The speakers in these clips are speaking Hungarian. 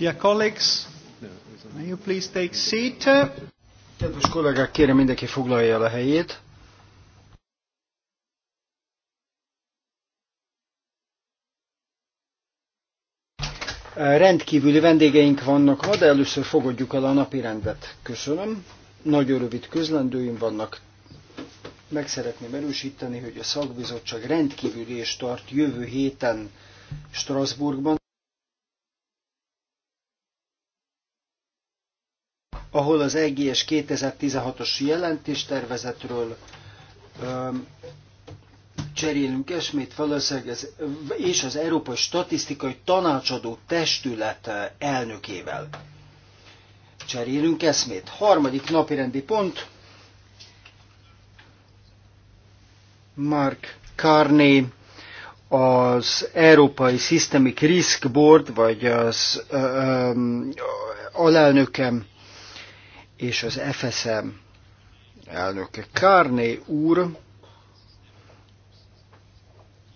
Dear colleagues, may you please take seat? Kedves kollégák, kérem mindenki foglalja el a helyét. Rendkívüli vendégeink vannak ma, de először fogadjuk el a napi rendet. Köszönöm. Nagyon rövid közlendőim vannak. Meg szeretném erősíteni, hogy a szakbizottság rendkívüli és tart jövő héten Strasbourgban. ahol az EGS 2016-os jelentéstervezetről cserélünk esmét valószínűleg és az Európai Statisztikai Tanácsadó Testület elnökével cserélünk eszmét. Harmadik napirendi pont. Mark Carney az Európai Systemic Risk Board, vagy az ö, alelnökem és az FSM elnöke. Kárné úr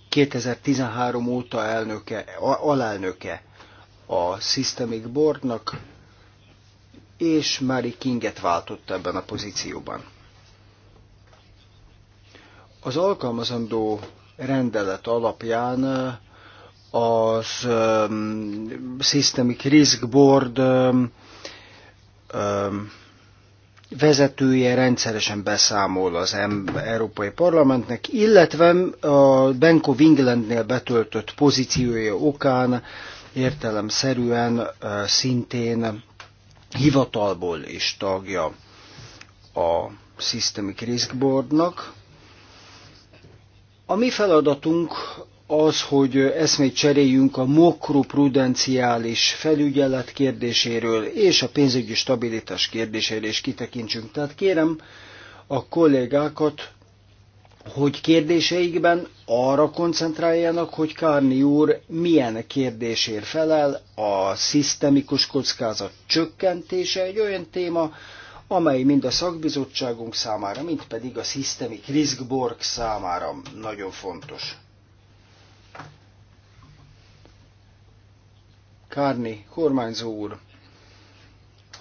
2013 óta elnöke, alelnöke a Systemic Boardnak, és Mary Kinget váltotta ebben a pozícióban. Az alkalmazandó rendelet alapján eh, az um, Systemic Risk Board um, um, vezetője rendszeresen beszámol az Európai Parlamentnek, illetve a Benko Winglandnél betöltött pozíciója okán értelemszerűen szintén hivatalból is tagja a Systemic Risk Boardnak. A mi feladatunk az, hogy eszmét cseréljünk a makroprudenciális felügyelet kérdéséről és a pénzügyi stabilitás kérdéséről is kitekintsünk. Tehát kérem a kollégákat, hogy kérdéseikben arra koncentráljanak, hogy Kárni úr milyen kérdésért felel, a szisztemikus kockázat csökkentése egy olyan téma, amely mind a szakbizottságunk számára, mind pedig a Systemic Risk Board számára nagyon fontos. Kárni, kormányzó úr,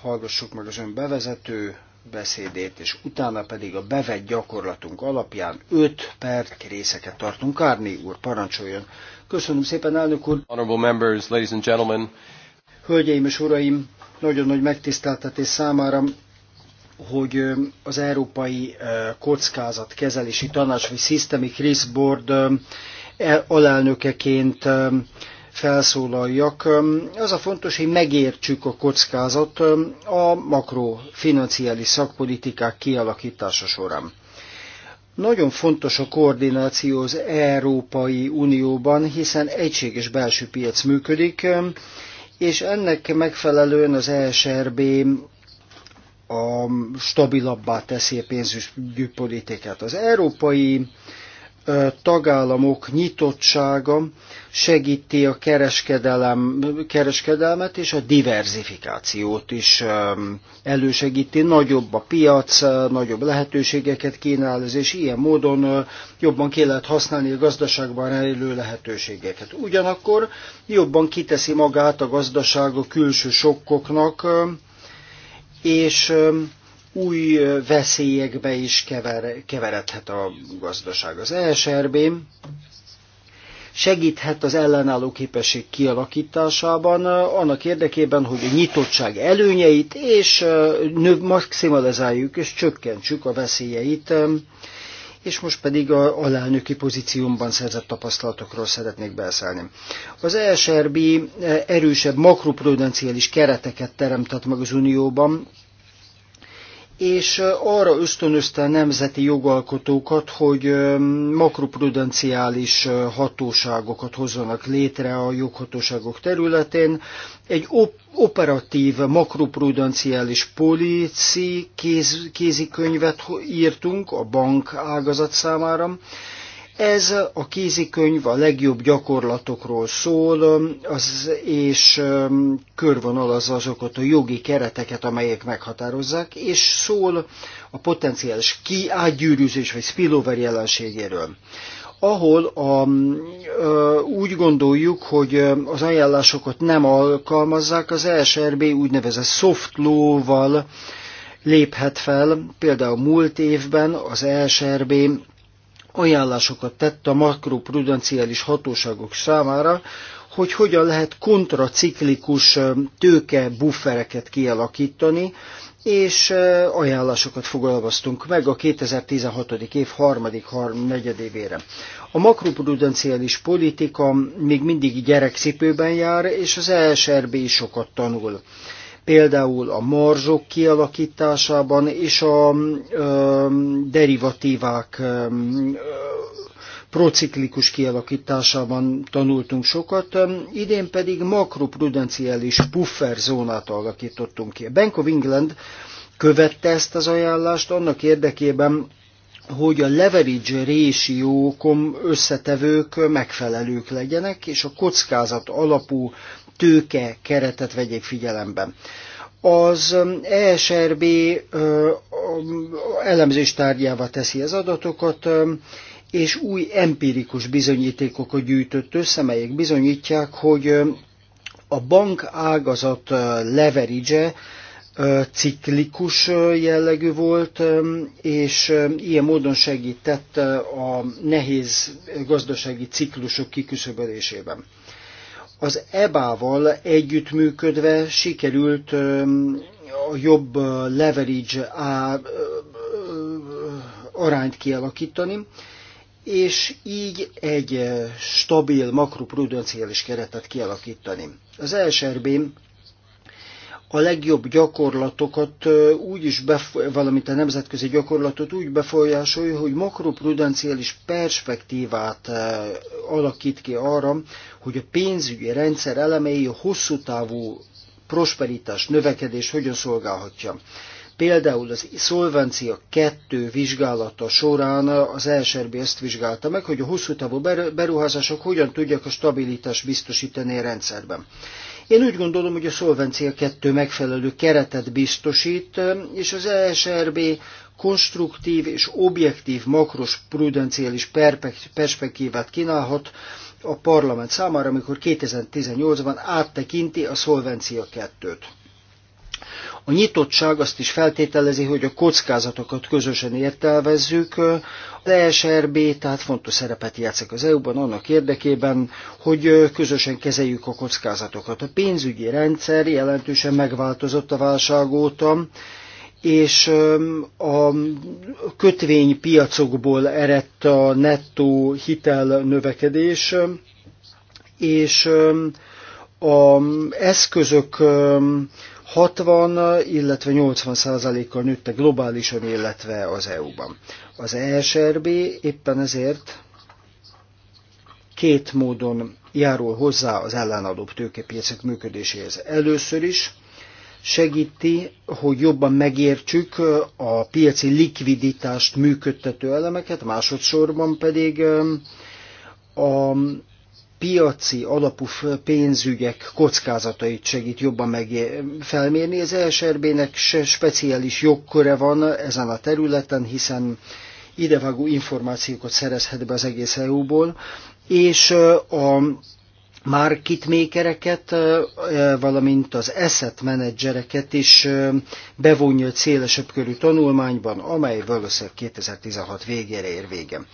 hallgassuk meg az ön bevezető beszédét, és utána pedig a bevett gyakorlatunk alapján 5 perc részeket tartunk. Kárni úr, parancsoljon. Köszönöm szépen, elnök úr. Honorable members, ladies and gentlemen. Hölgyeim és uraim, nagyon nagy megtiszteltetés számára, hogy az Európai Kezelési Tanács, vagy Systemic Risk Board alelnökeként felszólaljak. Az a fontos, hogy megértsük a kockázat a makrofinanciális szakpolitikák kialakítása során. Nagyon fontos a koordináció az Európai Unióban, hiszen egységes belső piac működik, és ennek megfelelően az ESRB a stabilabbá teszi a pénzügyi politikát. Az európai tagállamok nyitottsága segíti a kereskedelem, kereskedelmet és a diversifikációt is elősegíti. Nagyobb a piac, nagyobb lehetőségeket kínál és ilyen módon jobban ki lehet használni a gazdaságban rejlő lehetőségeket. Ugyanakkor jobban kiteszi magát a gazdaság a külső sokkoknak, és új veszélyekbe is kever, keveredhet a gazdaság. Az ESRB segíthet az ellenálló képesség kialakításában, annak érdekében, hogy a nyitottság előnyeit és maximalizáljuk és csökkentsük a veszélyeit, és most pedig a alelnöki pozíciómban szerzett tapasztalatokról szeretnék beszélni. Az ESRB erősebb makroprudenciális kereteket teremtett meg az Unióban, és arra ösztönözte a nemzeti jogalkotókat, hogy makroprudenciális hatóságokat hozzanak létre a joghatóságok területén. Egy op- operatív makroprudenciális polici kéz- kézikönyvet írtunk a bank ágazat számára, ez a kézikönyv a legjobb gyakorlatokról szól, az, és um, körvonalazza azokat a jogi kereteket, amelyek meghatározzák, és szól a potenciális kiágyűrűzés vagy spillover jelenségéről ahol a, um, úgy gondoljuk, hogy um, az ajánlásokat nem alkalmazzák, az ESRB úgynevezett soft law-val léphet fel. Például múlt évben az ESRB ajánlásokat tett a makroprudenciális hatóságok számára, hogy hogyan lehet kontraciklikus tőke buffereket kialakítani, és ajánlásokat fogalmaztunk meg a 2016. év harmadik negyedévére. A makroprudenciális politika még mindig gyerekcipőben jár, és az ESRB is sokat tanul például a marzsok kialakításában és a ö, derivatívák ö, prociklikus kialakításában tanultunk sokat, idén pedig makroprudenciális puffer zónát alakítottunk ki. Bank of England követte ezt az ajánlást annak érdekében, hogy a leverage ratio összetevők megfelelők legyenek, és a kockázat alapú tőke keretet vegyék figyelembe. Az um, ESRB um, elemzés tárgyává teszi az adatokat, um, és új empirikus bizonyítékokat gyűjtött össze, melyek bizonyítják, hogy a bank ágazat uh, leverage uh, ciklikus uh, jellegű volt, és ilyen módon segített a nehéz gazdasági ciklusok kiküszöbölésében. Az EBA-val együttműködve sikerült a jobb leverage a arányt kialakítani, és így egy stabil makroprudenciális keretet kialakítani. Az e SRB a legjobb gyakorlatokat úgy is, valamint a nemzetközi gyakorlatot úgy befolyásolja, hogy makroprudenciális perspektívát alakít ki arra, hogy a pénzügyi rendszer elemei a hosszú távú prosperitás, növekedés hogyan szolgálhatja. Például az szolvencia 2 vizsgálata során az ESRB ezt vizsgálta meg, hogy a hosszú távú beruházások hogyan tudják a stabilitást biztosítani a rendszerben. Én úgy gondolom, hogy a szolvencia 2 megfelelő keretet biztosít, és az ESRB konstruktív és objektív makros prudenciális perspektívát kínálhat a parlament számára, amikor 2018-ban áttekinti a szolvencia 2-t. A nyitottság azt is feltételezi, hogy a kockázatokat közösen értelmezzük. Az ESRB tehát fontos szerepet játszik az EU-ban annak érdekében, hogy közösen kezeljük a kockázatokat. A pénzügyi rendszer jelentősen megváltozott a válság óta, és a kötvénypiacokból eredt a nettó hitel növekedés, és a eszközök 60, illetve 80 százalékkal nőtte globálisan, illetve az EU-ban. Az ESRB éppen ezért két módon járul hozzá az ellenadóbb tőkepiacok működéséhez. Először is segíti, hogy jobban megértsük a piaci likviditást működtető elemeket, másodszorban pedig um, a piaci alapú pénzügyek kockázatait segít jobban meg felmérni. Az ESRB-nek speciális jogköre van ezen a területen, hiszen idevágó információkat szerezhet be az egész EU-ból, és a marketmakereket, valamint az asset menedzsereket is bevonja a szélesebb körű tanulmányban, amely valószínűleg 2016 végére ér végem.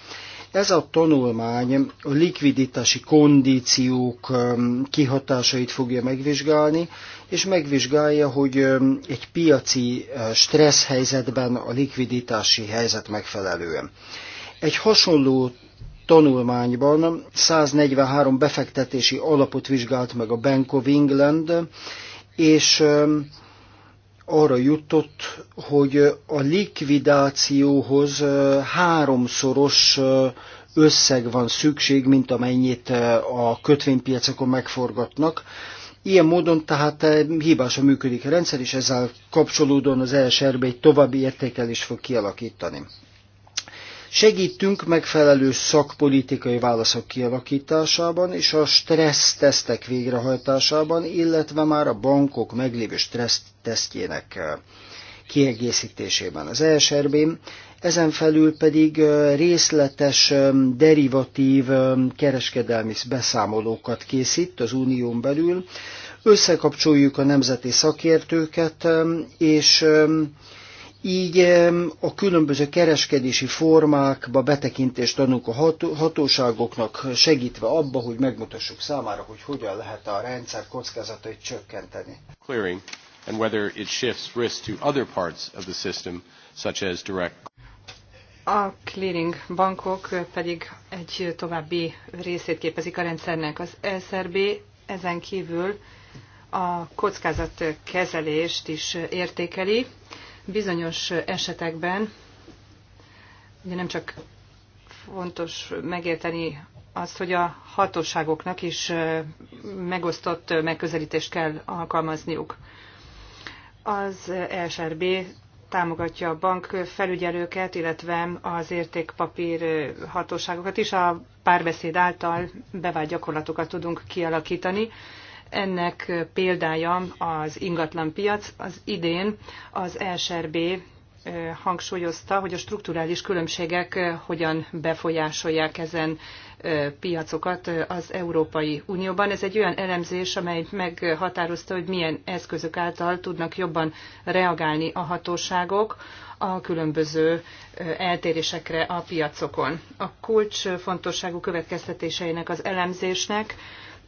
Ez a tanulmány a likviditási kondíciók um, kihatásait fogja megvizsgálni, és megvizsgálja, hogy um, egy piaci uh, stressz helyzetben a likviditási helyzet megfelelően. Egy hasonló tanulmányban 143 befektetési alapot vizsgált meg a Bank of England, és um, arra jutott, hogy a likvidációhoz háromszoros összeg van szükség, mint amennyit a kötvénypiacokon megforgatnak. Ilyen módon tehát hibásan működik a rendszer, és ezzel kapcsolódóan az ESRB egy további értékelést fog kialakítani. Segítünk megfelelő szakpolitikai válaszok kialakításában és a stressztesztek végrehajtásában, illetve már a bankok meglévő stressztesztjének eh, kiegészítésében az esrb ezen felül pedig eh, részletes eh, derivatív kereskedelmi beszámolókat készít az unión belül, összekapcsoljuk a nemzeti szakértőket, és így a különböző kereskedési formákba betekintést adunk a hatóságoknak, segítve abba, hogy megmutassuk számára, hogy hogyan lehet a rendszer kockázatait csökkenteni. Clearing and whether it shifts risk to other parts of the system, such as direct. A clearing bankok pedig egy további részét képezik a rendszernek. Az e SRB ezen kívül a kockázatkezelést is értékeli, Bizonyos esetekben ugye nem csak fontos megérteni azt, hogy a hatóságoknak is megosztott megközelítést kell alkalmazniuk. Az ESRB támogatja a bank felügyelőket, illetve az értékpapír hatóságokat is. A párbeszéd által bevált gyakorlatokat tudunk kialakítani, ennek példája az ingatlanpiac. Az idén az e SRB hangsúlyozta, hogy a strukturális különbségek hogyan befolyásolják ezen piacokat az Európai Unióban. Ez egy olyan elemzés, amely meghatározta, hogy milyen eszközök által tudnak jobban reagálni a hatóságok a különböző eltérésekre a piacokon. A kulcs fontosságú következtetéseinek az elemzésnek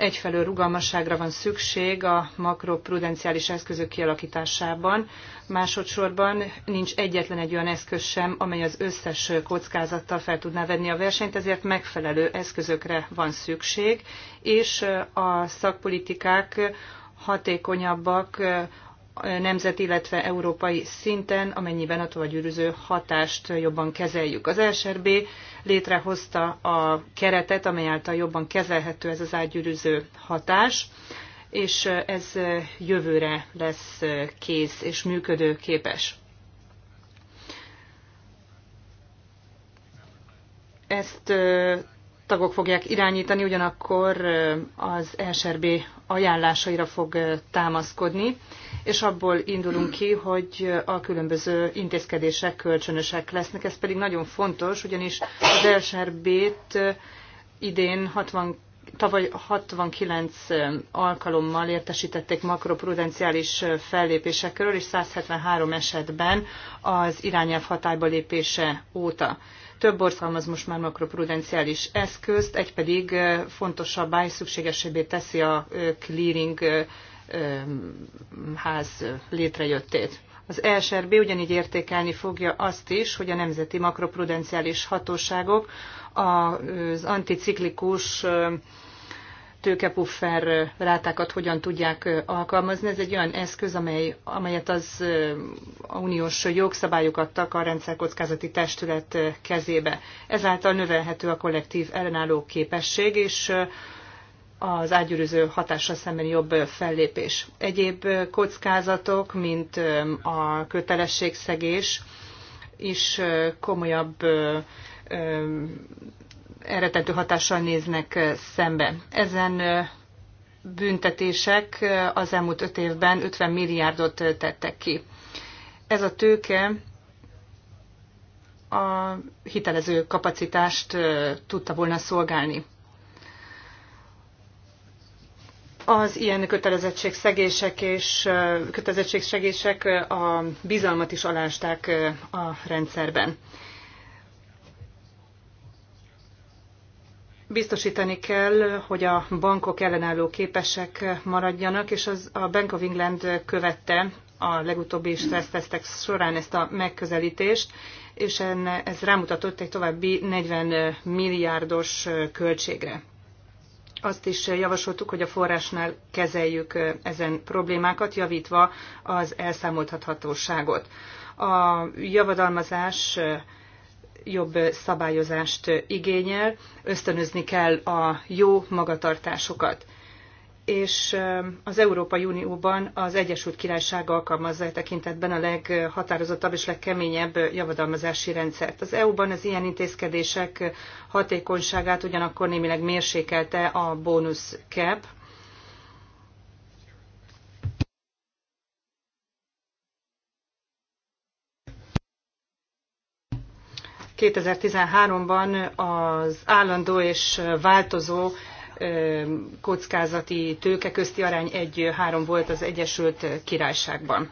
Egyfelől rugalmasságra van szükség a makroprudenciális eszközök kialakításában, másodszorban nincs egyetlen egy olyan eszköz sem, amely az összes kockázattal fel tudná venni a versenyt, ezért megfelelő eszközökre van szükség, és a szakpolitikák hatékonyabbak nemzet, illetve európai szinten, amennyiben a tovagyűrűző hatást jobban kezeljük. Az SRB létrehozta a keretet, amely által jobban kezelhető ez az átgyűrűző hatás, és ez jövőre lesz kész és működőképes. Ezt tagok fogják irányítani, ugyanakkor az SRB ajánlásaira fog támaszkodni, és abból indulunk ki, hogy a különböző intézkedések kölcsönösek lesznek. Ez pedig nagyon fontos, ugyanis az SRB-t idén 60 tavaly 69 alkalommal értesítették makroprudenciális fellépésekről, és 173 esetben az irányelv hatályba lépése óta. Több orszalmaz most már makroprudenciális eszközt, egy pedig fontosabbá és szükségesebbé teszi a clearing ház létrejöttét. Az ESRB ugyanígy értékelni fogja azt is, hogy a nemzeti makroprudenciális hatóságok az anticiklikus tőkepuffer rátákat hogyan tudják alkalmazni. Ez egy olyan eszköz, amely, amelyet az a uniós jogszabályok adtak a rendszerkockázati testület kezébe. Ezáltal növelhető a kollektív ellenálló képesség, és az ágyűrűző hatással szemben jobb fellépés. Egyéb kockázatok, mint a kötelességszegés, is komolyabb eredető hatással néznek szembe. Ezen büntetések az elmúlt öt évben 50 milliárdot tettek ki. Ez a tőke a hitelező kapacitást tudta volna szolgálni. Az ilyen kötelezettségszegések és kötelezettségszegések a bizalmat is alásták a rendszerben. Biztosítani kell, hogy a bankok ellenálló képesek maradjanak, és az, a Bank of England követte a legutóbbi stressztesztek során ezt a megközelítést, és ez rámutatott egy további 40 milliárdos költségre. Azt is javasoltuk, hogy a forrásnál kezeljük ezen problémákat, javítva az elszámoltathatóságot. A javadalmazás jobb szabályozást igényel, ösztönözni kell a jó magatartásokat. És az Európai Unióban az Egyesült Királyság alkalmazza a e tekintetben a leghatározottabb és legkeményebb javadalmazási rendszert. Az EU-ban az ilyen intézkedések hatékonyságát ugyanakkor némileg mérsékelte a bónusz cap, 2013-ban az állandó és változó kockázati tőke közti arány 1-3 volt az Egyesült Királyságban.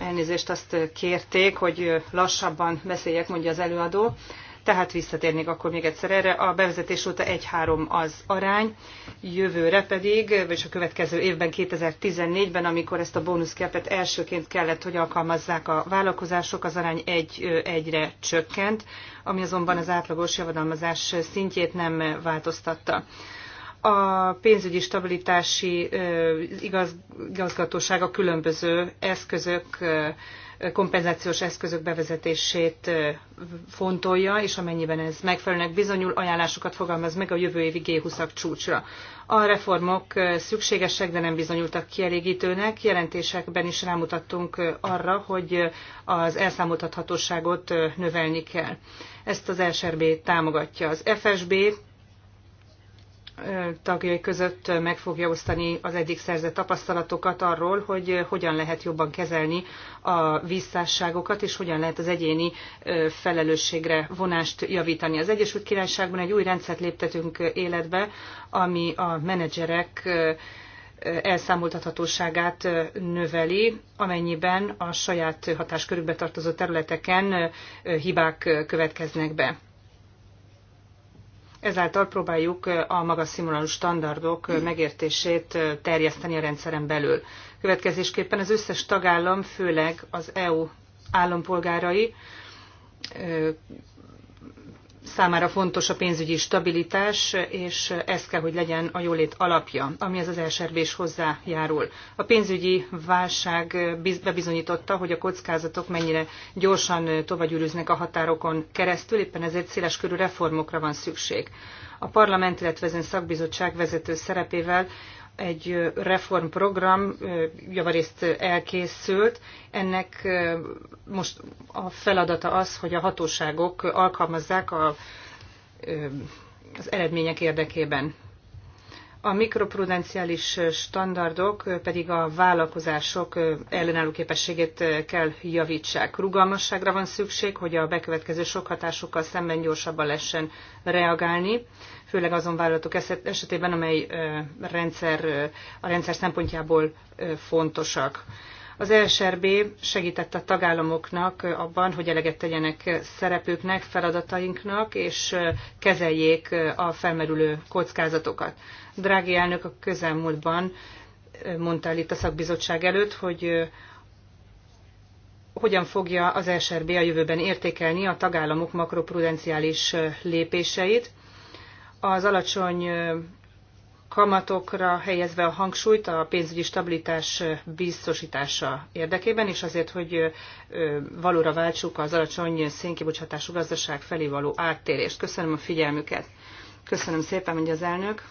Elnézést azt kérték, hogy lassabban beszéljek, mondja az előadó. Tehát visszatérnék akkor még egyszer erre. A bevezetés óta 1-3 az arány, jövőre pedig, vagy a következő évben, 2014-ben, amikor ezt a bónuszkepet elsőként kellett, hogy alkalmazzák a vállalkozások, az arány 1-1-re csökkent, ami azonban az átlagos javadalmazás szintjét nem változtatta a pénzügyi stabilitási igazgatóság a különböző eszközök kompenzációs eszközök bevezetését fontolja, és amennyiben ez megfelelőnek bizonyul, ajánlásokat fogalmaz meg a jövő évi g 20 csúcsra. A reformok szükségesek, de nem bizonyultak kielégítőnek. Jelentésekben is rámutattunk arra, hogy az elszámoltathatóságot növelni kell. Ezt az SRB támogatja. Az FSB tagjai között meg fogja osztani az eddig szerzett tapasztalatokat arról, hogy hogyan lehet jobban kezelni a víztárságokat, és hogyan lehet az egyéni felelősségre vonást javítani. Az Egyesült Királyságban egy új rendszert léptetünk életbe, ami a menedzserek elszámoltathatóságát növeli, amennyiben a saját hatáskörükbe tartozó területeken hibák következnek be. Ezáltal próbáljuk a magas színvonalú standardok megértését terjeszteni a rendszeren belül. Következésképpen az összes tagállam, főleg az EU állampolgárai számára fontos a pénzügyi stabilitás, és ez kell, hogy legyen a jólét alapja, ami az az e SRB hozzájárul. A pénzügyi válság bebizonyította, hogy a kockázatok mennyire gyorsan tovagyűrűznek a határokon keresztül, éppen ezért széles körű reformokra van szükség. A parlament, illetve ezen szakbizottság vezető szerepével egy reformprogram javarészt elkészült. Ennek most a feladata az, hogy a hatóságok alkalmazzák a, az eredmények érdekében a mikroprudenciális standardok pedig a vállalkozások ellenálló képességét kell javítsák. Rugalmasságra van szükség, hogy a bekövetkező sok hatásokkal szemben gyorsabban lehessen reagálni, főleg azon vállalatok esetében, amely rendszer, a rendszer szempontjából fontosak. Az ESRB segített a tagállamoknak abban, hogy eleget tegyenek szerepüknek, feladatainknak, és kezeljék a felmerülő kockázatokat. Drági elnök a közelmúltban mondta el itt a szakbizottság előtt, hogy hogyan fogja az e SRB a jövőben értékelni a tagállamok makroprudenciális lépéseit. Az alacsony kamatokra helyezve a hangsúlyt a pénzügyi stabilitás biztosítása érdekében, és azért, hogy valóra váltsuk az alacsony szénkibocsátású gazdaság felé való áttérést. Köszönöm a figyelmüket. Köszönöm szépen, hogy az elnök.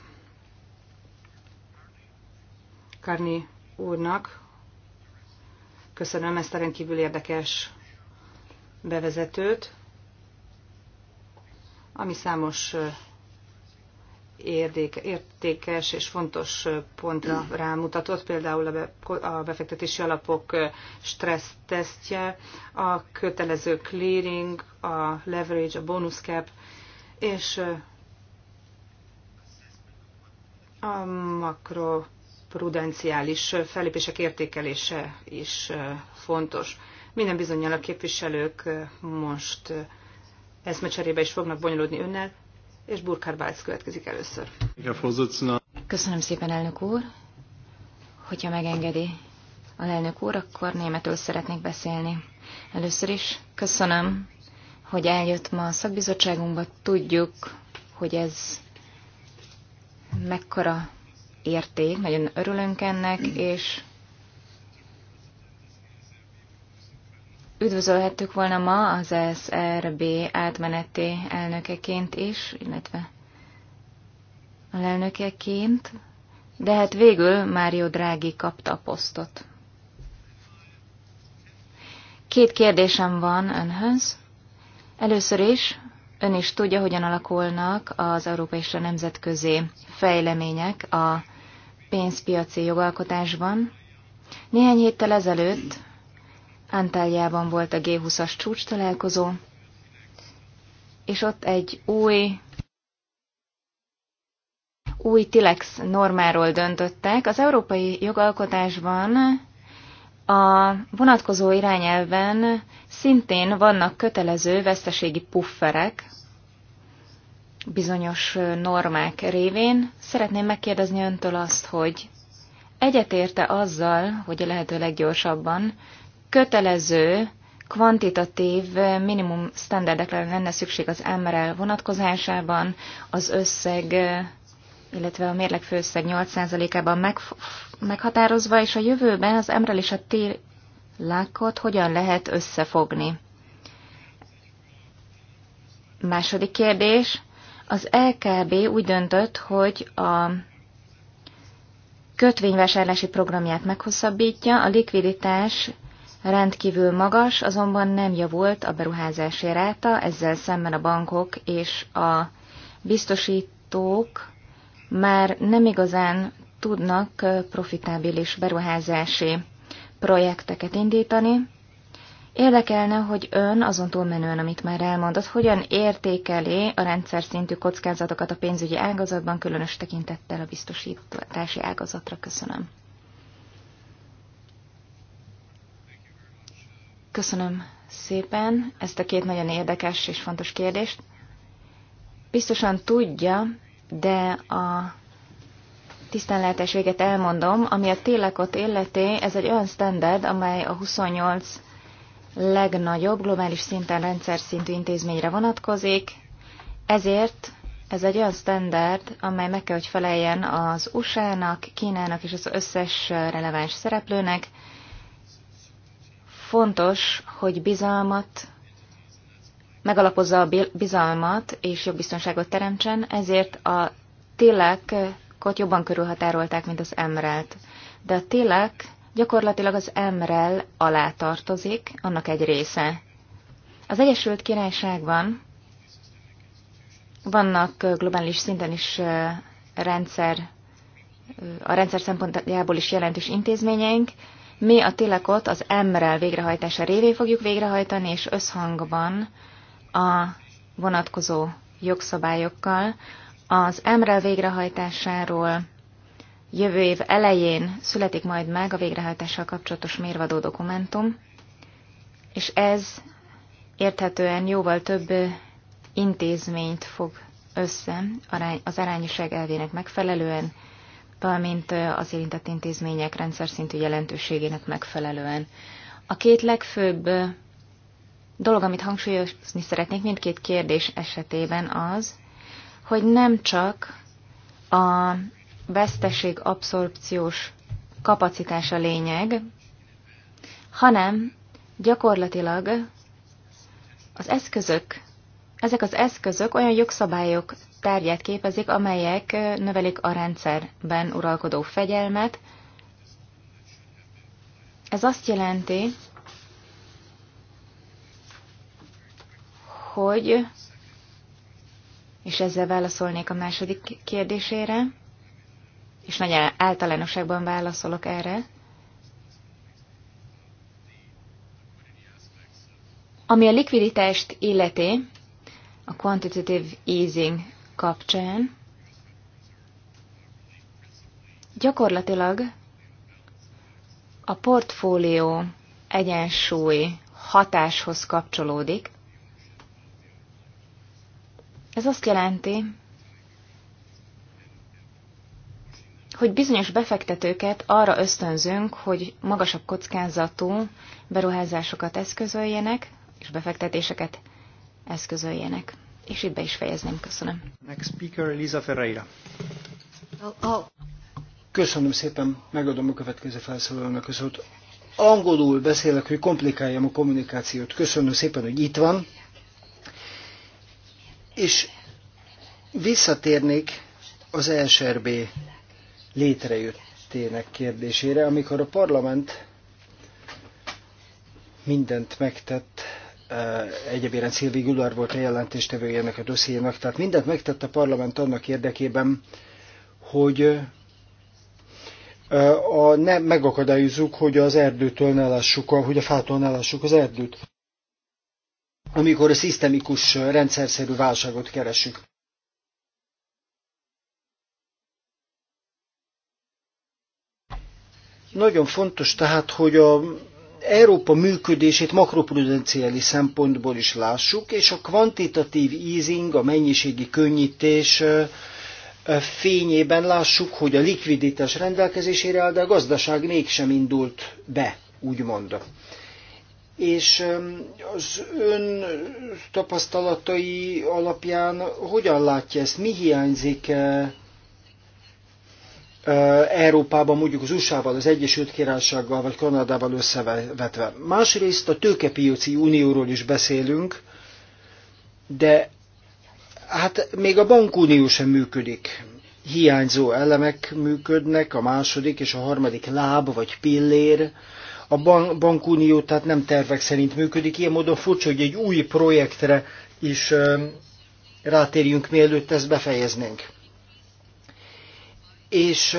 Karni úrnak. Köszönöm ezt a rendkívül érdekes bevezetőt, ami számos értékes és fontos pontra rámutatott, például a befektetési alapok stressz tesztje, a kötelező clearing, a leverage, a bonus cap, és a makroprudenciális fellépések értékelése is fontos. Minden bizonyal a képviselők most eszmecserébe is fognak bonyolódni önnel, és Burkhard Balc következik először. Köszönöm szépen, elnök úr. Hogyha megengedi a elnök úr, akkor németül szeretnék beszélni. Először is köszönöm, hogy eljött ma a szakbizottságunkba. Tudjuk, hogy ez mekkora érték, nagyon örülünk ennek, és üdvözölhettük volna ma az SRB átmeneti elnökeként is, illetve a lelnökeként, de hát végül Mário Drági kapta a posztot. Két kérdésem van önhöz. Először is, ön is tudja, hogyan alakulnak az európai és a nemzetközi fejlemények a pénzpiaci jogalkotásban. Néhány héttel ezelőtt Antályában volt a G20-as csúcs találkozó, és ott egy új új TILEX normáról döntöttek. Az európai jogalkotásban a vonatkozó irányelven szintén vannak kötelező veszteségi pufferek bizonyos normák révén. Szeretném megkérdezni öntől azt, hogy egyetérte azzal, hogy a lehető leggyorsabban kötelező, kvantitatív minimum standardekre lenne szükség az MRL vonatkozásában, az összeg, illetve a mérleg főszeg 8%-ában meg, meghatározva, és a jövőben az MRL és a TIL-lákot hogyan lehet összefogni. Második kérdés. Az LKB úgy döntött, hogy a kötvényvásárlási programját meghosszabbítja, a likviditás rendkívül magas, azonban nem javult a beruházási ráta, ezzel szemben a bankok és a biztosítók már nem igazán tudnak profitábilis beruházási projekteket indítani. Érdekelne, hogy ön azon túlmenően, amit már elmondott, hogyan értékeli a rendszer szintű kockázatokat a pénzügyi ágazatban, különös tekintettel a biztosítási ágazatra. Köszönöm. Köszönöm szépen ezt a két nagyon érdekes és fontos kérdést. Biztosan tudja, de a tisztánlátás véget elmondom, ami a télekot illeti, ez egy olyan standard, amely a 28 legnagyobb globális szinten rendszer szintű intézményre vonatkozik, ezért ez egy olyan standard, amely meg kell, hogy feleljen az USA-nak, Kínának és az összes releváns szereplőnek, fontos, hogy bizalmat, megalapozza a bizalmat és jogbiztonságot teremtsen, ezért a télákot e jobban körülhatárolták, mint az emrelt. De a télek gyakorlatilag az emrel alá tartozik, annak egy része. Az Egyesült Királyságban vannak globális szinten is rendszer, a rendszer szempontjából is jelentős intézményeink, mi a tilakot az MREL végrehajtása révén fogjuk végrehajtani, és összhangban a vonatkozó jogszabályokkal. Az MREL végrehajtásáról jövő év elején születik majd meg a végrehajtással kapcsolatos mérvadó dokumentum, és ez érthetően jóval több intézményt fog össze az arányiság elvének megfelelően, valamint az érintett intézmények rendszer szintű jelentőségének megfelelően. A két legfőbb dolog, amit hangsúlyozni szeretnék mindkét kérdés esetében az, hogy nem csak a veszteség abszorpciós kapacitása lényeg, hanem gyakorlatilag az eszközök ezek az eszközök olyan jogszabályok tárgyát képezik, amelyek növelik a rendszerben uralkodó fegyelmet. Ez azt jelenti, hogy, és ezzel válaszolnék a második kérdésére, és nagy általánosságban válaszolok erre, ami a likviditást illeti, a quantitative easing kapcsán. Gyakorlatilag a portfólió egyensúly hatáshoz kapcsolódik. Ez azt jelenti, hogy bizonyos befektetőket arra ösztönzünk, hogy magasabb kockázatú beruházásokat eszközöljenek, és befektetéseket eszközöljenek. És itt be is fejezném. Köszönöm. Next speaker, Elisa Ferreira. Oh, oh. Köszönöm szépen, megadom a következő felszólalónak az Angolul beszélek, hogy komplikáljam a kommunikációt. Köszönöm szépen, hogy itt van. És visszatérnék az ESRB létrejöttének kérdésére, amikor a parlament mindent megtett egyébként Szilvi Güller volt a jelentéstevője ennek a dossziénak, tehát mindent megtett a parlament annak érdekében, hogy a, ne megakadályozzuk, hogy az erdőtől ne lássuk, a, hogy a fától ne lássuk az erdőt. Amikor a szisztemikus, rendszerszerű válságot keresünk. Nagyon fontos tehát, hogy a Európa működését makroprudenciális szempontból is lássuk, és a kvantitatív easing, a mennyiségi könnyítés fényében lássuk, hogy a likviditás rendelkezésére áll, de a gazdaság mégsem indult be, úgymond. És az ön tapasztalatai alapján hogyan látja ezt? Mi hiányzik Európában, mondjuk az USA-val, az Egyesült Királysággal vagy Kanadával összevetve. Másrészt a tőkepiaci unióról is beszélünk, de hát még a bankunió sem működik. Hiányzó elemek működnek, a második és a harmadik láb vagy pillér, a bank, bankunió tehát nem tervek szerint működik. Ilyen módon furcsa, hogy egy új projektre is rátérjünk, mielőtt ezt befejeznénk és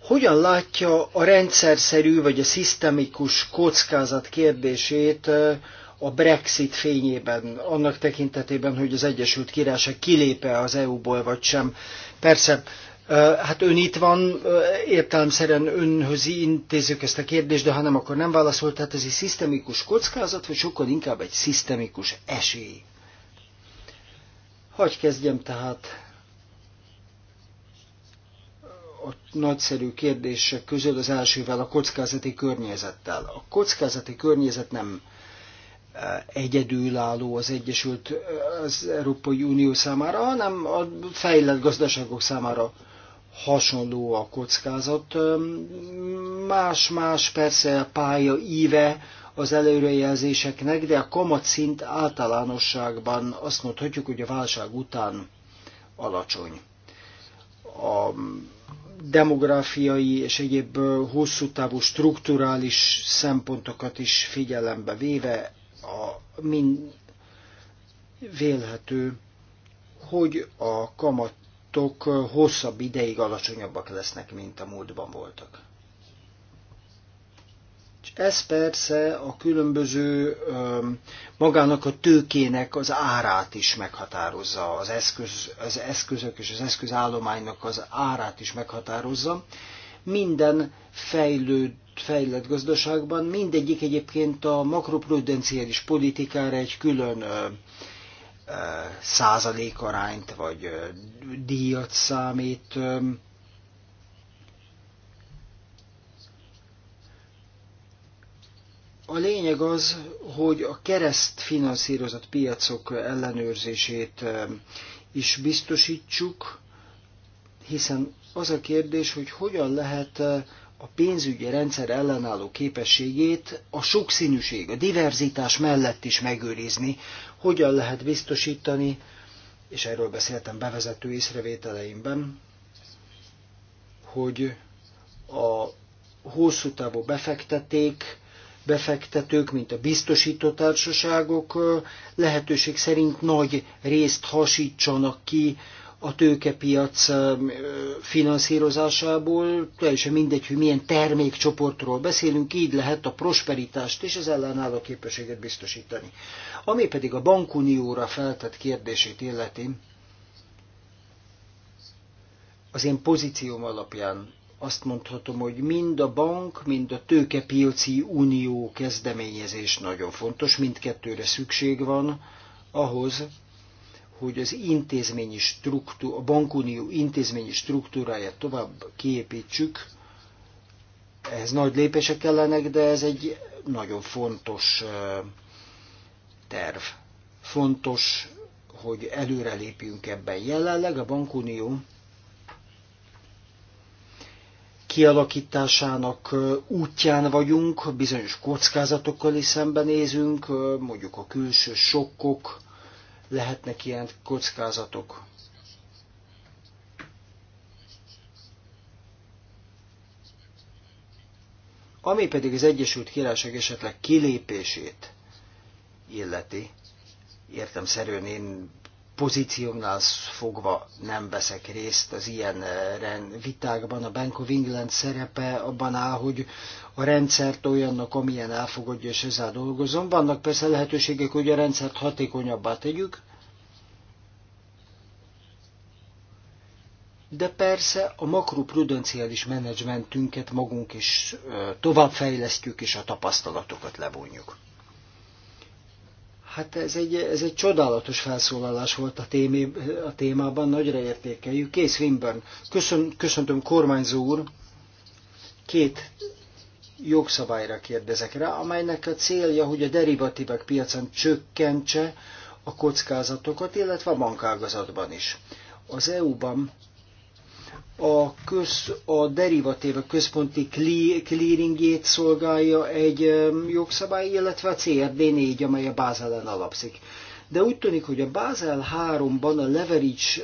Hogyan látja a rendszerszerű vagy a szisztemikus kockázat kérdését a Brexit fényében, annak tekintetében, hogy az Egyesült Királyság kilépe az EU-ból vagy sem? Persze Hát ön itt van, értelemszerűen önhöz intézzük ezt a kérdést, de ha nem, akkor nem válaszolt. Tehát ez egy szisztemikus kockázat, vagy sokkal inkább egy szisztemikus esély? Hagy kezdjem tehát a nagyszerű kérdések közül az elsővel, a kockázati környezettel. A kockázati környezet nem egyedülálló az Egyesült az Európai Unió számára, hanem a fejlett gazdaságok számára hasonló a kockázat. Más-más persze a pálya íve az előrejelzéseknek, de a kamat szint általánosságban azt mondhatjuk, hogy a válság után alacsony. A demográfiai és egyéb hosszú távú strukturális szempontokat is figyelembe véve a min vélhető, hogy a kamat kamatok hosszabb ideig alacsonyabbak lesznek, mint a múltban voltak. És ez persze a különböző magának a tőkének az árát is meghatározza, az, eszköz, az eszközök és az eszközállománynak az árát is meghatározza. Minden fejlőd, fejlett gazdaságban mindegyik egyébként a makroprudenciális politikára egy külön százalékarányt vagy díjat számít. A lényeg az, hogy a kereszt finanszírozott piacok ellenőrzését is biztosítsuk, hiszen az a kérdés, hogy hogyan lehet a pénzügyi rendszer ellenálló képességét a sokszínűség, a diverzitás mellett is megőrizni, hogyan lehet biztosítani, és erről beszéltem bevezető észrevételeimben, hogy a hosszú távú befekteték, befektetők, mint a biztosító társaságok lehetőség szerint nagy részt hasítsanak ki a tőkepiac finanszírozásából, teljesen mindegy, hogy milyen termékcsoportról beszélünk, így lehet a prosperitást és az ellenálló képességet biztosítani. Ami pedig a bankunióra feltett kérdését illeti, az én pozícióm alapján azt mondhatom, hogy mind a bank, mind a tőkepiaci unió kezdeményezés nagyon fontos, mindkettőre szükség van ahhoz, hogy az intézményi struktúra, a bankunió intézményi struktúráját tovább kiépítsük. Ehhez nagy lépések kellenek, de ez egy nagyon fontos terv. Fontos, hogy előrelépjünk ebben. Jelenleg a bankunió kialakításának útján vagyunk, bizonyos kockázatokkal is szembenézünk, mondjuk a külső sokkok, lehetnek ilyen kockázatok. Ami pedig az Egyesült Királyság esetleg kilépését illeti, értem szerűen én pozíciómnál fogva nem veszek részt az ilyen eh, vitákban. A Bank of England szerepe abban áll, hogy a rendszert olyannak, amilyen elfogadja, és ezzel dolgozom. Vannak persze lehetőségek, hogy a rendszert hatékonyabbá tegyük, de persze a makroprudenciális menedzsmentünket magunk is eh, továbbfejlesztjük, és a tapasztalatokat levonjuk. Hát ez egy, ez egy csodálatos felszólalás volt a, témé, a témában, nagyra értékeljük. Kész Wimburn. Köszön, köszöntöm kormányzó úr. Két jogszabályra kérdezek rá, amelynek a célja, hogy a derivatívek piacon csökkentse a kockázatokat, illetve a bankágazatban is. Az EU-ban a, köz, a derivatív, a központi clearingjét szolgálja egy jogszabály, illetve a CRD 4, amely a Bázelen alapszik. De úgy tűnik, hogy a Bázel 3-ban a leverage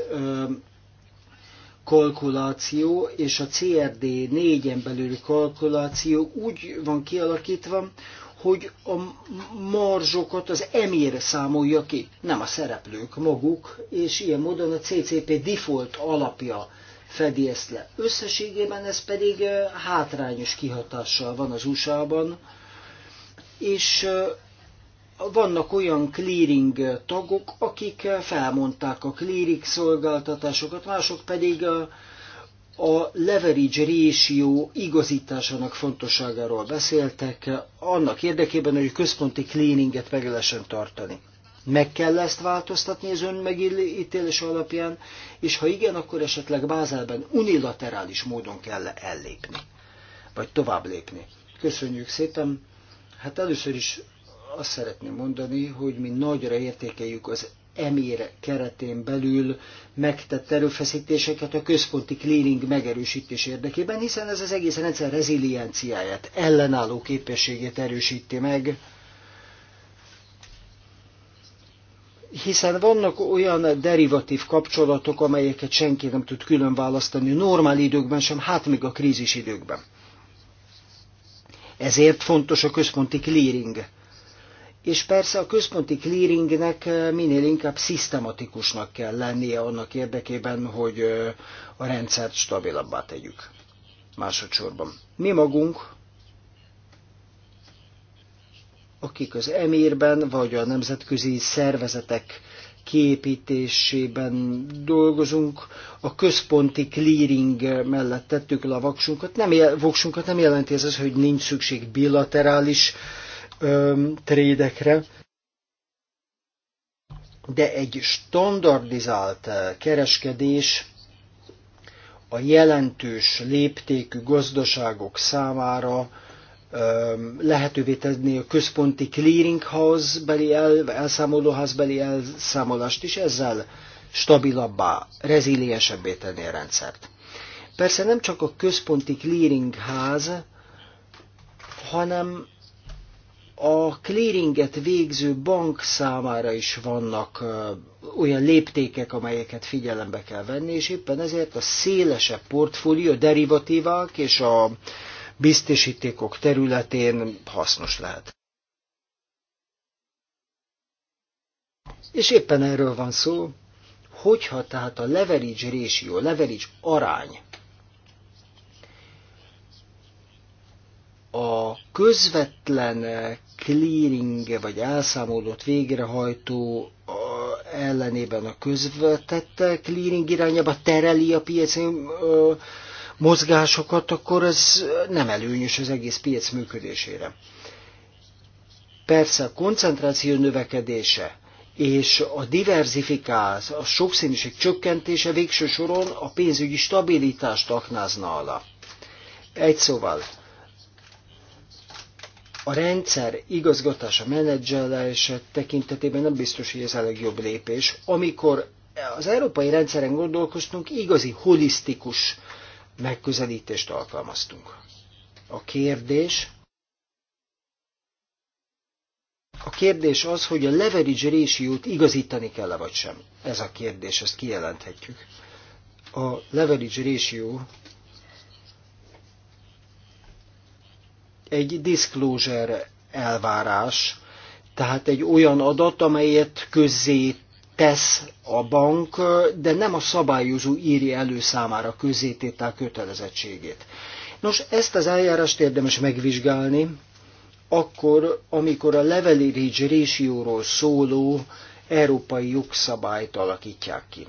kalkuláció és a CRD 4-en belüli kalkuláció úgy van kialakítva, hogy a marzsokat az emér számolja ki, nem a szereplők maguk, és ilyen módon a CCP default alapja fedi ezt le. Összességében ez pedig hátrányos kihatással van az USA-ban, és vannak olyan clearing tagok, akik felmondták a clearing szolgáltatásokat, mások pedig a, a leverage ratio igazításának fontosságáról beszéltek, annak érdekében, hogy a központi clearinget meg lehessen tartani. Meg kell ezt változtatni az ön megítélés alapján, és ha igen, akkor esetleg Bázelben unilaterális módon kell -e ellépni, vagy tovább lépni. Köszönjük szépen! Hát először is azt szeretném mondani, hogy mi nagyra értékeljük az emér keretén belül megtett erőfeszítéseket a központi clearing megerősítés érdekében, hiszen ez az egész rendszer rezilienciáját, ellenálló képességét erősíti meg, hiszen vannak olyan derivatív kapcsolatok, amelyeket senki nem tud külön választani normál időkben sem, hát még a krízis időkben. Ezért fontos a központi clearing. És persze a központi clearingnek eh, minél inkább szisztematikusnak kell lennie annak érdekében, hogy eh, a rendszert stabilabbá tegyük. Másodszorban. Mi magunk akik az emírben vagy a nemzetközi szervezetek kiépítésében dolgozunk, a központi clearing mellett tettük le a vaksunkat. Nem, voksunkat nem jelenti ez az, hogy nincs szükség bilaterális öm, trédekre, de egy standardizált kereskedés a jelentős léptékű gazdaságok számára lehetővé tenni a központi clearinghouse beli el, elszámolóház beli elszámolást, is ezzel stabilabbá, reziliensebbé tenni a rendszert. Persze nem csak a központi clearingház, hanem a clearinget végző bank számára is vannak olyan léptékek, amelyeket figyelembe kell venni, és éppen ezért a szélesebb portfólió, a derivatívák és a biztosítékok területén hasznos lehet. És éppen erről van szó, hogyha tehát a leverage ratio, leverage arány a közvetlen clearing vagy elszámolott végrehajtó ellenében a közvetett clearing irányába tereli a piaci mozgásokat, akkor ez nem előnyös az egész piac működésére. Persze a koncentráció növekedése és a diversifikáz, a sokszínűség csökkentése végső soron a pénzügyi stabilitást aknázna alá. Egy szóval, a rendszer igazgatása, menedzselése tekintetében nem biztos, hogy ez a legjobb lépés. Amikor az európai rendszeren gondolkoztunk, igazi holisztikus megközelítést alkalmaztunk. A kérdés, a kérdés az, hogy a leverage ratio igazítani kell-e vagy sem. Ez a kérdés, ezt kijelenthetjük. A leverage ratio egy disclosure elvárás, tehát egy olyan adat, amelyet közzét tesz a bank, de nem a szabályozó írja elő számára közététel kötelezettségét. Nos, ezt az eljárást érdemes megvizsgálni, akkor, amikor a leverage ratio szóló európai jogszabályt alakítják ki.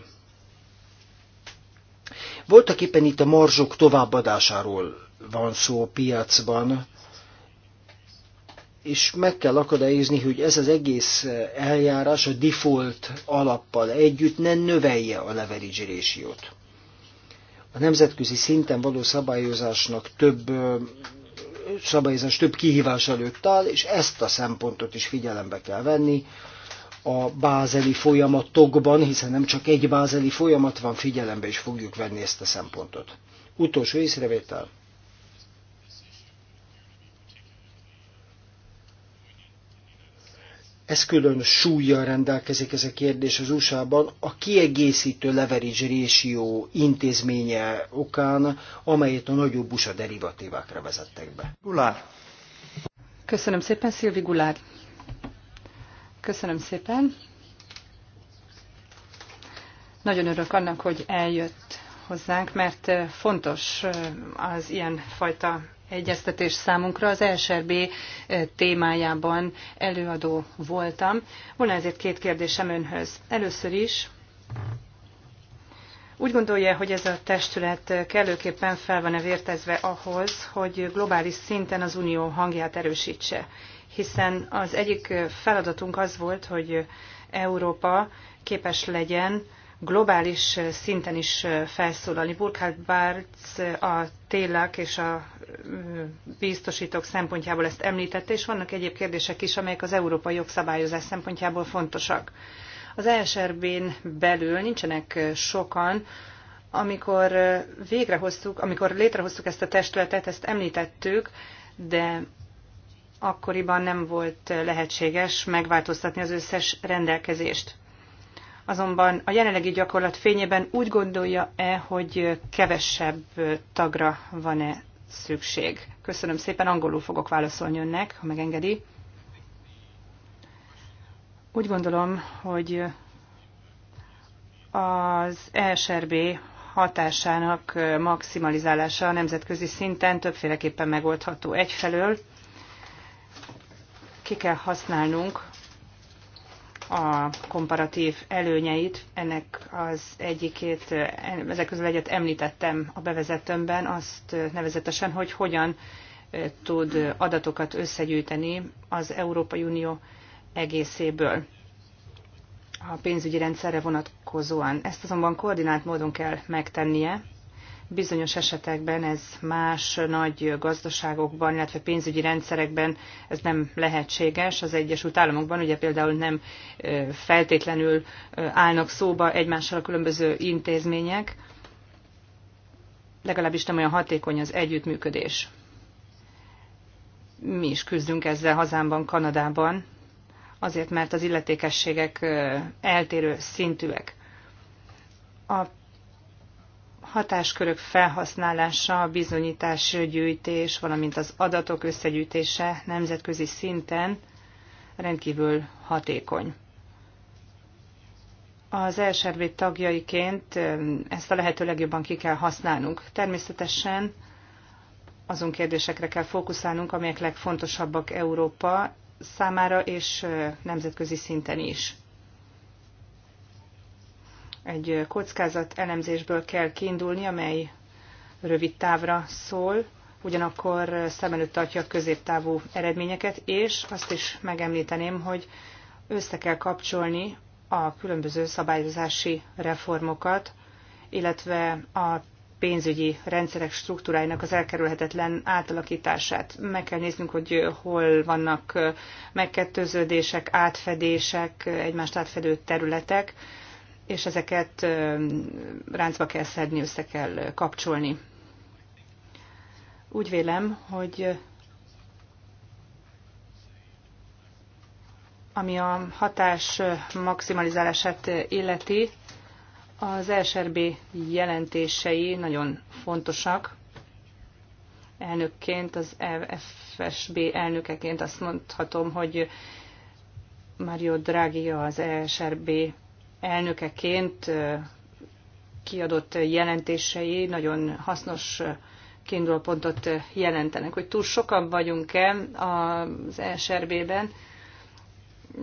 Voltak éppen itt a marzsok továbbadásáról van szó a piacban, és meg kell akadályozni, hogy ez az egész eh, eljárás a default alappal együtt ne növelje a leverage ratio-t. A nemzetközi szinten való szabályozásnak több eh, szabályozás több kihívás előtt áll, és ezt a szempontot is figyelembe kell venni a bázeli folyamatokban, hiszen nem csak egy bázeli folyamat van, figyelembe is fogjuk venni ezt a szempontot. Utolsó észrevétel. ez külön súlyjal rendelkezik ez a kérdés az USA-ban, a kiegészítő leverage ratio intézménye okán, amelyet a nagyobb USA derivatívákra vezettek be. Gulár. Köszönöm szépen, Szilvi Gulár. Köszönöm szépen. Nagyon örök annak, hogy eljött hozzánk, mert eh, fontos eh, az ilyen fajta egyeztetés számunkra. Az e SRB eh, témájában előadó voltam. Volna ezért két kérdésem önhöz. Először is, úgy gondolja, hogy ez a testület kellőképpen fel van-e vértezve ahhoz, hogy globális szinten az unió hangját erősítse? Hiszen az egyik feladatunk az volt, hogy Európa képes legyen globális szinten is felszólalni. Burkhard Bárc a télak és a biztosítók szempontjából ezt említette, és vannak egyéb kérdések is, amelyek az európai jogszabályozás szempontjából fontosak. Az ESRB-n belül nincsenek sokan, amikor végrehoztuk, amikor létrehoztuk ezt a testületet, ezt említettük, de akkoriban nem volt lehetséges megváltoztatni az összes rendelkezést azonban a jelenlegi gyakorlat fényében úgy gondolja-e, hogy kevesebb tagra van-e szükség? Köszönöm szépen, angolul fogok válaszolni önnek, ha megengedi. Úgy gondolom, hogy az ESRB hatásának maximalizálása a nemzetközi szinten többféleképpen megoldható. Egyfelől ki kell használnunk a komparatív előnyeit. Ennek az egyikét, ezek közül egyet említettem a bevezetőmben, azt nevezetesen, hogy hogyan tud adatokat összegyűjteni az Európai Unió egészéből a pénzügyi rendszerre vonatkozóan. Ezt azonban koordinált módon kell megtennie, Bizonyos esetekben ez más nagy gazdaságokban, illetve pénzügyi rendszerekben ez nem lehetséges. Az Egyesült Államokban ugye például nem feltétlenül állnak szóba egymással a különböző intézmények, legalábbis nem olyan hatékony az együttműködés. Mi is küzdünk ezzel hazámban, Kanadában, azért mert az illetékességek eltérő szintűek. A hatáskörök felhasználása, a gyűjtés, valamint az adatok összegyűjtése nemzetközi szinten rendkívül hatékony. Az ESRB tagjaiként ezt a lehető legjobban ki kell használnunk. Természetesen azon kérdésekre kell fókuszálnunk, amelyek legfontosabbak Európa számára és nemzetközi szinten is egy kockázat elemzésből kell kiindulni, amely rövid távra szól, ugyanakkor szem előtt tartja a középtávú eredményeket, és azt is megemlíteném, hogy össze kell kapcsolni a különböző szabályozási reformokat, illetve a pénzügyi rendszerek struktúráinak az elkerülhetetlen átalakítását. Meg kell néznünk, hogy hol vannak megkettőződések, átfedések, egymást átfedő területek, és ezeket ráncba kell szedni, össze kell kapcsolni. Úgy vélem, hogy ami a hatás maximalizálását illeti, az e SRB jelentései nagyon fontosak. Elnökként, az FSB elnökeként azt mondhatom, hogy Mario Draghi az e SRB elnökeként kiadott jelentései nagyon hasznos kiindulópontot jelentenek. Hogy túl sokan vagyunk-e az SRB-ben,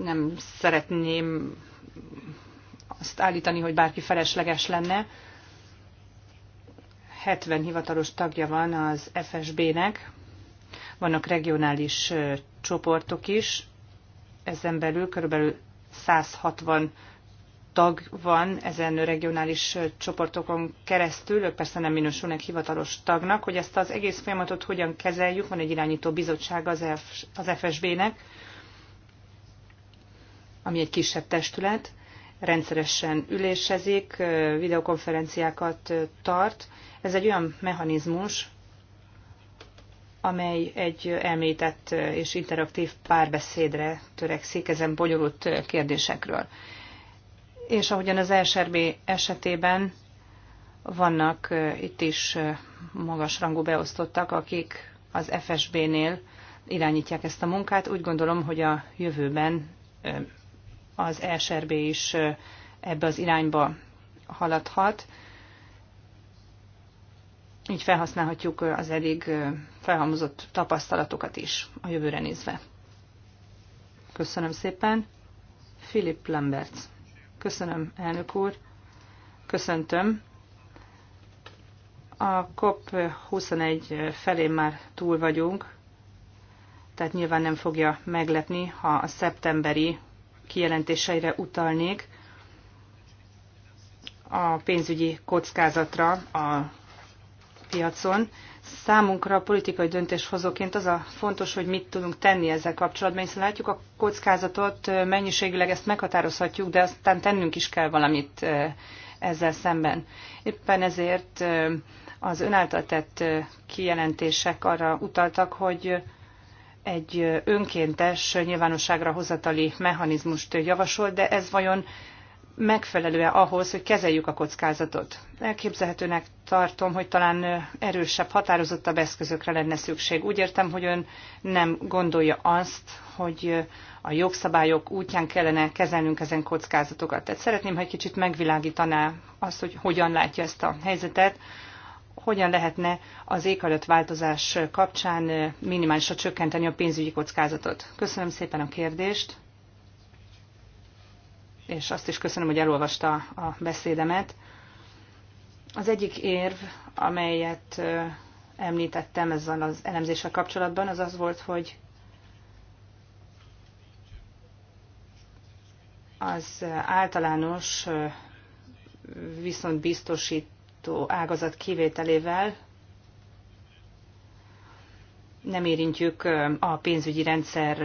nem szeretném azt állítani, hogy bárki felesleges lenne. 70 hivatalos tagja van az FSB-nek, vannak regionális csoportok is, ezen belül körülbelül 160 tag van ezen regionális csoportokon keresztül, ők persze nem minősülnek hivatalos tagnak, hogy ezt az egész folyamatot hogyan kezeljük, van egy irányító bizottság az, F, az FSB-nek, ami egy kisebb testület, rendszeresen ülésezik, videokonferenciákat tart. Ez egy olyan mechanizmus, amely egy elmélyített és interaktív párbeszédre törekszik ezen bonyolult kérdésekről és ahogyan az e SRB esetében vannak itt is magasrangú beosztottak, akik az FSB-nél irányítják ezt a munkát. Úgy gondolom, hogy a jövőben az e SRB is ebbe az irányba haladhat. Így felhasználhatjuk az eddig felhalmozott tapasztalatokat is a jövőre nézve. Köszönöm szépen. Philip Lamberts. Köszönöm, elnök úr. Köszöntöm. A COP21 felé már túl vagyunk, tehát nyilván nem fogja meglepni, ha a szeptemberi kijelentéseire utalnék a pénzügyi kockázatra a piacon. Számunkra a politikai döntéshozóként az a fontos, hogy mit tudunk tenni ezzel kapcsolatban, hiszen látjuk a kockázatot, mennyiségileg ezt meghatározhatjuk, de aztán tennünk is kell valamit ezzel szemben. Éppen ezért az önáltal tett kijelentések arra utaltak, hogy egy önkéntes nyilvánosságra hozatali mechanizmust javasol, de ez vajon megfelelő-e ahhoz, hogy kezeljük a kockázatot. Elképzelhetőnek tartom, hogy talán erősebb, határozottabb eszközökre lenne szükség. Úgy értem, hogy ön nem gondolja azt, hogy a jogszabályok útján kellene kezelnünk ezen kockázatokat. Tehát szeretném, ha egy kicsit megvilágítaná azt, hogy hogyan látja ezt a helyzetet, hogyan lehetne az változás kapcsán minimálisra csökkenteni a pénzügyi kockázatot. Köszönöm szépen a kérdést és azt is köszönöm, hogy elolvasta a beszédemet. Az egyik érv, amelyet említettem ezzel az elemzéssel kapcsolatban, az az volt, hogy az általános viszont biztosító ágazat kivételével nem érintjük a pénzügyi rendszer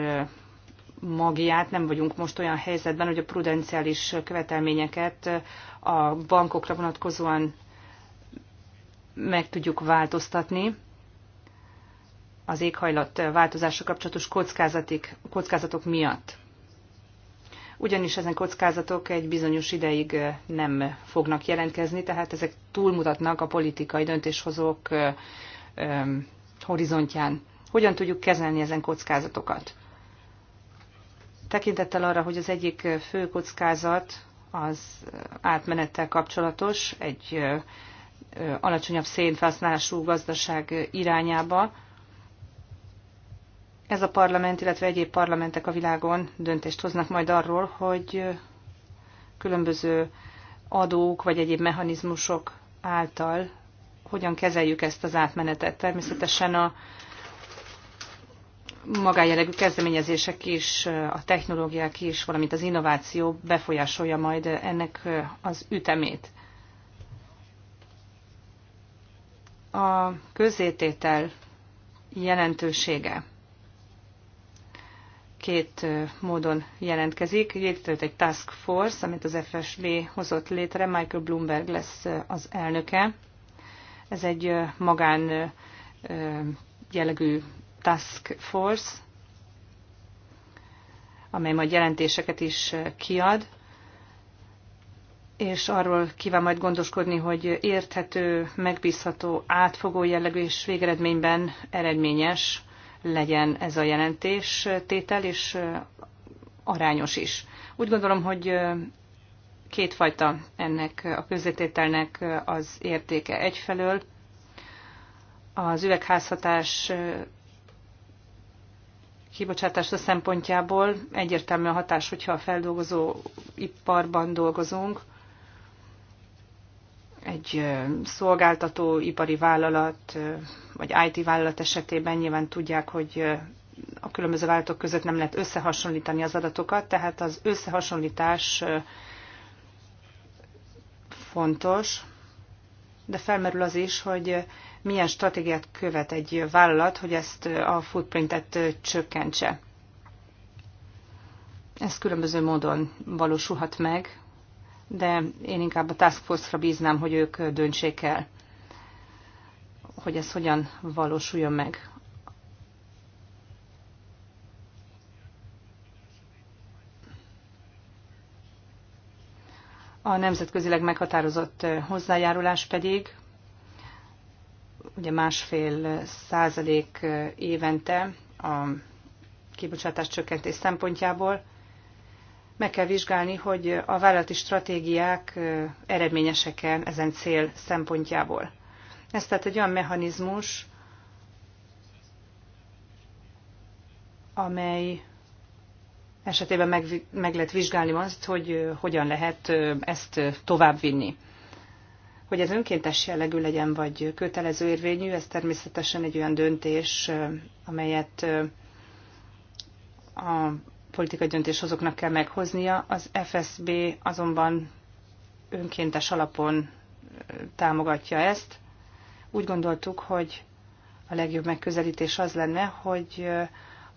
magját, nem vagyunk most olyan helyzetben, hogy a prudenciális követelményeket a bankokra vonatkozóan meg tudjuk változtatni. Az éghajlat változása kapcsolatos kockázatok miatt. Ugyanis ezen kockázatok egy bizonyos ideig nem fognak jelentkezni, tehát ezek túlmutatnak a politikai döntéshozók horizontján. Hogyan tudjuk kezelni ezen kockázatokat? Tekintettel arra, hogy az egyik fő kockázat az átmenettel kapcsolatos, egy alacsonyabb szénfelhasználású gazdaság irányába. Ez a parlament, illetve egyéb parlamentek a világon döntést hoznak majd arról, hogy különböző adók vagy egyéb mechanizmusok által hogyan kezeljük ezt az átmenetet. Természetesen a magájellegű kezdeményezések is, a technológiák is, valamint az innováció befolyásolja majd ennek az ütemét. A közététel jelentősége két módon jelentkezik. Létrejött egy task force, amit az FSB hozott létre, Michael Bloomberg lesz az elnöke. Ez egy magán jellegű Task Force, amely majd jelentéseket is kiad, és arról kíván majd gondoskodni, hogy érthető, megbízható, átfogó jellegű és végeredményben eredményes legyen ez a jelentés tétel, és arányos is. Úgy gondolom, hogy kétfajta ennek a közvetételnek az értéke egyfelől. Az üvegházhatás kibocsátása szempontjából egyértelmű a hatás, hogyha a feldolgozó iparban dolgozunk, egy szolgáltató, ipari vállalat, vagy IT vállalat esetében nyilván tudják, hogy a különböző vállalatok között nem lehet összehasonlítani az adatokat, tehát az összehasonlítás fontos, de felmerül az is, hogy milyen stratégiát követ egy vállalat, hogy ezt a footprintet csökkentse. Ez különböző módon valósulhat meg, de én inkább a Task Force-ra bíznám, hogy ők döntsék el, hogy ez hogyan valósuljon meg. A nemzetközileg meghatározott hozzájárulás pedig ugye másfél százalék évente a kibocsátás csökkentés szempontjából, meg kell vizsgálni, hogy a vállalati stratégiák eredményesek-e ezen cél szempontjából. Ez tehát egy olyan mechanizmus, amely esetében meg, meg lehet vizsgálni azt, hogy hogyan lehet ezt továbbvinni. Hogy ez önkéntes jellegű legyen, vagy kötelező érvényű, ez természetesen egy olyan döntés, amelyet a politikai döntéshozóknak kell meghoznia. Az FSB azonban önkéntes alapon támogatja ezt. Úgy gondoltuk, hogy a legjobb megközelítés az lenne, hogy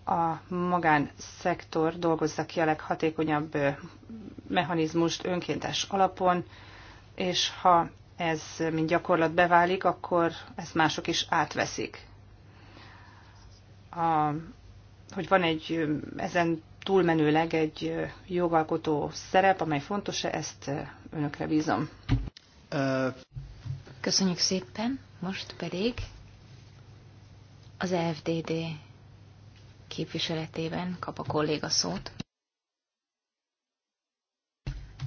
a magánszektor dolgozza ki a leghatékonyabb mechanizmust önkéntes alapon, és ha ez mint gyakorlat beválik, akkor ezt mások is átveszik. A, hogy van egy ezen túlmenőleg egy jogalkotó szerep, amely fontos, -e, ezt önökre bízom. Köszönjük szépen, most pedig az FDD képviseletében kap a kolléga szót.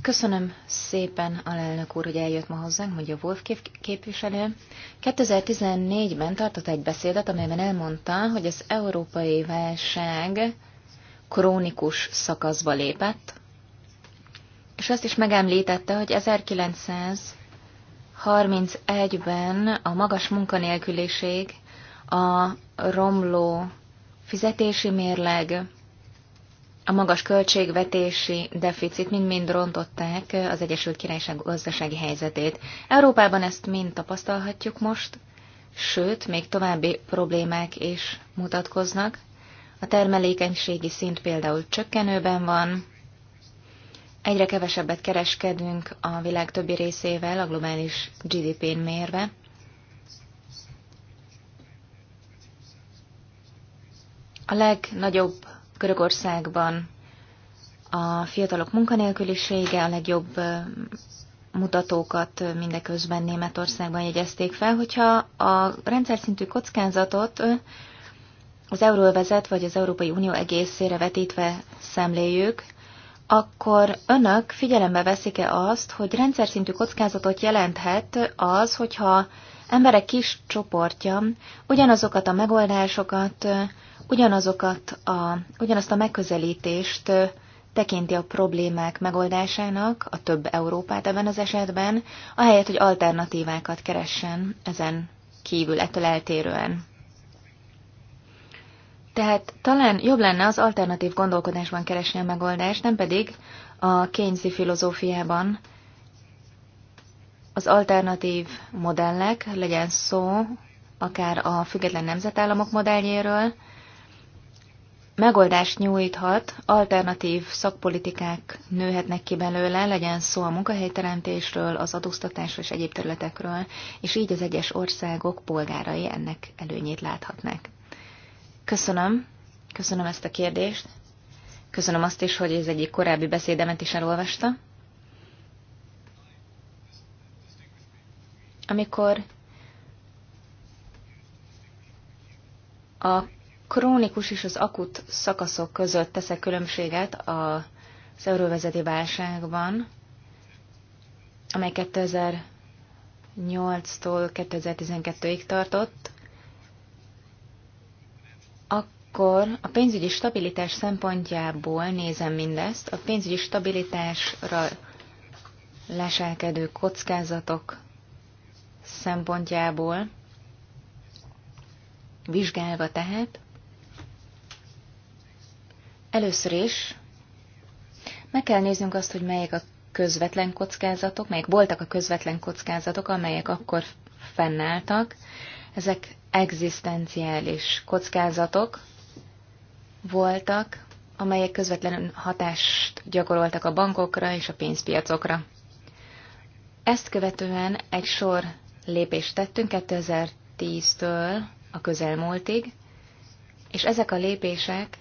Köszönöm szépen, alelnök úr, hogy eljött ma hozzánk, mondja Wolf képviselő. 2014-ben tartott egy beszédet, amelyben elmondta, hogy az európai válság krónikus szakaszba lépett, és azt is megemlítette, hogy 1931-ben a magas munkanélküliség, a romló fizetési mérleg, a magas költségvetési deficit mind-mind rontották az Egyesült Királyság gazdasági helyzetét. Európában ezt mind tapasztalhatjuk most, sőt, még további problémák is mutatkoznak. A termelékenységi szint például csökkenőben van, egyre kevesebbet kereskedünk a világ többi részével a globális GDP-n mérve, A legnagyobb Görögországban a fiatalok munkanélkülisége a legjobb mutatókat mindeközben Németországban jegyezték fel, hogyha a rendszer szintű kockázatot az euróvezet vagy az Európai Unió egészére vetítve szemléljük, akkor önök figyelembe veszik-e azt, hogy rendszer szintű kockázatot jelenthet az, hogyha emberek kis csoportja ugyanazokat a megoldásokat, ugyanazokat a, ugyanazt a megközelítést tekinti a problémák megoldásának, a több Európát ebben az esetben, ahelyett, hogy alternatívákat keressen ezen kívül, ettől eltérően. Tehát talán jobb lenne az alternatív gondolkodásban keresni a megoldást, nem pedig a Keynesi filozófiában az alternatív modellek, legyen szó akár a független nemzetállamok modelljéről, megoldást nyújthat, alternatív szakpolitikák nőhetnek ki belőle, legyen szó a munkahelyteremtésről, az adóztatásról és egyéb területekről, és így az egyes országok polgárai ennek előnyét láthatnak. Köszönöm, köszönöm ezt a kérdést, köszönöm azt is, hogy ez egyik korábbi beszédemet is elolvasta. Amikor a krónikus és az akut szakaszok között teszek különbséget az euróvezeti válságban, amely 2008-tól 2012-ig tartott, akkor a pénzügyi stabilitás szempontjából nézem mindezt, a pénzügyi stabilitásra leselkedő kockázatok szempontjából vizsgálva tehát, Először is meg kell néznünk azt, hogy melyek a közvetlen kockázatok, melyek voltak a közvetlen kockázatok, amelyek akkor fennálltak. Ezek egzisztenciális kockázatok voltak, amelyek közvetlen hatást gyakoroltak a bankokra és a pénzpiacokra. Ezt követően egy sor lépést tettünk 2010-től a közelmúltig, és ezek a lépések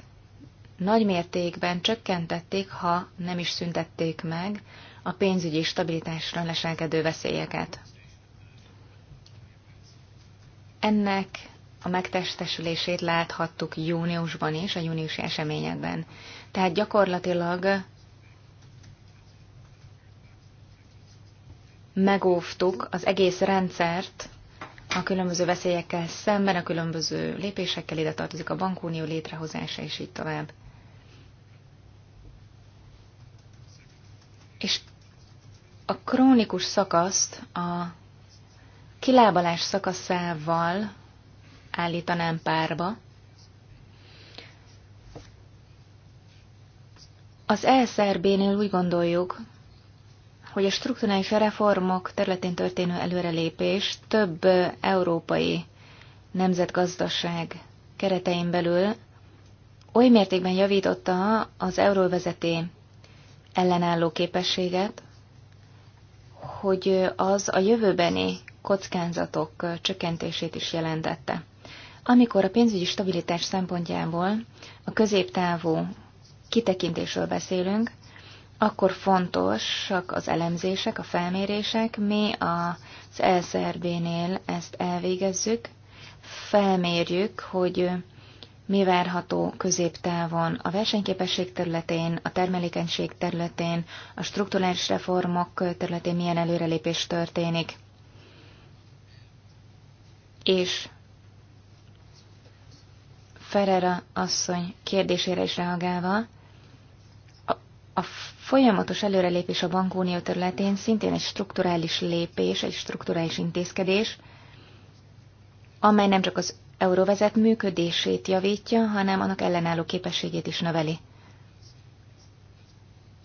nagy mértékben csökkentették, ha nem is szüntették meg a pénzügyi stabilitásra leselkedő veszélyeket. Ennek a megtestesülését láthattuk júniusban is, a júniusi eseményekben. Tehát gyakorlatilag megóvtuk az egész rendszert a különböző veszélyekkel szemben, a különböző lépésekkel ide tartozik a bankunió létrehozása, és így tovább. és a krónikus szakaszt a kilábalás szakaszával állítanám párba. Az ESRB-nél úgy gondoljuk, hogy a struktúrális reformok területén történő előrelépés több európai nemzetgazdaság keretein belül oly mértékben javította az euróvezeté ellenálló képességet, hogy az a jövőbeni kockázatok csökkentését is jelentette. Amikor a pénzügyi stabilitás szempontjából a középtávú kitekintésről beszélünk, akkor fontosak az elemzések, a felmérések. Mi az ESRB-nél ezt elvégezzük, felmérjük, hogy mi várható középtávon a versenyképesség területén, a termelékenység területén, a struktúrális reformok területén milyen előrelépés történik. És Ferrera asszony kérdésére is reagálva, a, a folyamatos előrelépés a bankunió területén szintén egy strukturális lépés, egy strukturális intézkedés, amely nem csak az euróvezet működését javítja, hanem annak ellenálló képességét is növeli.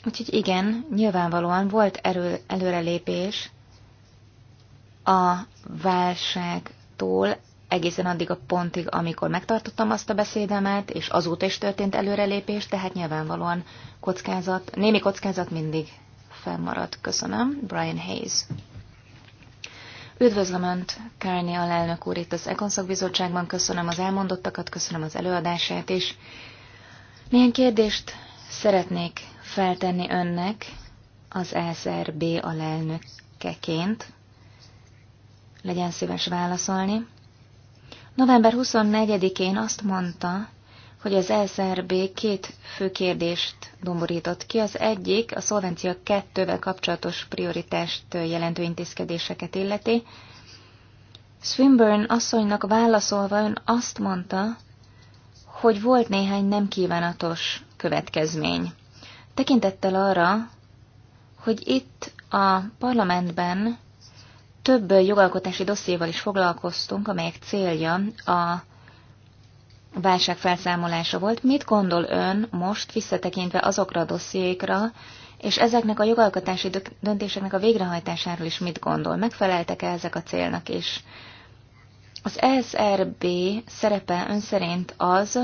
Úgyhogy igen, nyilvánvalóan volt erő, előrelépés a válságtól egészen addig a pontig, amikor megtartottam azt a beszédemet, és azóta is történt előrelépés, tehát nyilvánvalóan kockázat, némi kockázat mindig fennmaradt. Köszönöm. Brian Hayes. Üdvözlöm Önt, Kárnyi alelnök úr itt az Ekon szakbizottságban, köszönöm az elmondottakat, köszönöm az előadását is. Néhány kérdést szeretnék feltenni Önnek az SRB alelnökeként. Legyen szíves válaszolni. November 24-én azt mondta, hogy az SRB két fő kérdést domborított ki. Az egyik a szolvencia kettővel kapcsolatos prioritást jelentő intézkedéseket illeti. Swinburne asszonynak válaszolva ön azt mondta, hogy volt néhány nem kívánatos következmény. Tekintettel arra, hogy itt a parlamentben több jogalkotási dossziéval is foglalkoztunk, amelyek célja a válság felszámolása volt. Mit gondol ön most visszatekintve azokra a dossziékra, és ezeknek a jogalkotási döntéseknek a végrehajtásáról is mit gondol? Megfeleltek-e ezek a célnak is? Az ESRB szerepe ön szerint az,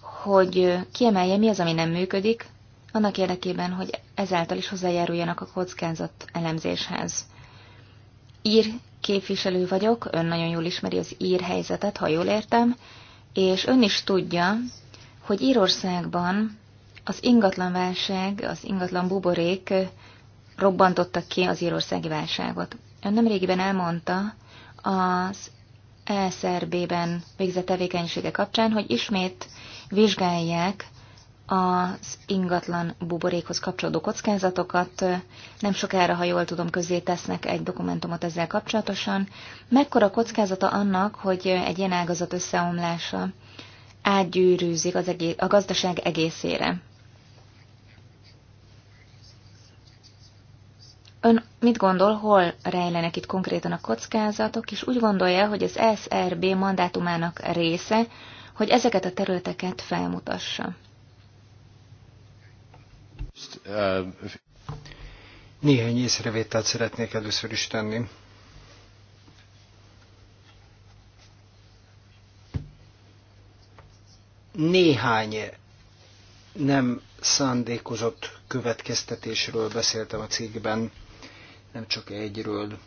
hogy kiemelje, mi az, ami nem működik, annak érdekében, hogy ezáltal is hozzájáruljanak a kockázat elemzéshez. Ír képviselő vagyok, ön nagyon jól ismeri az ír helyzetet, ha jól értem, és ön is tudja, hogy Írországban az ingatlanválság, az ingatlan buborék robbantottak ki az írországi válságot. Ön nemrégiben elmondta az ESRB-ben végzett tevékenysége kapcsán, hogy ismét vizsgálják az ingatlan buborékhoz kapcsolódó kockázatokat. Nem sokára, ha jól tudom, közé tesznek egy dokumentumot ezzel kapcsolatosan. Mekkora kockázata annak, hogy egy ilyen ágazat összeomlása átgyűrűzik az egész, a gazdaság egészére? Ön mit gondol, hol rejlenek itt konkrétan a kockázatok, és úgy gondolja, hogy az SRB mandátumának része, hogy ezeket a területeket felmutassa? Néhány észrevételt szeretnék először is tenni. Néhány nem szándékozott következtetésről beszéltem a cikkben, nem csak egyről.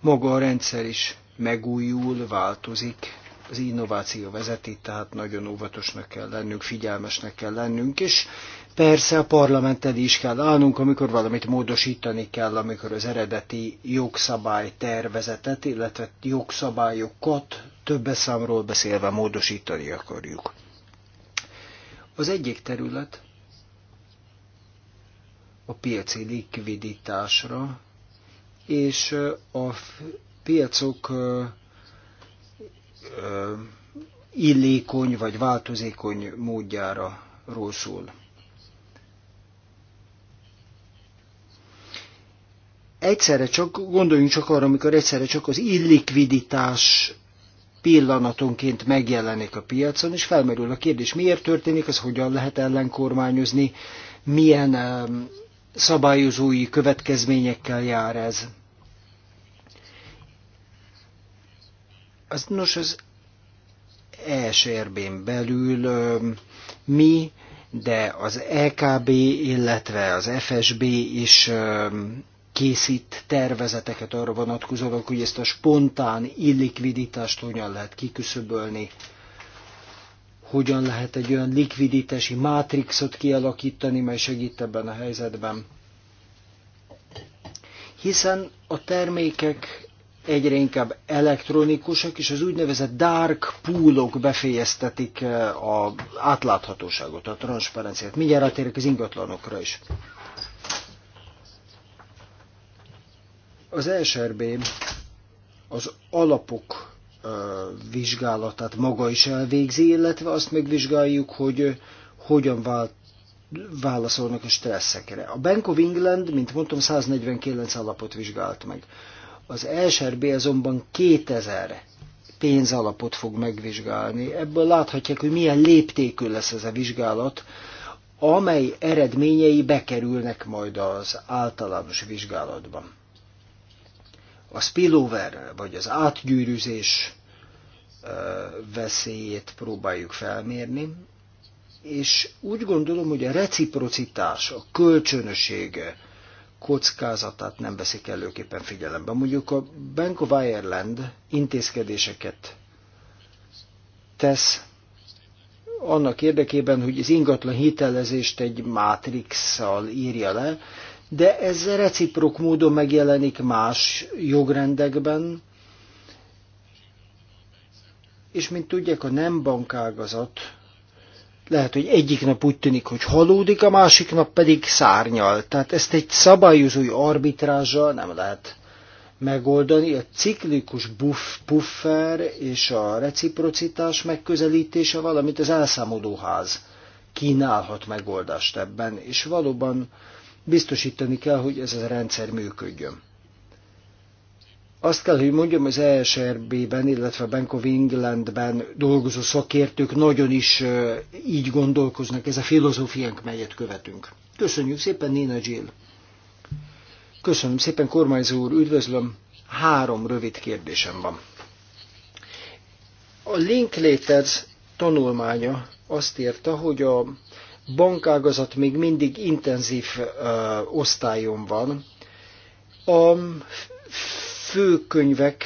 Maga a rendszer is megújul, változik, az innováció vezeti, tehát nagyon óvatosnak kell lennünk, figyelmesnek kell lennünk, és persze a parlamented is kell állnunk, amikor valamit módosítani kell, amikor az eredeti jogszabály tervezetet, illetve jogszabályokat többes számról beszélve módosítani akarjuk. Az egyik terület a piaci likviditásra és a piacok illékony vagy változékony módjára rosszul. Egyszerre csak, gondoljunk csak arra, amikor egyszerre csak az illikviditás pillanatonként megjelenik a piacon, és felmerül a kérdés, miért történik, ez hogyan lehet ellenkormányozni, milyen szabályozói következményekkel jár ez. Az, nos, az ESRB-n belül mi, de az EKB, illetve az FSB is készít tervezeteket arra vonatkozólag, hogy ezt a spontán illikviditást hogyan lehet kiküszöbölni, hogyan lehet egy olyan likviditási mátrixot kialakítani, mely segít ebben a helyzetben. Hiszen a termékek egyre inkább elektronikusak, és az úgynevezett dark poolok befejeztetik eh, a átláthatóságot, a transzparenciát. Mindjárt átérek az ingatlanokra is. Az e SRB az alapok eh, vizsgálatát maga is elvégzi, illetve azt megvizsgáljuk, hogy eh, hogyan vált válaszolnak a stresszekre. A Bank of England, mint mondtam, 149 alapot vizsgált meg. Az SRB azonban 2000 pénzalapot fog megvizsgálni. Ebből láthatják, hogy milyen léptékű lesz ez a vizsgálat, amely eredményei bekerülnek majd az általános vizsgálatban. A spillover, vagy az átgyűrűzés veszélyét próbáljuk felmérni, és úgy gondolom, hogy a reciprocitás, a kölcsönösége, kockázatát nem veszik előképpen figyelembe. Mondjuk a Bank of Ireland intézkedéseket tesz annak érdekében, hogy az ingatlan hitelezést egy mátrixsal írja le, de ez reciprok módon megjelenik más jogrendekben, és mint tudják, a nem bankágazat lehet, hogy egyik nap úgy tűnik, hogy halódik, a másik nap pedig szárnyal. Tehát ezt egy szabályozói arbitrázsal nem lehet megoldani. A ciklikus buff, buffer és a reciprocitás megközelítése, valamint az elszámolóház kínálhat megoldást ebben, és valóban biztosítani kell, hogy ez a rendszer működjön. Azt kell, hogy mondjam, az ESRB-ben, illetve a Bank of England-ben dolgozó szakértők nagyon is így gondolkoznak, ez a filozófiánk, melyet követünk. Köszönjük szépen, Nina Jill. Köszönöm szépen, kormányzó úr, üdvözlöm. Három rövid kérdésem van. A Linklaters tanulmánya azt írta, hogy a bankágazat még mindig intenzív uh, osztályon van. A főkönyvek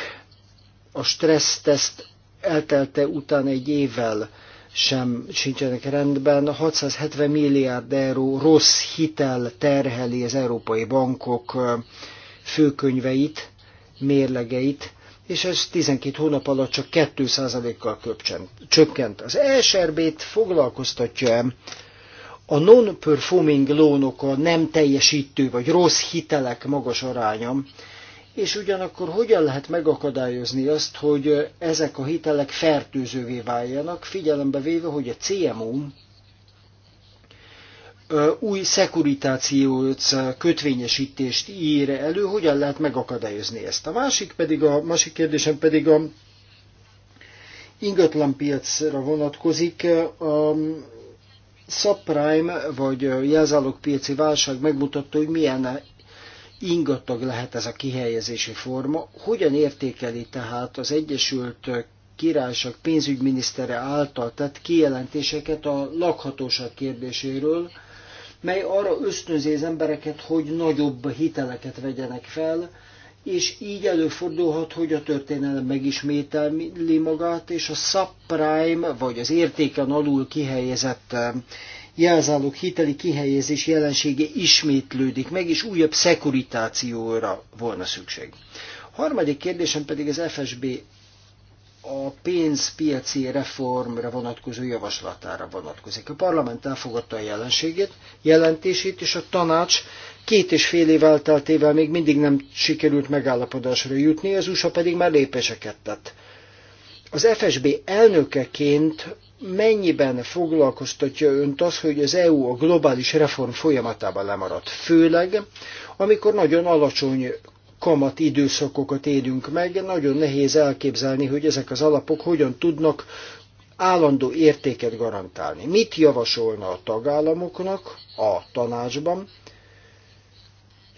a stresszteszt eltelte után egy évvel sem sincsenek rendben. 670 milliárd euró rossz hitel terheli az európai bankok főkönyveit, mérlegeit, és ez 12 hónap alatt csak 2%-kal csökkent. Az ESRB-t foglalkoztatja a non-performing lónok, a nem teljesítő vagy rossz hitelek magas aránya, és ugyanakkor hogyan lehet megakadályozni azt, hogy ezek a hitelek fertőzővé váljanak, figyelembe véve, hogy a CMO új szekuritációt, kötvényesítést ír elő, hogyan lehet megakadályozni ezt. A másik, pedig a, másik kérdésem pedig a ingatlanpiacra vonatkozik. A subprime vagy jelzálogpiaci válság megmutatta, hogy milyen ingatag lehet ez a kihelyezési forma. Hogyan értékeli tehát az Egyesült Királyság pénzügyminisztere által tett kijelentéseket a lakhatóság kérdéséről, mely arra ösztönzi az embereket, hogy nagyobb hiteleket vegyenek fel, és így előfordulhat, hogy a történelem megismételi magát, és a subprime, vagy az értéken alul kihelyezett jelzálók hiteli kihelyezés jelensége ismétlődik meg, és újabb szekuritációra volna szükség. Harmadik kérdésem pedig az FSB a pénzpiaci reformra vonatkozó javaslatára vonatkozik. A parlament elfogadta a jelenségét, jelentését, és a tanács két és fél év elteltével még mindig nem sikerült megállapodásra jutni, az USA pedig már lépéseket tett. Az FSB elnökeként mennyiben foglalkoztatja önt az, hogy az EU a globális reform folyamatában lemaradt, főleg amikor nagyon alacsony kamat időszakokat élünk meg, nagyon nehéz elképzelni, hogy ezek az alapok hogyan tudnak állandó értéket garantálni. Mit javasolna a tagállamoknak a tanácsban,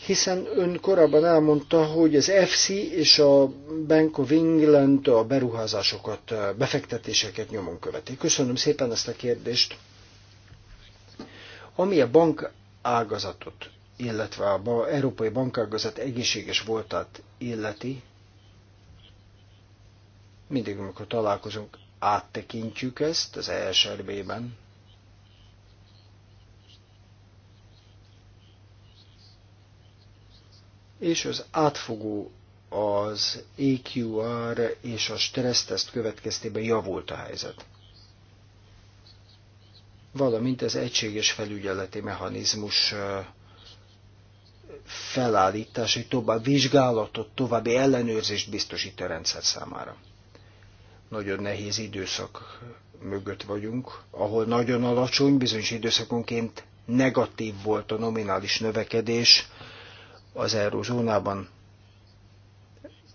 hiszen ön korábban elmondta, hogy az FC és a Bank of England a beruházásokat, befektetéseket nyomon követi. Köszönöm szépen ezt a kérdést. Ami a bank ágazatot, illetve a európai bankágazat egészséges voltát illeti, mindig, amikor találkozunk, áttekintjük ezt az ESRB-ben, és az átfogó az AQR és a stresszteszt következtében javult a helyzet. Valamint az egységes felügyeleti mechanizmus felállítása, hogy tovább vizsgálatot, további ellenőrzést biztosít a rendszer számára. Nagyon nehéz időszak mögött vagyunk, ahol nagyon alacsony, bizonyos időszakonként negatív volt a nominális növekedés, az eurózónában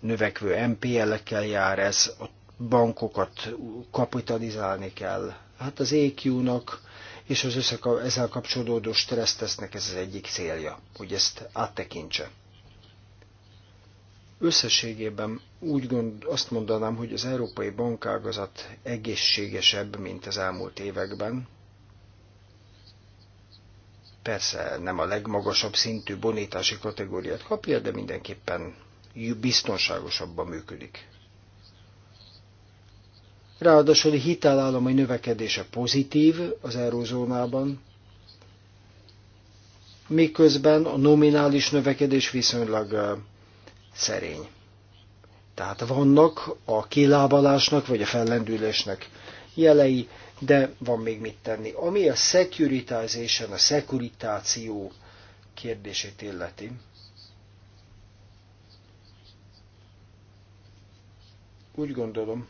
növekvő MPL-ekkel jár ez, a bankokat kapitalizálni kell. Hát az EQ-nak és az össze, ezzel kapcsolódó stressztesznek ez az egyik célja, hogy ezt áttekintse. Összességében úgy gond, azt mondanám, hogy az európai bankágazat egészségesebb, mint az elmúlt években, Persze nem a legmagasabb szintű bonítási kategóriát kapja, de mindenképpen biztonságosabban működik. Ráadásul a hitelállomány növekedése pozitív az eurózónában, miközben a nominális növekedés viszonylag szerény. Tehát vannak a kilábalásnak vagy a fellendülésnek jelei, de van még mit tenni. Ami a securitization, a szekuritáció kérdését illeti, úgy gondolom,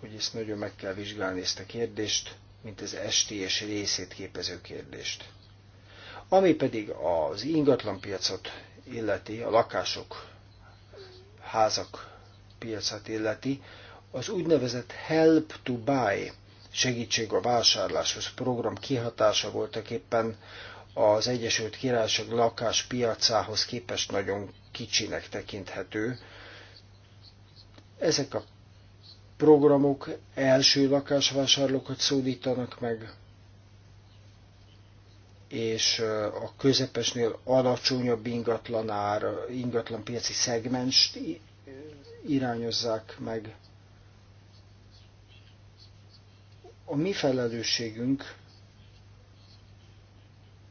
hogy ezt nagyon meg kell vizsgálni ezt a kérdést, mint az STS részét képező kérdést. Ami pedig az ingatlanpiacot illeti, a lakások, házak piacát illeti, az úgynevezett Help to Buy segítség a vásárláshoz program kihatása voltak éppen az Egyesült Királyság piacához képest nagyon kicsinek tekinthető. Ezek a programok első lakásvásárlókat szólítanak meg, és a közepesnél alacsonyabb ingatlanár, ingatlanpiaci szegmens irányozzák meg. A mi felelősségünk,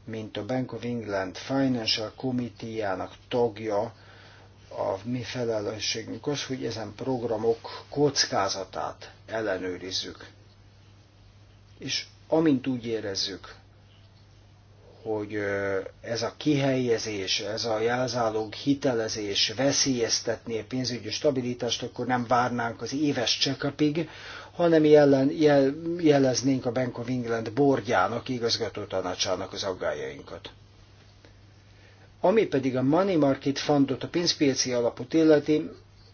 mint a Bank of England Financial Committee-jának tagja, a mi felelősségünk az, hogy ezen programok kockázatát ellenőrizzük. És amint úgy érezzük, hogy ez a kihelyezés, ez a jelzálog hitelezés veszélyeztetné a pénzügyi stabilitást, akkor nem várnánk az éves csekapig, hanem jelen, jel, jeleznénk a Bank of England bordjának, igazgató tanácsának az aggájainkat. Ami pedig a Money Market Fundot, a pénzpiaci alapot illeti,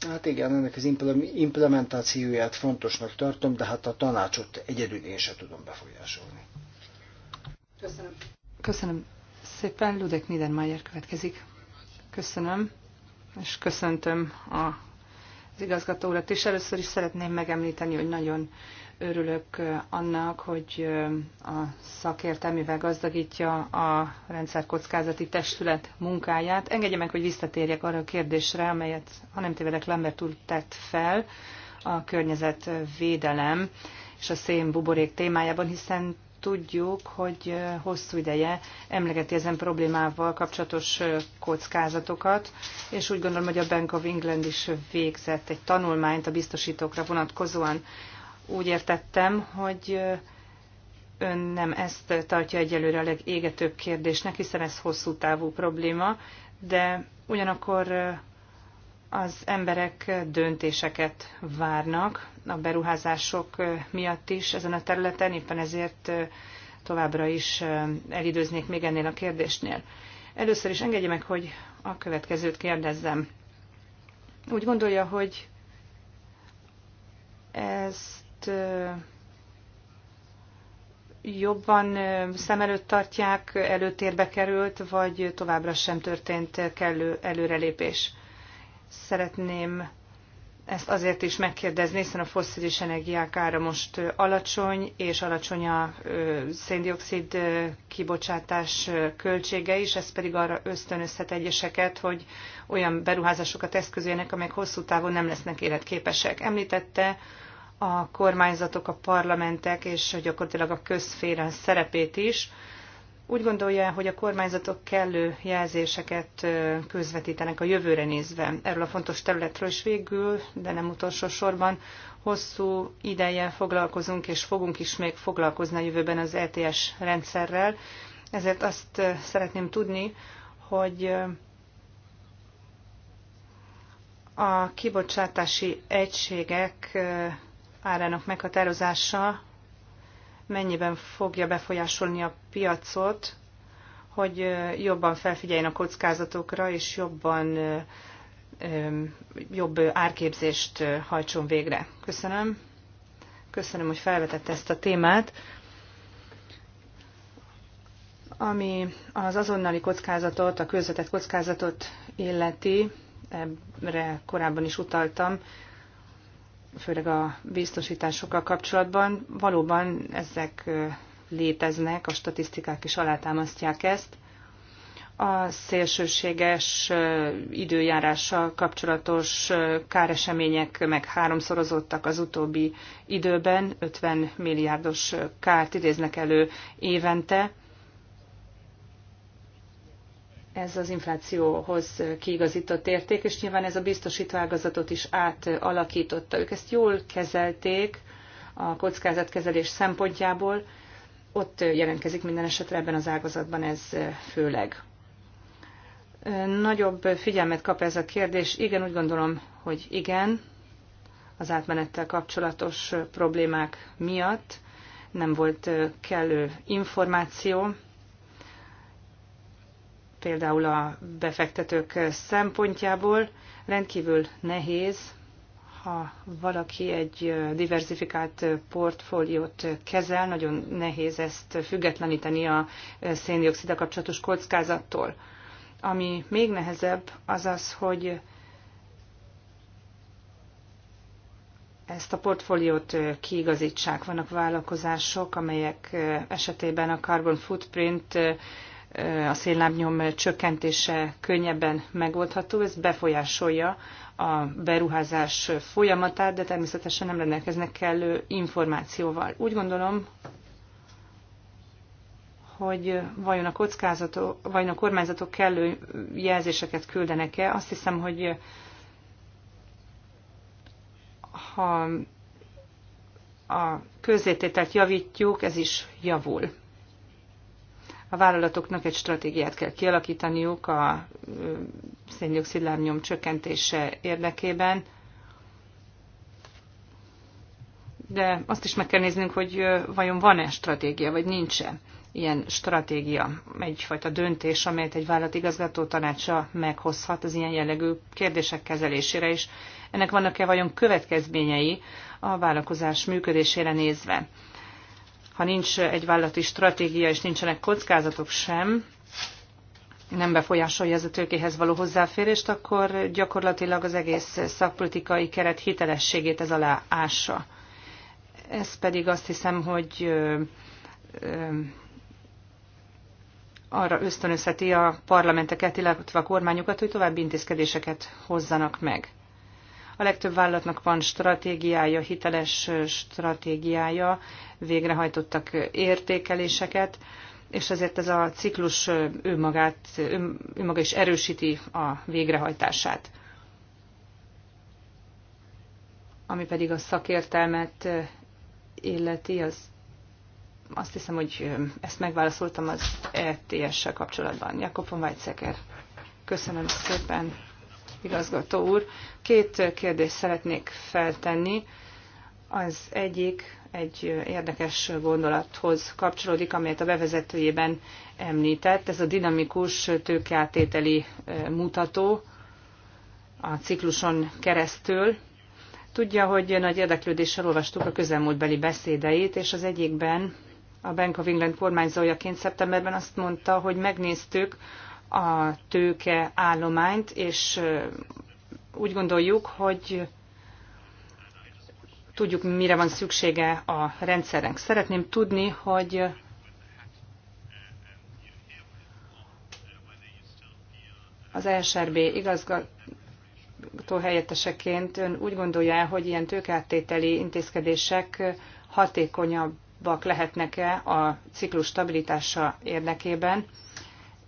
hát igen, ennek az implementációját fontosnak tartom, de hát a tanácsot egyedül én sem tudom befolyásolni. Köszönöm. Köszönöm szépen. Ludek Niedermayer következik. Köszönöm, és köszöntöm a az igazgató urat és Először is szeretném megemlíteni, hogy nagyon örülök annak, hogy a szakértelmével gazdagítja a rendszerkockázati testület munkáját. Engedje meg, hogy visszatérjek arra a kérdésre, amelyet, ha nem tévedek, Lambert úr tett fel a környezetvédelem és a szén buborék témájában, hiszen tudjuk, hogy hosszú ideje emlegeti ezen problémával kapcsolatos kockázatokat, és úgy gondolom, hogy a Bank of England is végzett egy tanulmányt a biztosítókra vonatkozóan. Úgy értettem, hogy ön nem ezt tartja egyelőre a legégetőbb kérdésnek, hiszen ez hosszú távú probléma, de ugyanakkor az emberek döntéseket várnak a beruházások miatt is ezen a területen, éppen ezért továbbra is elidőznék még ennél a kérdésnél. Először is engedje meg, hogy a következőt kérdezzem. Úgy gondolja, hogy ezt jobban szem előtt tartják, előtérbe került, vagy továbbra sem történt kellő előrelépés szeretném ezt azért is megkérdezni, hiszen a fosszilis energiák ára most alacsony, és alacsony a széndiokszid kibocsátás költsége is, ez pedig arra ösztönözhet egyeseket, hogy olyan beruházásokat eszközöljenek, amelyek hosszú távon nem lesznek életképesek. Említette a kormányzatok, a parlamentek és gyakorlatilag a közféren szerepét is, úgy gondolja, hogy a kormányzatok kellő jelzéseket közvetítenek a jövőre nézve erről a fontos területről, és végül, de nem utolsó sorban, hosszú ideje foglalkozunk, és fogunk is még foglalkozni a jövőben az ETS rendszerrel. Ezért azt szeretném tudni, hogy a kibocsátási egységek árának meghatározása mennyiben fogja befolyásolni a piacot, hogy jobban felfigyeljen a kockázatokra, és jobban jobb árképzést hajtson végre. Köszönöm. Köszönöm, hogy felvetette ezt a témát. Ami az azonnali kockázatot, a közvetett kockázatot illeti, erre korábban is utaltam, főleg a biztosításokkal kapcsolatban. Valóban ezek léteznek, a statisztikák is alátámasztják ezt. A szélsőséges időjárással kapcsolatos káresemények meg háromszorozottak az utóbbi időben, 50 milliárdos kárt idéznek elő évente ez az inflációhoz kiigazított érték, és nyilván ez a biztosítóágazatot is átalakította. Ők ezt jól kezelték a kockázatkezelés szempontjából, ott jelentkezik minden esetre ebben az ágazatban ez főleg. Nagyobb figyelmet kap ez a kérdés. Igen, úgy gondolom, hogy igen, az átmenettel kapcsolatos problémák miatt nem volt kellő információ, például a befektetők szempontjából rendkívül nehéz, ha valaki egy diversifikált portfóliót kezel, nagyon nehéz ezt függetleníteni a széndiokszida kapcsolatos kockázattól. Ami még nehezebb, az az, hogy ezt a portfóliót kiigazítsák. Vannak vállalkozások, amelyek esetében a carbon footprint a szénlábnyom csökkentése könnyebben megoldható, ez befolyásolja a beruházás folyamatát, de természetesen nem rendelkeznek kellő információval. Úgy gondolom, hogy vajon a, kockázatok, vajon a kormányzatok kellő jelzéseket küldenek-e. Azt hiszem, hogy ha a közzétételt javítjuk, ez is javul. A vállalatoknak egy stratégiát kell kialakítaniuk a széndiokszid lábnyom csökkentése érdekében, de azt is meg kell néznünk, hogy vajon van-e stratégia, vagy nincs-e ilyen stratégia, egyfajta döntés, amelyet egy vállalat igazgató tanácsa meghozhat az ilyen jellegű kérdések kezelésére, is. ennek vannak-e vajon következményei a vállalkozás működésére nézve ha nincs egy vállalati stratégia és nincsenek kockázatok sem, nem befolyásolja ez a tőkéhez való hozzáférést, akkor gyakorlatilag az egész szakpolitikai keret hitelességét ez alá ássa. Ez pedig azt hiszem, hogy ö, ö, arra ösztönözheti a parlamenteket, illetve a kormányokat, hogy további intézkedéseket hozzanak meg. A legtöbb vállalatnak van stratégiája, hiteles stratégiája, végrehajtottak értékeléseket, és azért ez a ciklus önmagát, önmaga is erősíti a végrehajtását. Ami pedig a szakértelmet illeti, az azt hiszem, hogy ezt megválaszoltam az ETS-sel kapcsolatban. Jakob von Weizsäcker. Köszönöm szépen igazgató úr. Két kérdést szeretnék feltenni. Az egyik egy érdekes gondolathoz kapcsolódik, amelyet a bevezetőjében említett. Ez a dinamikus tőkeátételi mutató a cikluson keresztül. Tudja, hogy nagy érdeklődéssel olvastuk a közelmúltbeli beszédeit, és az egyikben a Bank of England kormányzójaként szeptemberben azt mondta, hogy megnéztük a tőke állományt, és úgy gondoljuk, hogy tudjuk, mire van szüksége a rendszernek. Szeretném tudni, hogy az ESRB igazgató helyetteseként ön úgy gondolja, hogy ilyen tőkeáttételi intézkedések hatékonyabbak lehetnek-e a ciklus stabilitása érdekében,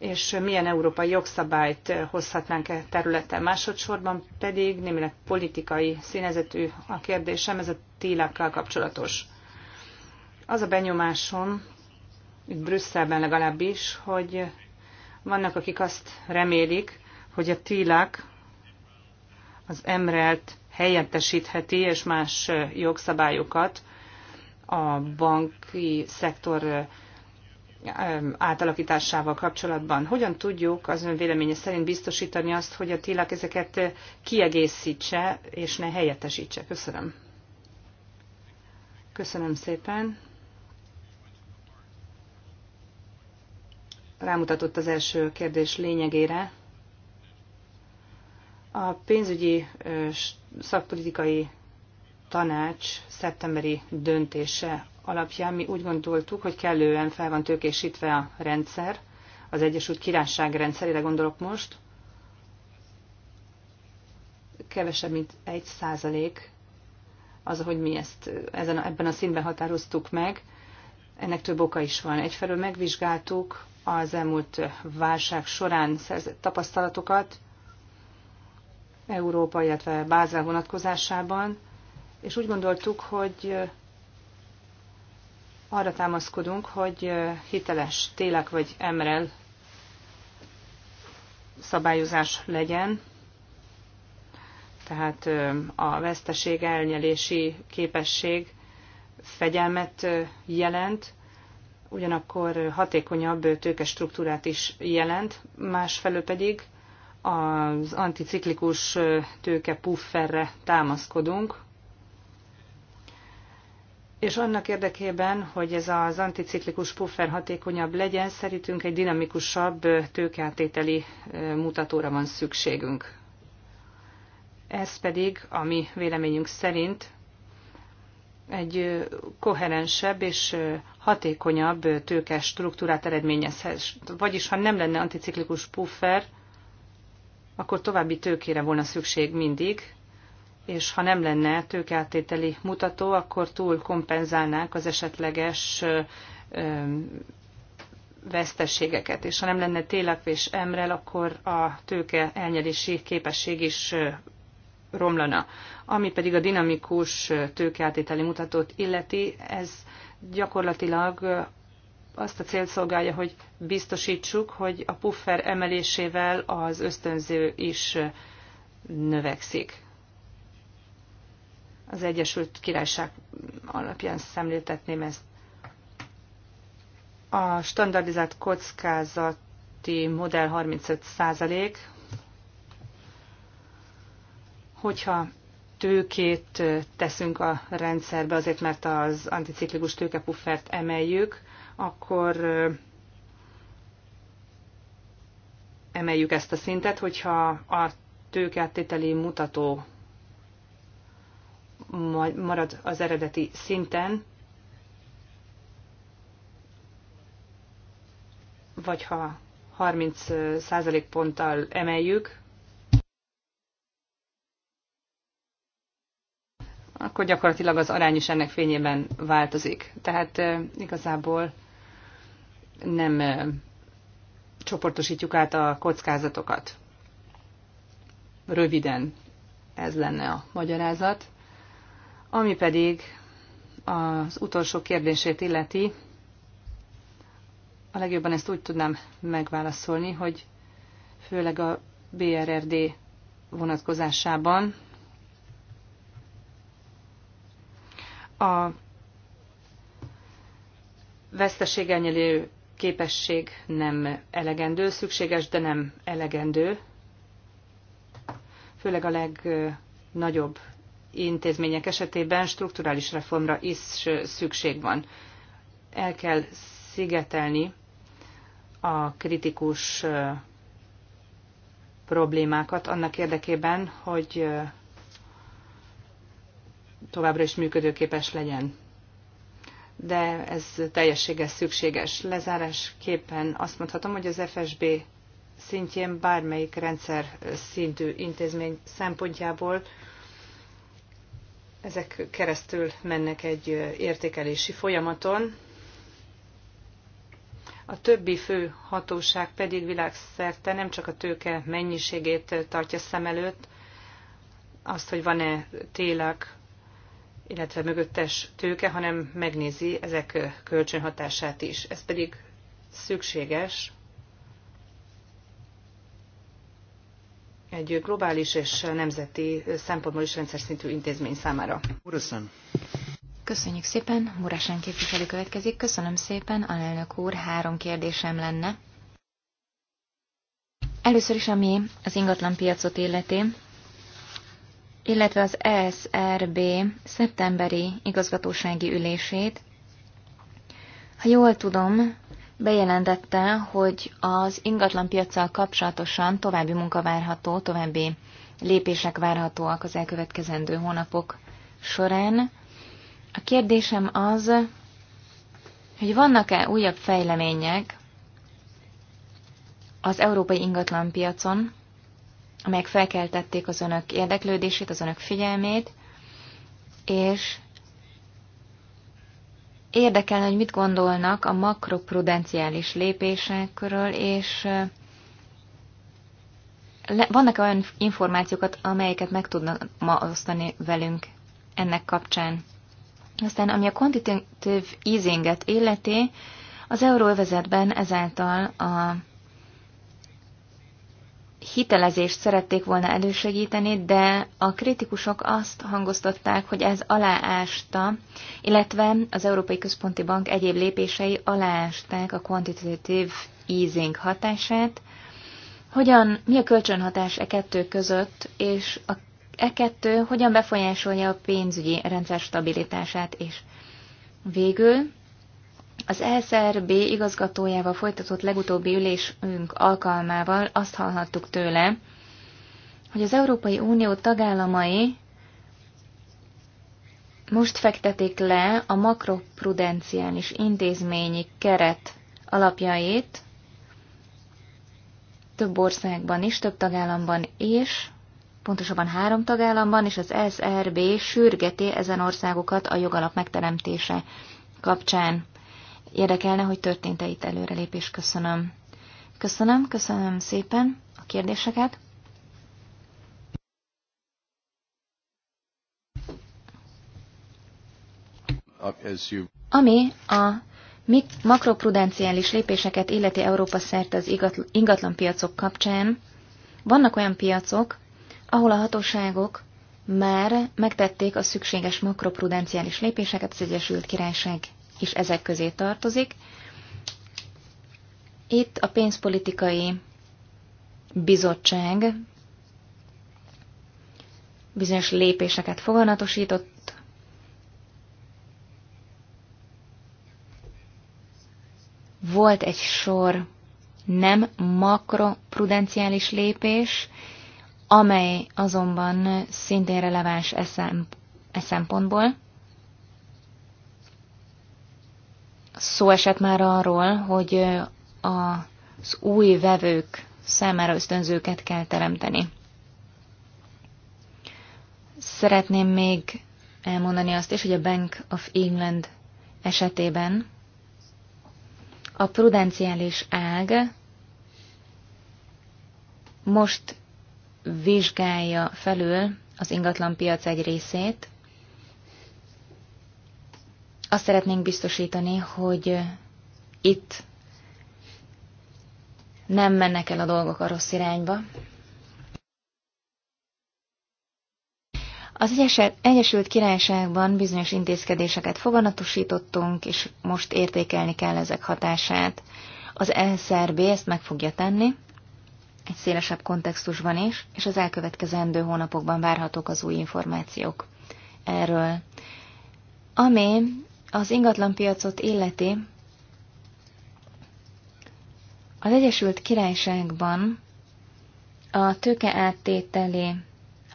és milyen európai jogszabályt hozhatnánk e területen. Másodszorban pedig némileg politikai színezetű a kérdésem, ez a télákkal kapcsolatos. Az a benyomásom, itt Brüsszelben legalábbis, hogy vannak, akik azt remélik, hogy a tílák az emrelt helyettesítheti, és más jogszabályokat a banki szektor átalakításával kapcsolatban. Hogyan tudjuk az ön véleménye szerint biztosítani azt, hogy a tilak ezeket kiegészítse és ne helyettesítse? Köszönöm. Köszönöm szépen. Rámutatott az első kérdés lényegére. A pénzügyi szakpolitikai tanács szeptemberi döntése alapján mi úgy gondoltuk, hogy kellően fel van tőkésítve a rendszer, az Egyesült Királyság rendszerére gondolok most, kevesebb, mint egy százalék az, hogy mi ezt ezen, ebben a színben határoztuk meg. Ennek több oka is van. Egyfelől megvizsgáltuk az elmúlt válság során szerzett tapasztalatokat Európa, illetve Bázel vonatkozásában, és úgy gondoltuk, hogy arra támaszkodunk, hogy hiteles télek vagy emrel szabályozás legyen, tehát a veszteség elnyelési képesség fegyelmet jelent, ugyanakkor hatékonyabb struktúrát is jelent, másfelől pedig az anticiklikus tőke pufferre támaszkodunk, és annak érdekében, hogy ez az anticiklikus puffer hatékonyabb legyen, szerintünk egy dinamikusabb tőkeáttételi mutatóra van szükségünk. Ez pedig, ami véleményünk szerint egy koherensebb és hatékonyabb tőke struktúrát eredményezhet. Vagyis, ha nem lenne anticiklikus puffer, akkor további tőkére volna szükség mindig, és ha nem lenne tőkeáttételi mutató, akkor túl kompenzálnák az esetleges veszteségeket. és ha nem lenne télak és emrel, akkor a tőke elnyelési képesség is romlana. Ami pedig a dinamikus tőkeáttételi mutatót illeti, ez gyakorlatilag azt a célt szolgálja, hogy biztosítsuk, hogy a puffer emelésével az ösztönző is növekszik az Egyesült Királyság alapján szemléltetném ezt. A standardizált kockázati modell 35 százalék, hogyha tőkét teszünk a rendszerbe, azért mert az anticiklikus tőkepuffert emeljük, akkor emeljük ezt a szintet, hogyha a tőkeáttételi mutató marad az eredeti szinten, vagy ha 30 ponttal emeljük, akkor gyakorlatilag az arány is ennek fényében változik. Tehát igazából nem csoportosítjuk át a kockázatokat. Röviden ez lenne a magyarázat. Ami pedig az utolsó kérdését illeti, a legjobban ezt úgy tudnám megválaszolni, hogy főleg a BRRD vonatkozásában a veszteségelnyelő képesség nem elegendő, szükséges, de nem elegendő, főleg a legnagyobb intézmények esetében strukturális reformra is szükség van. El kell szigetelni a kritikus problémákat annak érdekében, hogy továbbra is működőképes legyen. De ez teljességes szükséges. Lezárásképpen azt mondhatom, hogy az FSB szintjén bármelyik rendszer szintű intézmény szempontjából ezek keresztül mennek egy értékelési folyamaton. A többi fő hatóság pedig világszerte nem csak a tőke mennyiségét tartja szem előtt, azt, hogy van-e télak, illetve mögöttes tőke, hanem megnézi ezek kölcsönhatását is. Ez pedig szükséges egy globális és nemzeti szempontból is rendszer szintű intézmény számára. Köszönöm. Köszönjük szépen. Murasen képviselő következik. Köszönöm szépen, alelnök úr. Három kérdésem lenne. Először is, ami az ingatlan piacot illeti, illetve az ESRB szeptemberi igazgatósági ülését. Ha jól tudom, bejelentette, hogy az piacsal kapcsolatosan további munka várható, további lépések várhatóak az elkövetkezendő hónapok során. A kérdésem az, hogy vannak-e újabb fejlemények az európai ingatlanpiacon, amelyek felkeltették az önök érdeklődését, az önök figyelmét, és Érdekelne, hogy mit gondolnak a makroprudenciális lépésekről, és vannak -e olyan információkat, amelyeket meg tudnak ma osztani velünk ennek kapcsán. Aztán, ami a quantitative easinget illeti, az euróövezetben ezáltal a hitelezést szerették volna elősegíteni, de a kritikusok azt hangoztatták, hogy ez aláásta, illetve az Európai Központi Bank egyéb lépései aláásták a quantitative easing hatását. Hogyan, mi a kölcsönhatás e kettő között, és a, e kettő hogyan befolyásolja a pénzügyi rendszer stabilitását is? Végül az e SRB igazgatójával folytatott legutóbbi ülésünk alkalmával azt hallhattuk tőle, hogy az Európai Unió tagállamai most fektetik le a makroprudenciális intézményi keret alapjait több országban is, több tagállamban is, pontosabban három tagállamban, és az e SRB sürgeti ezen országokat a jogalap megteremtése kapcsán. Érdekelne, hogy történt-e itt előrelépés. Köszönöm. Köszönöm, köszönöm szépen a kérdéseket. Ami a makroprudenciális lépéseket illeti Európa szerte az ingatlanpiacok kapcsán, vannak olyan piacok, ahol a hatóságok már megtették a szükséges makroprudenciális lépéseket az Egyesült Királyság is ezek közé tartozik. Itt a pénzpolitikai bizottság bizonyos lépéseket foganatosított, volt egy sor nem makroprudenciális lépés, amely azonban szintén releváns e, e szempontból. Szó esett már arról, hogy az új vevők számára ösztönzőket kell teremteni. Szeretném még elmondani azt is, hogy a Bank of England esetében a prudenciális ág most vizsgálja felül az ingatlanpiac egy részét, azt szeretnénk biztosítani, hogy itt nem mennek el a dolgok a rossz irányba. Az Egyesült Királyságban bizonyos intézkedéseket foganatosítottunk, és most értékelni kell ezek hatását. Az NSRB ezt meg fogja tenni, egy szélesebb kontextusban is, és az elkövetkezendő hónapokban várhatók az új információk erről. Ami az ingatlanpiacot illeti, az Egyesült Királyságban a tőke áttételi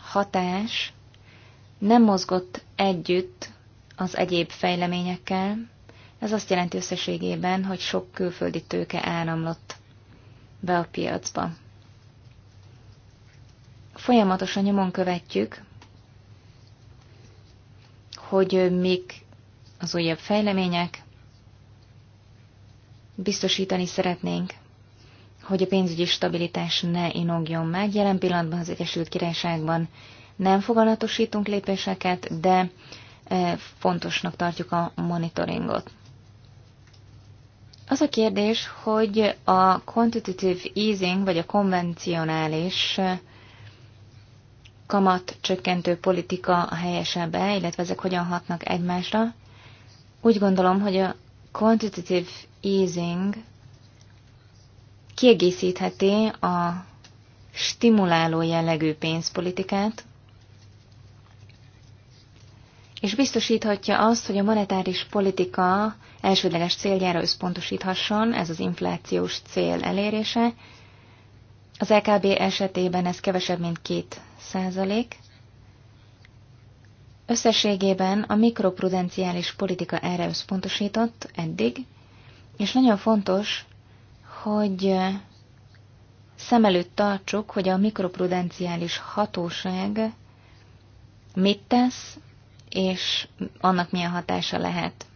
hatás nem mozgott együtt az egyéb fejleményekkel, ez azt jelenti összességében, hogy sok külföldi tőke áramlott be a piacba. Folyamatosan nyomon követjük, hogy mik az újabb fejlemények. Biztosítani szeretnénk, hogy a pénzügyi stabilitás ne inogjon meg. Jelen pillanatban az Egyesült Királyságban nem foganatosítunk lépéseket, de e, fontosnak tartjuk a monitoringot. Az a kérdés, hogy a quantitative easing, vagy a konvencionális e, kamat csökkentő politika a helyesebb-e, illetve ezek hogyan hatnak egymásra. Úgy gondolom, hogy a quantitative easing kiegészítheti a stimuláló jellegű pénzpolitikát, és biztosíthatja azt, hogy a monetáris politika elsődleges céljára összpontosíthasson, ez az inflációs cél elérése. Az LKB e esetében ez kevesebb, mint 2 százalék. Összességében a mikroprudenciális politika erre összpontosított eddig, és nagyon fontos, hogy szem előtt tartsuk, hogy a mikroprudenciális hatóság mit tesz, és annak milyen hatása lehet.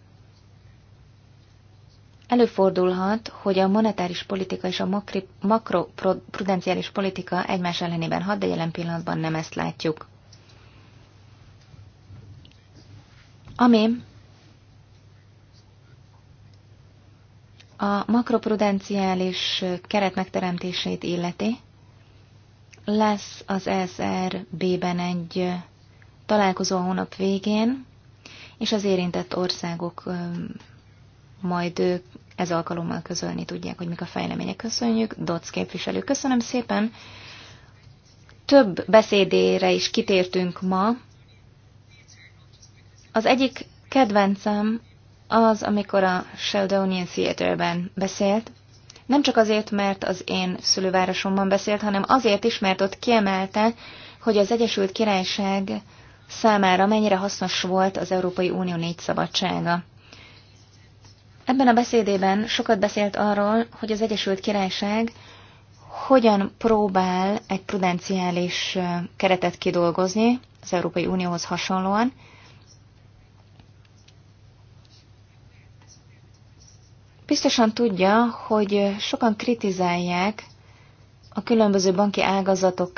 Előfordulhat, hogy a monetáris politika és a makroprudenciális politika egymás ellenében hat, de jelen pillanatban nem ezt látjuk. ami a makroprudenciális keret megteremtését illeti, lesz az SRB-ben egy találkozó a hónap végén, és az érintett országok majd ez alkalommal közölni tudják, hogy mik a fejlemények. Köszönjük, DOC képviselő. Köszönöm szépen. Több beszédére is kitértünk ma, az egyik kedvencem az, amikor a Sheldonian Theaterben beszélt, nem csak azért, mert az én szülővárosomban beszélt, hanem azért is, mert ott kiemelte, hogy az Egyesült Királyság számára mennyire hasznos volt az Európai Unió négy szabadsága. Ebben a beszédében sokat beszélt arról, hogy az Egyesült Királyság hogyan próbál egy prudenciális keretet kidolgozni az Európai Unióhoz hasonlóan, Biztosan tudja, hogy sokan kritizálják a különböző banki ágazatok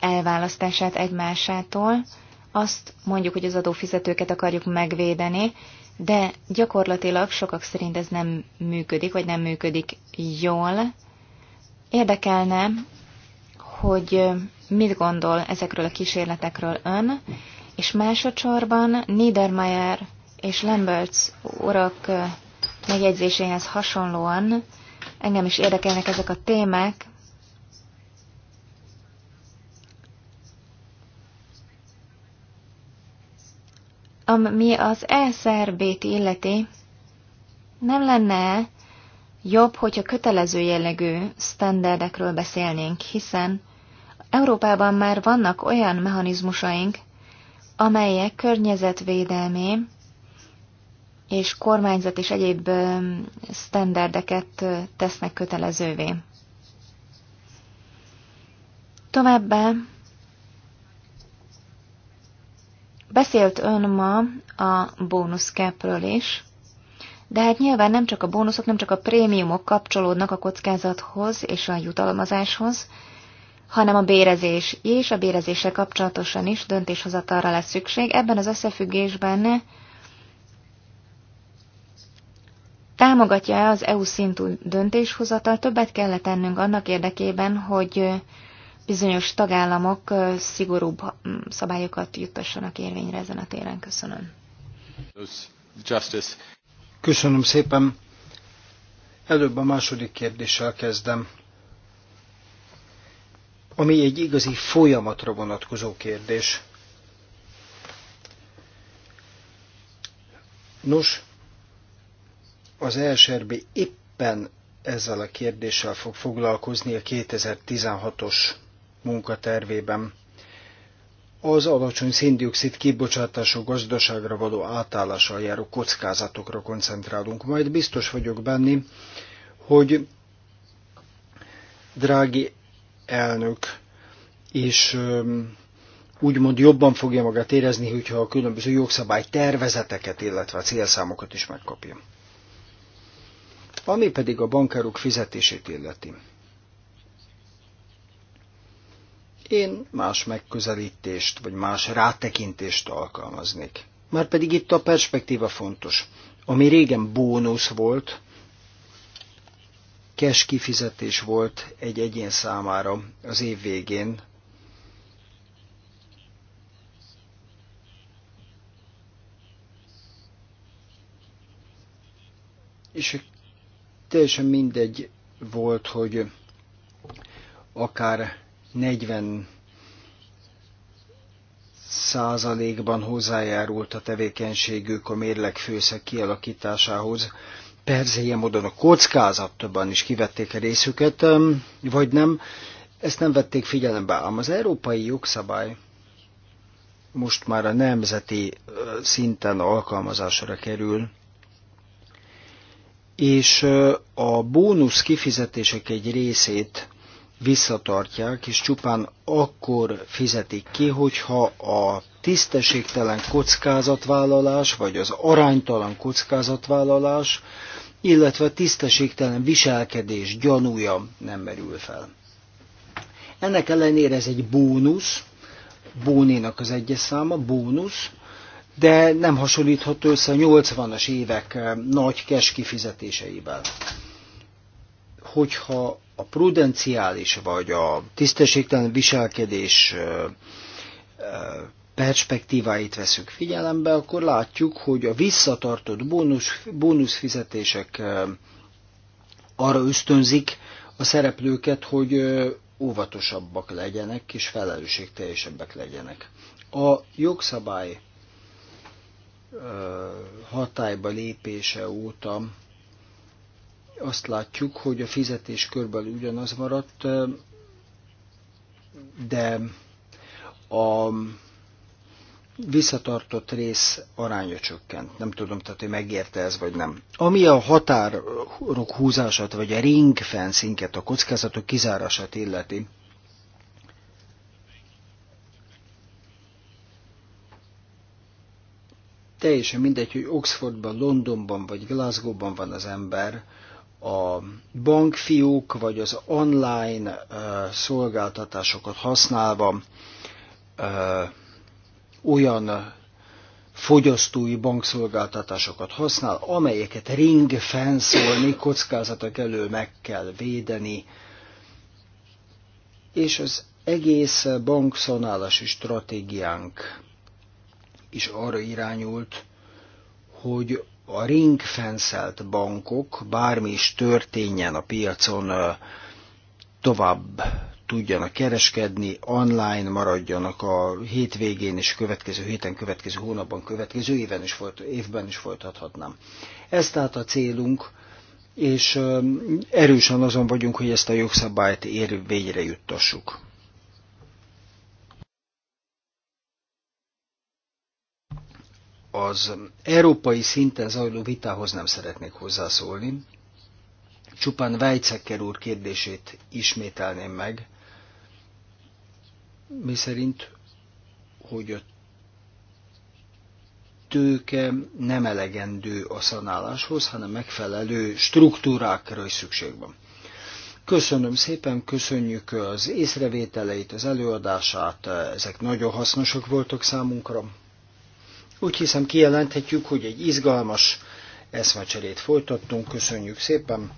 elválasztását egymásától, azt mondjuk, hogy az adófizetőket akarjuk megvédeni, de gyakorlatilag sokak szerint ez nem működik, vagy nem működik jól. Érdekelne, hogy mit gondol ezekről a kísérletekről ön, és másodszorban Niedermayer és Lamberts urak megjegyzéséhez hasonlóan engem is érdekelnek ezek a témák. Ami az ESRB-t illeti, nem lenne jobb, hogyha kötelező jellegű standardekről beszélnénk, hiszen Európában már vannak olyan mechanizmusaink, amelyek környezetvédelmi és kormányzat és egyéb sztenderdeket tesznek kötelezővé. Továbbá beszélt ön ma a bónuszkápről is, de hát nyilván nem csak a bónuszok, nem csak a prémiumok kapcsolódnak a kockázathoz és a jutalmazáshoz, hanem a bérezés és a bérezéssel kapcsolatosan is döntéshozatalra lesz szükség. Ebben az összefüggésben Támogatja-e az EU szintű döntéshozatal? Többet kell tennünk annak érdekében, hogy bizonyos tagállamok szigorúbb szabályokat juttassanak érvényre ezen a téren. Köszönöm. Köszönöm szépen. Előbb a második kérdéssel kezdem, ami egy igazi folyamatra vonatkozó kérdés. Nos, az ESRB éppen ezzel a kérdéssel fog foglalkozni a 2016-os munkatervében. Az alacsony széndiokszid kibocsátású gazdaságra való átállással járó kockázatokra koncentrálunk. Majd biztos vagyok benne, hogy drági elnök és úgymond jobban fogja magát érezni, hogyha a különböző jogszabály tervezeteket, illetve a célszámokat is megkapja. Ami pedig a bankárok fizetését illeti. Én más megközelítést, vagy más rátekintést alkalmaznék. pedig itt a perspektíva fontos. Ami régen bónusz volt, kes kifizetés volt egy egyén számára az év végén, és teljesen mindegy volt, hogy akár 40 százalékban hozzájárult a tevékenységük a mérleg főszeg kialakításához. Persze ilyen módon a kockázatban is kivették a részüket, vagy nem, ezt nem vették figyelembe. Ám az európai jogszabály most már a nemzeti szinten alkalmazásra kerül, és a bónusz kifizetések egy részét visszatartják, és csupán akkor fizetik ki, hogyha a tisztességtelen kockázatvállalás, vagy az aránytalan kockázatvállalás, illetve a tisztességtelen viselkedés gyanúja nem merül fel. Ennek ellenére ez egy bónusz, bónénak az egyes száma, bónusz, de nem hasonlítható össze a 80-as évek eh, nagy cash kifizetéseivel. Hogyha a prudenciális vagy a tisztességtelen viselkedés eh, eh, perspektíváit veszük figyelembe, akkor látjuk, hogy a visszatartott bónusz, bónuszfizetések arra ösztönzik a szereplőket, hogy óvatosabbak legyenek és felelősségteljesebbek legyenek. A jogszabály hatályba lépése óta azt látjuk, hogy a fizetés körbelül ugyanaz maradt, de a visszatartott rész aránya csökkent. Nem tudom, tehát hogy megérte ez, vagy nem. Ami a határok húzását, vagy a ring a kockázatok kizárását illeti, Teljesen mindegy, hogy Oxfordban, Londonban vagy Glasgowban van az ember, a bankfiúk vagy az online szolgáltatásokat használva olyan fogyasztói bankszolgáltatásokat használ, amelyeket ring fenszolni, kockázatok elől meg kell védeni, és az egész bankszonálási stratégiánk is arra irányult, hogy a ringfenszelt bankok, bármi is történjen a piacon, tovább tudjanak kereskedni, online maradjanak a hétvégén és következő héten, következő hónapban, következő éven is folyt, évben is folytathatnám. Ez tehát a célunk, és erősen azon vagyunk, hogy ezt a jogszabályt érvényre juttassuk. az európai szinten zajló vitához nem szeretnék hozzászólni. Csupán Weizsäcker úr kérdését ismételném meg, mi szerint, hogy a tőke nem elegendő a szanáláshoz, hanem megfelelő struktúrákra is szükség van. Köszönöm szépen, köszönjük az észrevételeit, az előadását, ezek nagyon hasznosak voltak számunkra. Úgy hiszem kijelenthetjük, hogy egy izgalmas eszmecserét folytattunk. Köszönjük szépen!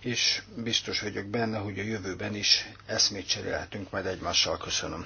és biztos vagyok benne, hogy a jövőben is eszmét cserélhetünk majd egymással. Köszönöm.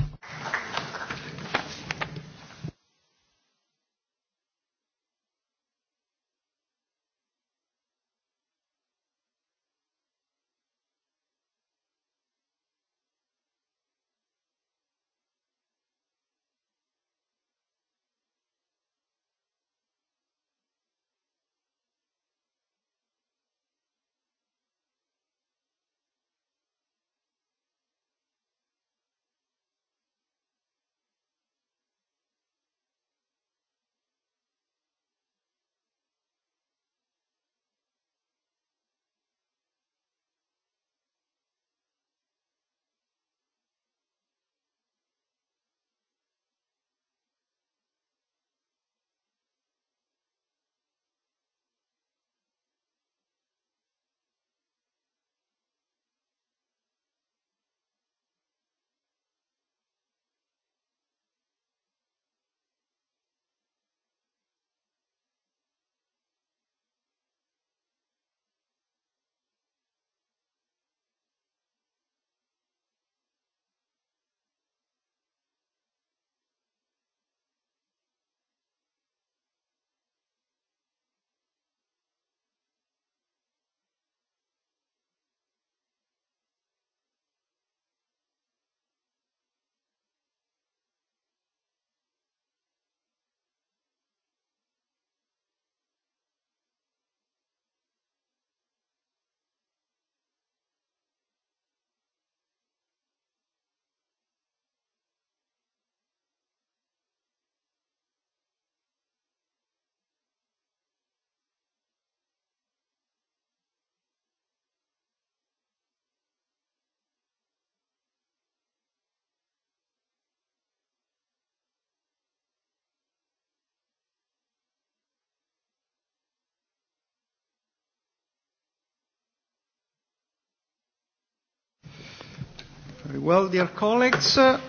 Very well, dear colleagues. Uh,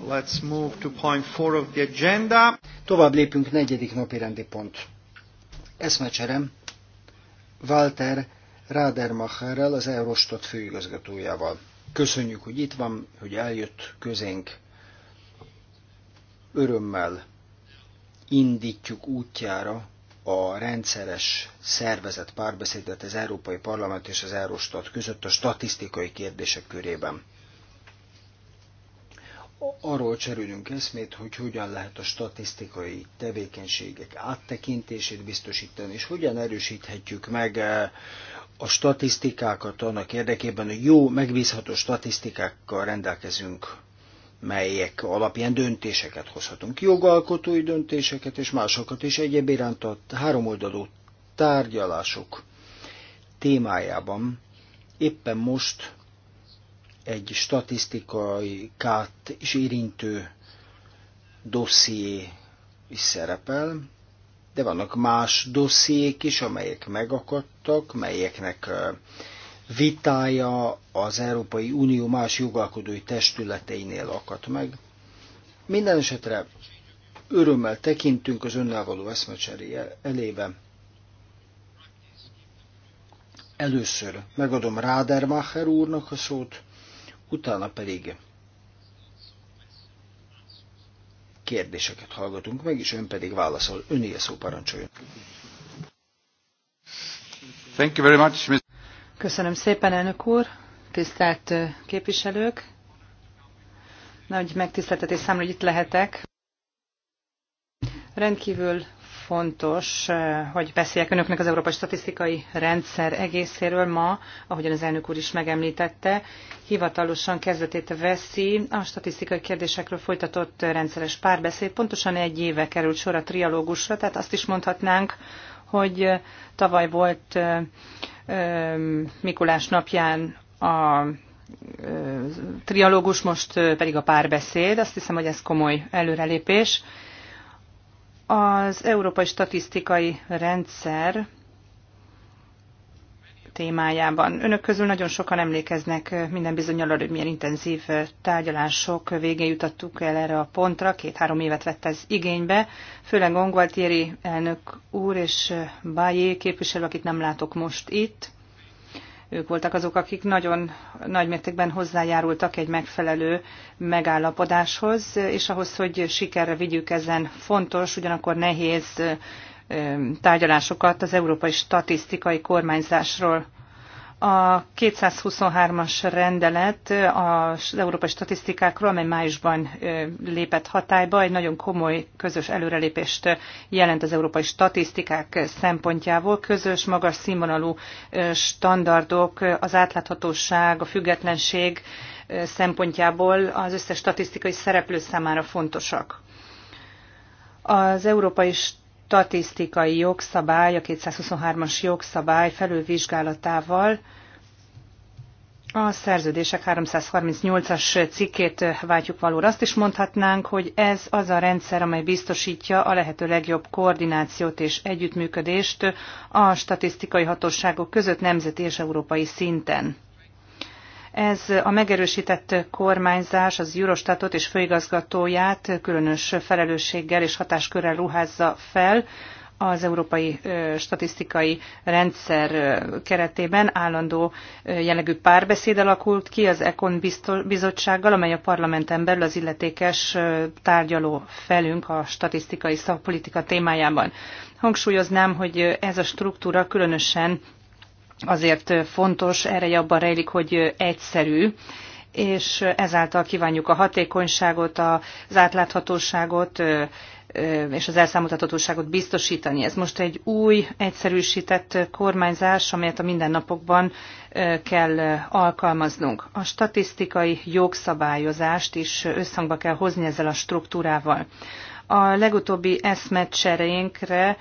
let's move to point four of the agenda. Tovább lépünk negyedik napi rendi pont. Eszmecserem Walter Radermacherrel, az Eurostat főigazgatójával. Köszönjük, hogy itt van, hogy eljött közénk. Örömmel indítjuk útjára a rendszeres szervezet párbeszédet az Európai Parlament és az Eurostat között a statisztikai kérdések körében arról cserélünk eszmét, hogy hogyan lehet a statisztikai tevékenységek áttekintését biztosítani, és hogyan erősíthetjük meg eh, a statisztikákat annak érdekében, hogy jó, megbízható statisztikákkal rendelkezünk, melyek alapján döntéseket hozhatunk, jogalkotói döntéseket és másokat, is egyéb iránt a háromoldalú tárgyalások témájában éppen most egy statisztikai kát is érintő dosszié is szerepel, de vannak más dossziék is, amelyek megakadtak, melyeknek vitája az Európai Unió más jogalkodói testületeinél akadt meg. Minden esetre örömmel tekintünk az önnel való eszmecseri elébe. Először megadom Rádermacher úrnak a szót, utána pedig kérdéseket hallgatunk meg, és ön pedig válaszol. ön ilyen szó parancsoljon. Thank you very much, Ms. Köszönöm szépen, elnök úr, tisztelt képviselők. Nagy megtiszteltetés számra, hogy itt lehetek. Rendkívül fontos, eh, hogy beszéljek önöknek az Európai Statisztikai Rendszer egészéről ma, ahogyan az elnök úr is megemlítette, hivatalosan kezdetét veszi a statisztikai kérdésekről folytatott rendszeres párbeszéd. Pontosan egy éve került sor a trialógusra, tehát azt is mondhatnánk, hogy tavaly volt eh, eh, Mikulás napján a trialógus, most pedig a párbeszéd. Azt hiszem, hogy ez komoly előrelépés az Európai Statisztikai Rendszer témájában. Önök közül nagyon sokan emlékeznek minden bizonyal arra, hogy milyen intenzív tárgyalások végén jutottuk el erre a pontra. Két-három évet vett ez igénybe. Főleg Ongvaltieri elnök úr és Bájé képviselő, akit nem látok most itt. Ők voltak azok, akik nagyon nagy mértékben hozzájárultak egy megfelelő megállapodáshoz, és ahhoz, hogy sikerre vigyük ezen fontos, ugyanakkor nehéz tárgyalásokat az európai statisztikai kormányzásról. A 223-as rendelet az európai statisztikákról, amely májusban lépett hatályba, egy nagyon komoly közös előrelépést jelent az európai statisztikák szempontjából. Közös, magas színvonalú standardok, az átláthatóság, a függetlenség szempontjából az összes statisztikai szereplő számára fontosak. Az európai statisztikai jogszabály, a 223-as jogszabály felülvizsgálatával a szerződések 338-as cikkét váltjuk valóra. Azt is mondhatnánk, hogy ez az a rendszer, amely biztosítja a lehető legjobb koordinációt és együttműködést a statisztikai hatóságok között nemzeti és európai szinten. Ez a megerősített kormányzás az Eurostatot és főigazgatóját különös felelősséggel és hatáskörrel ruházza fel, az európai statisztikai rendszer keretében állandó jellegű párbeszéd alakult ki az ECON bizottsággal, amely a parlamenten belül az illetékes tárgyaló felünk a statisztikai szakpolitika témájában. Hangsúlyoznám, hogy ez a struktúra különösen azért fontos, erre jobban rejlik, hogy egyszerű, és ezáltal kívánjuk a hatékonyságot, az átláthatóságot, és az elszámoltatóságot biztosítani. Ez most egy új, egyszerűsített kormányzás, amelyet a mindennapokban kell alkalmaznunk. A statisztikai jogszabályozást is összhangba kell hozni ezzel a struktúrával. A legutóbbi eszmecserénkre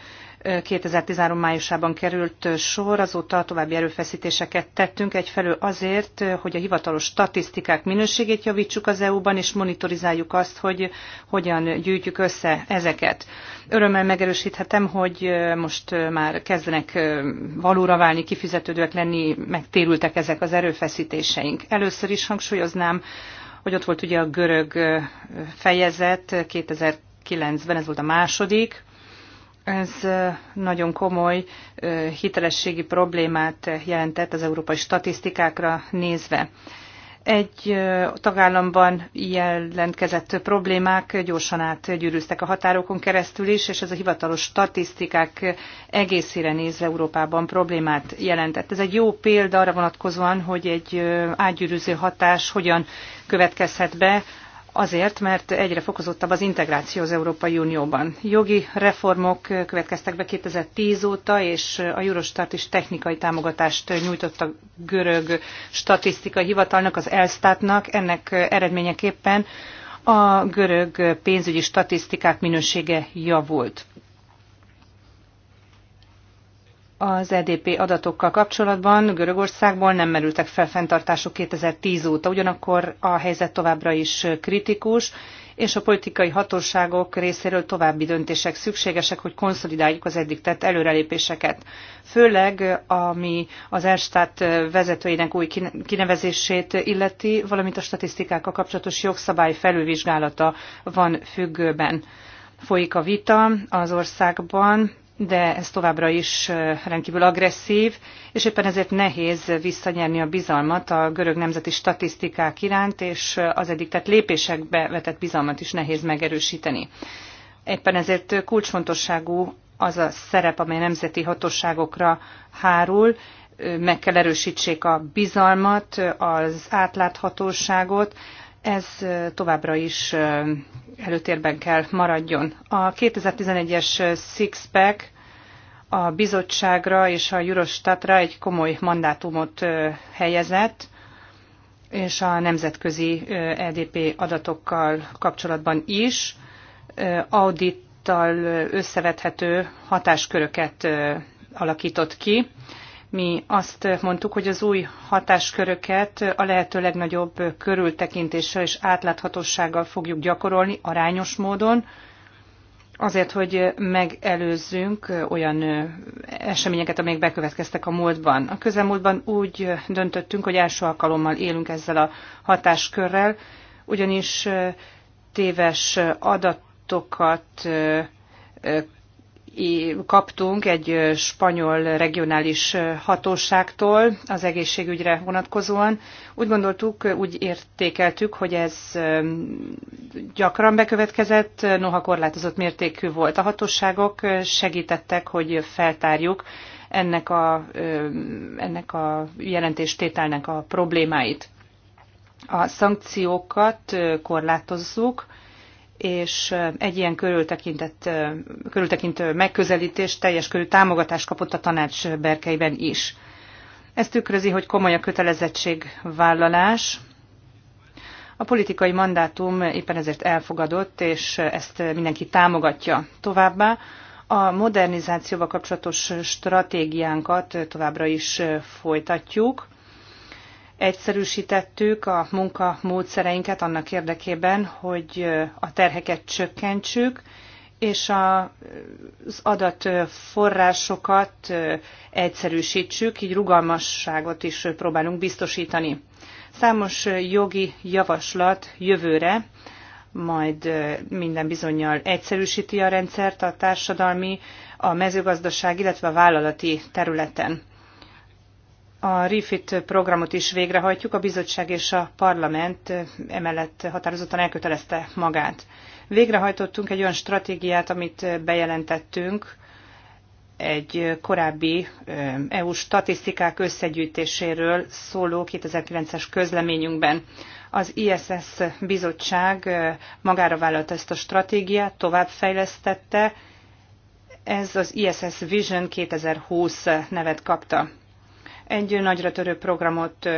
2013 májusában került sor, azóta további erőfeszítéseket tettünk egyfelől azért, hogy a hivatalos statisztikák minőségét javítsuk az EU-ban, és monitorizáljuk azt, hogy hogyan gyűjtjük össze ezeket. Örömmel megerősíthetem, hogy most már kezdenek valóra válni, kifizetődőek lenni, megtérültek ezek az erőfeszítéseink. Először is hangsúlyoznám, hogy ott volt ugye a görög fejezet 2009-ben, ez volt a második, ez nagyon komoly hitelességi problémát jelentett az európai statisztikákra nézve. Egy tagállamban jelentkezett problémák gyorsan átgyűrűztek a határokon keresztül is, és ez a hivatalos statisztikák egészére nézve Európában problémát jelentett. Ez egy jó példa arra vonatkozóan, hogy egy átgyűrűző hatás hogyan következhet be Azért, mert egyre fokozottabb az integráció az Európai Unióban. Jogi reformok következtek be 2010 óta, és a Eurostat is technikai támogatást nyújtott a görög statisztikai hivatalnak, az Elstatnak. Ennek eredményeképpen a görög pénzügyi statisztikák minősége javult az EDP adatokkal kapcsolatban Görögországból nem merültek fel fenntartások 2010 óta, ugyanakkor a helyzet továbbra is kritikus, és a politikai hatóságok részéről további döntések szükségesek, hogy konszolidáljuk az eddig tett előrelépéseket. Főleg, ami az Erstát vezetőinek új kinevezését illeti, valamint a statisztikákkal kapcsolatos jogszabály felülvizsgálata van függőben. Folyik a vita az országban, de ez továbbra is rendkívül agresszív, és éppen ezért nehéz visszanyerni a bizalmat a görög nemzeti statisztikák iránt, és az eddig tett lépésekbe vetett bizalmat is nehéz megerősíteni. Éppen ezért kulcsfontosságú az a szerep, amely nemzeti hatóságokra hárul, meg kell erősítsék a bizalmat, az átláthatóságot, ez továbbra is előtérben kell maradjon. A 2011-es Sixpack a bizottságra és a Eurostatra egy komoly mandátumot helyezett, és a nemzetközi EDP adatokkal kapcsolatban is audittal összevethető hatásköröket alakított ki mi azt mondtuk, hogy az új hatásköröket a lehető legnagyobb körültekintéssel és átláthatósággal fogjuk gyakorolni arányos módon, azért, hogy megelőzzünk olyan eseményeket, amelyek bekövetkeztek a múltban. A közelmúltban úgy döntöttünk, hogy első alkalommal élünk ezzel a hatáskörrel, ugyanis téves adatokat kaptunk egy spanyol regionális hatóságtól az egészségügyre vonatkozóan. Úgy gondoltuk, úgy értékeltük, hogy ez gyakran bekövetkezett, noha korlátozott mértékű volt. A hatóságok segítettek, hogy feltárjuk ennek a, ennek a jelentéstételnek a problémáit. A szankciókat korlátozzuk, és egy ilyen körültekintett, körültekintő megközelítés teljes körű támogatást kapott a tanács berkeiben is. Ez tükrözi, hogy komoly a kötelezettségvállalás. A politikai mandátum éppen ezért elfogadott, és ezt mindenki támogatja. Továbbá a modernizációval kapcsolatos stratégiánkat továbbra is folytatjuk egyszerűsítettük a munkamódszereinket annak érdekében, hogy a terheket csökkentsük, és az adatforrásokat egyszerűsítsük, így rugalmasságot is próbálunk biztosítani. Számos jogi javaslat jövőre majd minden bizonyal egyszerűsíti a rendszert a társadalmi, a mezőgazdaság, illetve a vállalati területen a REFIT programot is végrehajtjuk, a bizottság és a parlament emellett határozottan elkötelezte magát. Végrehajtottunk egy olyan stratégiát, amit bejelentettünk, egy korábbi EU statisztikák összegyűjtéséről szóló 2009-es közleményünkben. Az ISS bizottság magára vállalta ezt a stratégiát, továbbfejlesztette, ez az ISS Vision 2020 nevet kapta. Egy nagyra törő programot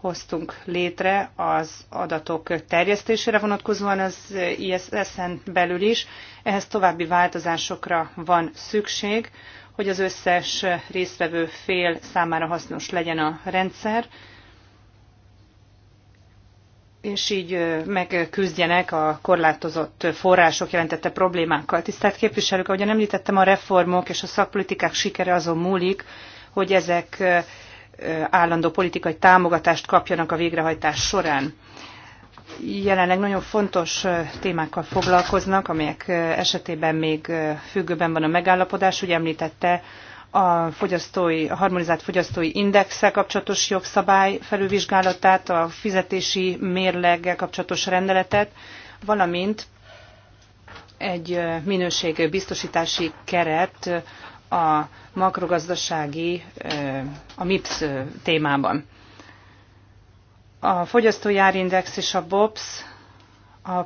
hoztunk létre az adatok terjesztésére vonatkozóan az ISS-en belül is. Ehhez további változásokra van szükség, hogy az összes résztvevő fél számára hasznos legyen a rendszer, és így megküzdjenek a korlátozott források jelentette problémákkal. Tisztelt képviselők, ahogyan említettem, a reformok és a szakpolitikák sikere azon múlik, hogy ezek állandó politikai támogatást kapjanak a végrehajtás során. Jelenleg nagyon fontos témákkal foglalkoznak, amelyek esetében még függőben van a megállapodás. Ugye említette a, fogyasztói, a harmonizált fogyasztói indexsel kapcsolatos jogszabály felülvizsgálatát, a fizetési mérleggel kapcsolatos rendeletet, valamint egy minőségbiztosítási keret a makrogazdasági, a MIPS témában. A fogyasztói árindex és a BOPS a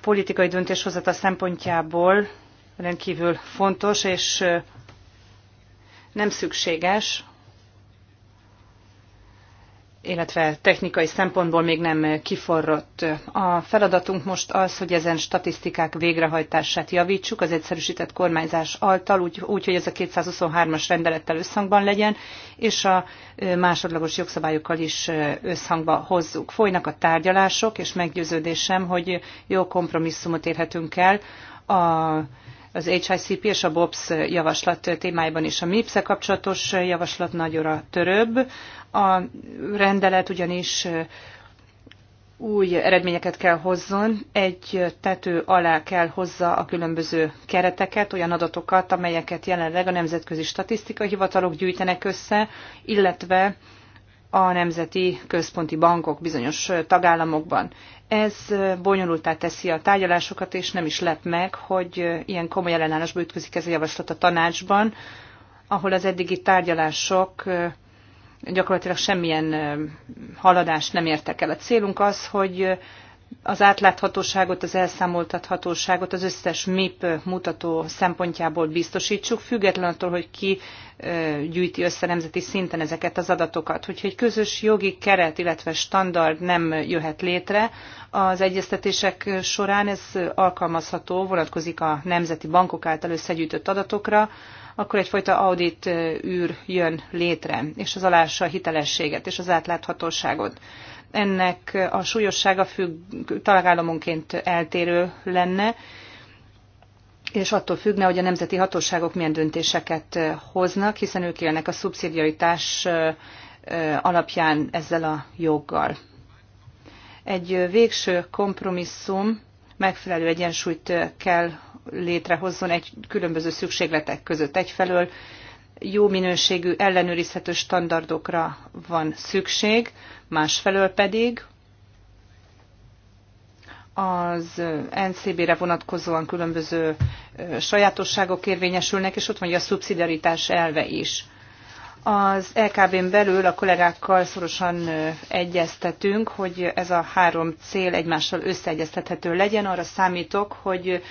politikai döntéshozata szempontjából rendkívül fontos, és nem szükséges, illetve technikai szempontból még nem kiforrott. A feladatunk most az, hogy ezen statisztikák végrehajtását javítsuk az egyszerűsített kormányzás által, úgy, úgy hogy ez a 223-as rendelettel összhangban legyen, és a másodlagos jogszabályokkal is összhangba hozzuk. Folynak a tárgyalások, és meggyőződésem, hogy jó kompromisszumot érhetünk el a az HICP és a BOPS javaslat témájában is. A MIPS-e kapcsolatos javaslat nagyra törőbb. A rendelet ugyanis új eredményeket kell hozzon, egy tető alá kell hozza a különböző kereteket, olyan adatokat, amelyeket jelenleg a nemzetközi statisztikai hivatalok gyűjtenek össze, illetve a nemzeti központi bankok bizonyos tagállamokban. Ez bonyolultá teszi a tárgyalásokat, és nem is lep meg, hogy ilyen komoly ellenállásba ütközik ez a javaslat a tanácsban, ahol az eddigi tárgyalások gyakorlatilag semmilyen haladást nem értek el. A célunk az, hogy az átláthatóságot, az elszámoltathatóságot az összes MIP mutató szempontjából biztosítsuk, független attól, hogy ki gyűjti össze nemzeti szinten ezeket az adatokat. Hogyha egy közös jogi keret, illetve standard nem jöhet létre, az egyeztetések során ez alkalmazható, vonatkozik a nemzeti bankok által összegyűjtött adatokra, akkor egyfajta audit űr jön létre, és az alássa a hitelességet és az átláthatóságot ennek a súlyossága függ, tagállamonként eltérő lenne, és attól függne, hogy a nemzeti hatóságok milyen döntéseket hoznak, hiszen ők élnek a szubszidiaritás alapján ezzel a joggal. Egy végső kompromisszum megfelelő egyensúlyt kell létrehozzon egy különböző szükségletek között. Egyfelől jó minőségű ellenőrizhető standardokra van szükség, másfelől pedig az NCB-re vonatkozóan különböző sajátosságok érvényesülnek, és ott van a szubszidiaritás elve is. Az LKB-n belül a kollégákkal szorosan egyeztetünk, hogy ez a három cél egymással összeegyeztethető legyen. Arra számítok, hogy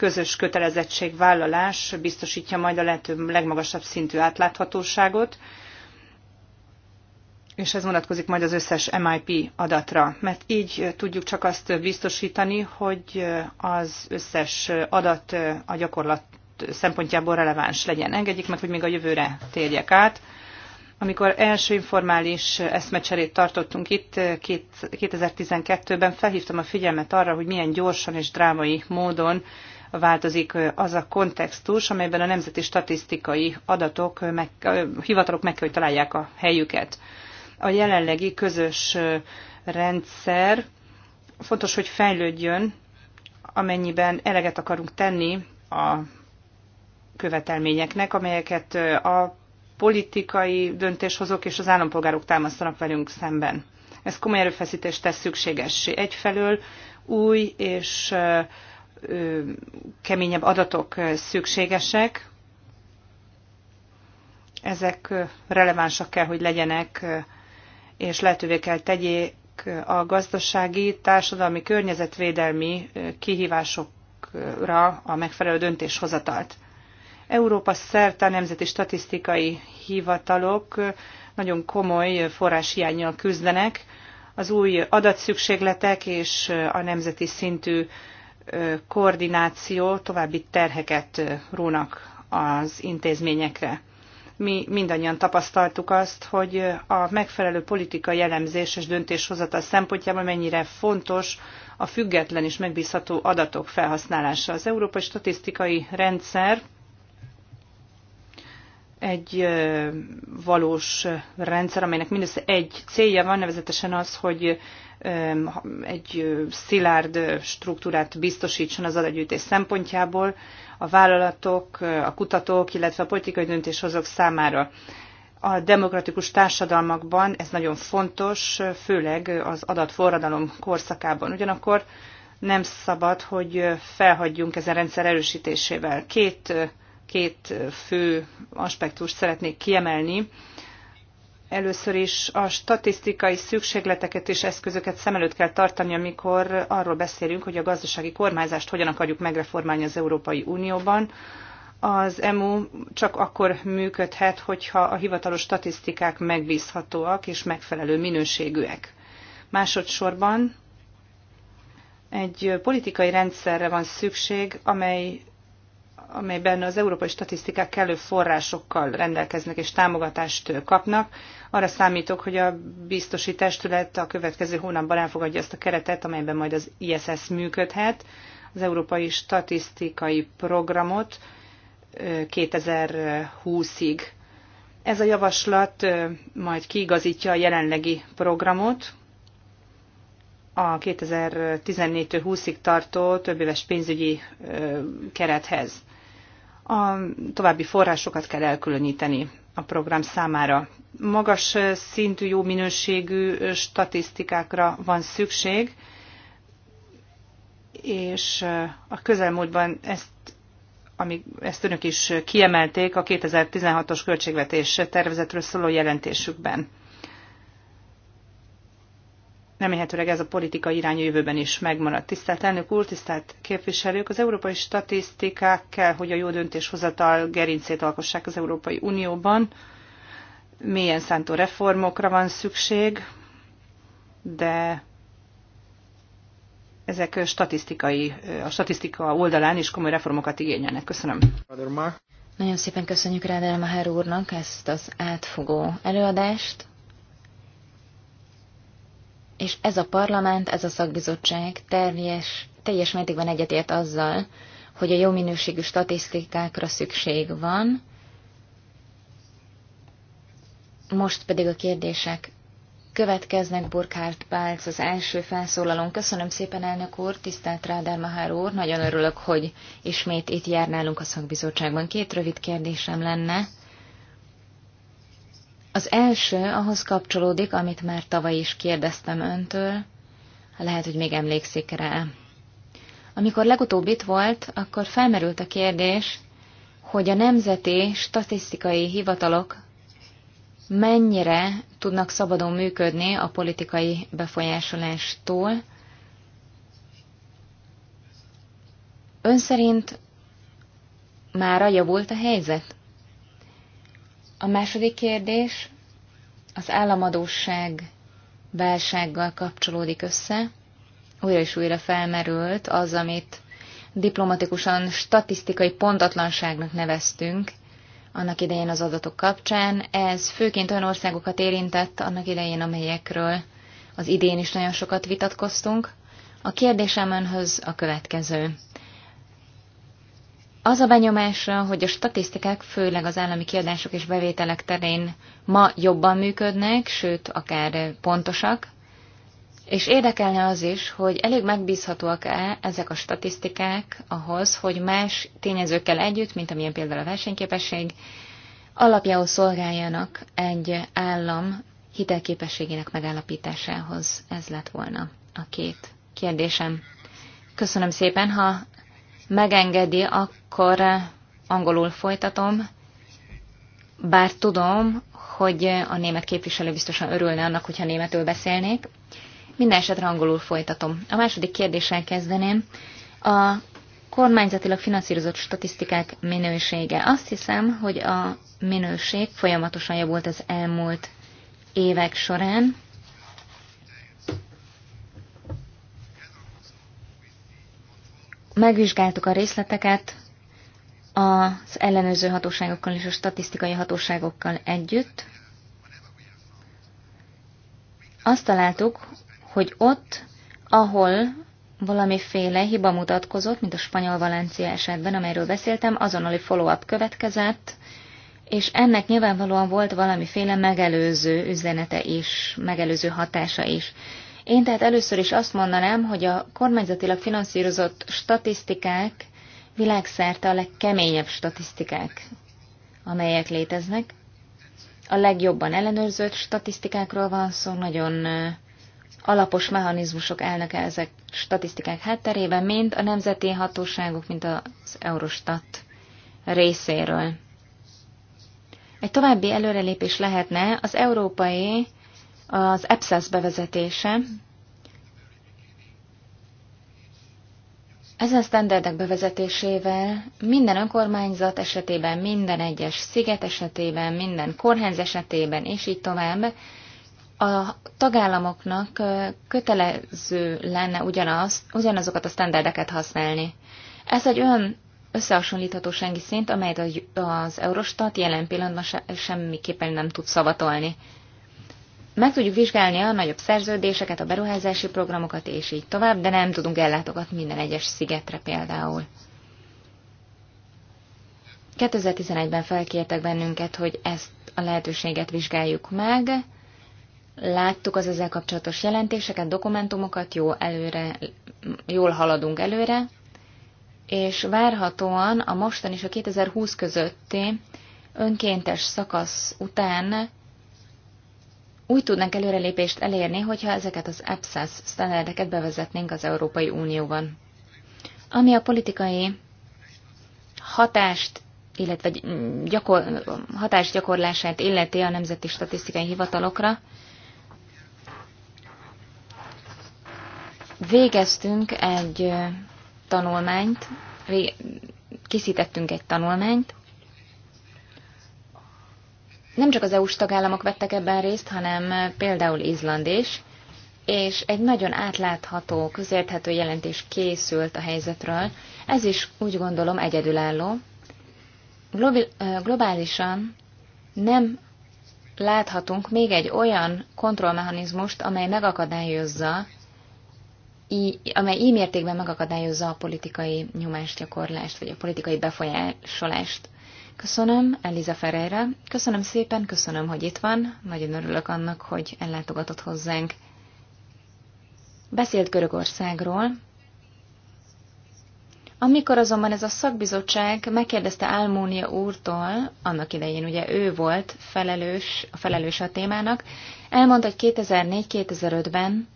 közös kötelezettségvállalás biztosítja majd a lehető legmagasabb szintű átláthatóságot, és ez vonatkozik majd az összes MIP adatra, mert így tudjuk csak azt biztosítani, hogy az összes adat a gyakorlat szempontjából releváns legyen. Engedjék meg, hogy még a jövőre térjek át. Amikor első informális eszmecserét tartottunk itt 2012-ben, felhívtam a figyelmet arra, hogy milyen gyorsan és drámai módon változik az a kontextus, amelyben a nemzeti statisztikai adatok, meg, hivatalok meg kell, hogy találják a helyüket. A jelenlegi közös rendszer fontos, hogy fejlődjön, amennyiben eleget akarunk tenni a követelményeknek, amelyeket a politikai döntéshozók és az állampolgárok támasztanak velünk szemben. Ez komoly erőfeszítést tesz szükségessé. Egyfelől új és keményebb adatok szükségesek. Ezek relevánsak kell, hogy legyenek, és lehetővé kell tegyék a gazdasági, társadalmi, környezetvédelmi kihívásokra a megfelelő döntéshozatalt. Európa szerte a nemzeti statisztikai hivatalok nagyon komoly forráshiányjal küzdenek. Az új adatszükségletek és a nemzeti szintű koordináció további terheket rónak az intézményekre. Mi mindannyian tapasztaltuk azt, hogy a megfelelő politikai elemzés és döntéshozatal szempontjából mennyire fontos a független és megbízható adatok felhasználása. Az Európai Statisztikai Rendszer egy valós rendszer, amelynek mindössze egy célja van, nevezetesen az, hogy egy szilárd struktúrát biztosítson az adatgyűjtés szempontjából a vállalatok, a kutatók, illetve a politikai döntéshozók számára. A demokratikus társadalmakban ez nagyon fontos, főleg az adatforradalom korszakában. Ugyanakkor nem szabad, hogy felhagyjunk ezen rendszer erősítésével. Két, két fő aspektust szeretnék kiemelni Először is a statisztikai szükségleteket és eszközöket szem előtt kell tartani, amikor arról beszélünk, hogy a gazdasági kormányzást hogyan akarjuk megreformálni az Európai Unióban. Az EMU csak akkor működhet, hogyha a hivatalos statisztikák megbízhatóak és megfelelő minőségűek. Másodszorban egy politikai rendszerre van szükség, amely amelyben az európai statisztikák kellő forrásokkal rendelkeznek és támogatást kapnak. Arra számítok, hogy a biztosi testület a következő hónapban elfogadja ezt a keretet, amelyben majd az ISS működhet, az Európai Statisztikai Programot 2020-ig. Ez a javaslat majd kiigazítja a jelenlegi programot, a 2014-20-ig tartó többéves pénzügyi kerethez a további forrásokat kell elkülöníteni a program számára. Magas szintű, jó minőségű statisztikákra van szükség, és a közelmúltban ezt ami ezt önök is kiemelték a 2016-os költségvetés tervezetről szóló jelentésükben remélhetőleg ez a politika a jövőben is megmarad. Tisztelt elnök úr, tisztelt képviselők, az európai statisztikák kell, hogy a jó döntéshozatal gerincét alkossák az Európai Unióban. Milyen szántó reformokra van szükség, de ezek statisztikai, a statisztika oldalán is komoly reformokat igényelnek. Köszönöm. Nagyon szépen köszönjük Ráder Maher úrnak ezt az átfogó előadást és ez a parlament, ez a szakbizottság teljes, teljes mértékben egyetért azzal, hogy a jó minőségű statisztikákra szükség van. Most pedig a kérdések következnek. Burkhard Pálc az első felszólalón. Köszönöm szépen, elnök úr, tisztelt Rádár Mahár úr. Nagyon örülök, hogy ismét itt járnálunk a szakbizottságban. Két rövid kérdésem lenne. Az első ahhoz kapcsolódik, amit már tavaly is kérdeztem öntől, lehet, hogy még emlékszik rá. Amikor legutóbb itt volt, akkor felmerült a kérdés, hogy a nemzeti statisztikai hivatalok mennyire tudnak szabadon működni a politikai befolyásolástól. Ön szerint már javult a helyzet? A második kérdés az államadóság válsággal kapcsolódik össze. Újra és újra felmerült az, amit diplomatikusan statisztikai pontatlanságnak neveztünk annak idején az adatok kapcsán. Ez főként olyan országokat érintett annak idején, amelyekről az idén is nagyon sokat vitatkoztunk. A kérdésem önhöz a következő. Az a benyomásra, hogy a statisztikák, főleg az állami kiadások és bevételek terén ma jobban működnek, sőt, akár pontosak, és érdekelne az is, hogy elég megbízhatóak-e ezek a statisztikák ahhoz, hogy más tényezőkkel együtt, mint amilyen például a versenyképesség, alapjául szolgáljanak egy állam hitelképességének megállapításához. Ez lett volna a két kérdésem. Köszönöm szépen, ha megengedi, akkor angolul folytatom, bár tudom, hogy a német képviselő biztosan örülne annak, hogyha németül beszélnék. Minden esetre angolul folytatom. A második kérdéssel kezdeném. A kormányzatilag finanszírozott statisztikák minősége. Azt hiszem, hogy a minőség folyamatosan javult az elmúlt évek során. Megvizsgáltuk a részleteket az ellenőrző hatóságokkal és a statisztikai hatóságokkal együtt. Azt találtuk, hogy ott, ahol valamiféle hiba mutatkozott, mint a spanyol Valencia esetben, amelyről beszéltem, azonnali follow-up következett, és ennek nyilvánvalóan volt valamiféle megelőző üzenete is, megelőző hatása is. Én tehát először is azt mondanám, hogy a kormányzatilag finanszírozott statisztikák világszerte a legkeményebb statisztikák, amelyek léteznek. A legjobban ellenőrzött statisztikákról van szó, nagyon alapos mechanizmusok állnak el ezek statisztikák hátterében, mint a nemzeti hatóságok, mint az Eurostat részéről. Egy további előrelépés lehetne az európai az EPSAS bevezetése. Ezen sztenderdek bevezetésével minden önkormányzat esetében, minden egyes sziget esetében, minden kórház esetében, és így tovább, a tagállamoknak kötelező lenne ugyanaz, ugyanazokat a sztenderdeket használni. Ez egy olyan összehasonlíthatósági szint, amelyet az Eurostat jelen pillanatban se, semmiképpen nem tud szavatolni. Meg tudjuk vizsgálni a nagyobb szerződéseket, a beruházási programokat, és így tovább, de nem tudunk ellátogatni minden egyes szigetre például. 2011-ben felkértek bennünket, hogy ezt a lehetőséget vizsgáljuk meg. Láttuk az ezzel kapcsolatos jelentéseket, dokumentumokat, jó előre, jól haladunk előre, és várhatóan a mostan és a 2020 közötti önkéntes szakasz után úgy tudnánk előrelépést elérni, hogyha ezeket az EPSAS standardeket bevezetnénk az Európai Unióban. Ami a politikai hatást, illetve gyakor, hatás gyakorlását illeti a nemzeti statisztikai hivatalokra, végeztünk egy tanulmányt, készítettünk egy tanulmányt, nem csak az EU-s tagállamok vettek ebben részt, hanem eh, például Izland is, és egy nagyon átlátható, közérthető jelentés készült a helyzetről. Ez is úgy gondolom egyedülálló. Eh, globálisan nem láthatunk még egy olyan kontrollmechanizmust, amely megakadályozza, amely így mértékben megakadályozza a politikai nyomásgyakorlást, vagy a politikai befolyásolást. Köszönöm, Eliza Ferreira. Köszönöm szépen, köszönöm, hogy itt van. Nagyon örülök annak, hogy ellátogatott hozzánk. Beszélt Görögországról. Amikor azonban ez a szakbizottság megkérdezte Álmónia úrtól, annak idején ugye ő volt felelős, a felelős a témának, elmondta, hogy 2004-2005-ben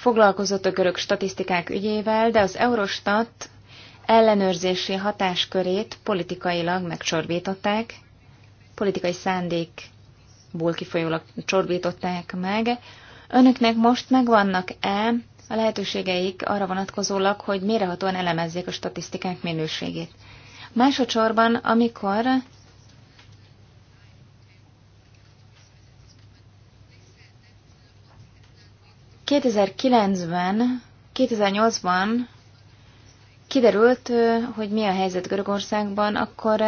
foglalkozott a görög statisztikák ügyével, de az Eurostat ellenőrzési hatáskörét politikailag megcsorbították, politikai szándékból kifolyólag csorbították meg. Önöknek most megvannak-e a lehetőségeik arra vonatkozólag, hogy mérehatóan elemezzék a statisztikák minőségét? Másodszorban, amikor 2009-ben, 2008-ban kiderült, hogy mi a helyzet Görögországban, akkor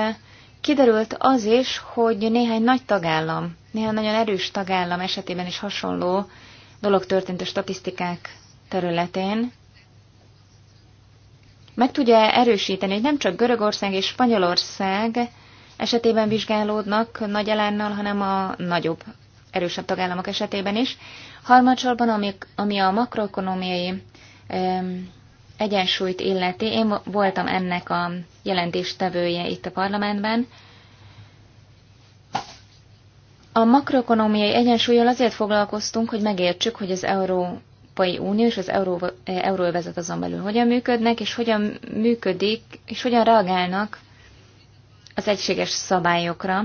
kiderült az is, hogy néhány nagy tagállam, néhány nagyon erős tagállam esetében is hasonló dolog történt a statisztikák területén. Meg tudja erősíteni, hogy nem csak Görögország és Spanyolország esetében vizsgálódnak nagy elánnal, hanem a nagyobb erősebb tagállamok esetében is. Harmadsorban, ami, ami a makroekonomiai egyensúlyt illeti, én voltam ennek a jelentéstevője itt a parlamentben. A makroekonomiai egyensúlyjal azért foglalkoztunk, hogy megértsük, hogy az Európai Unió és az Euró, eh, Euróvezet azon belül hogyan működnek, és hogyan működik, és hogyan reagálnak az egységes szabályokra.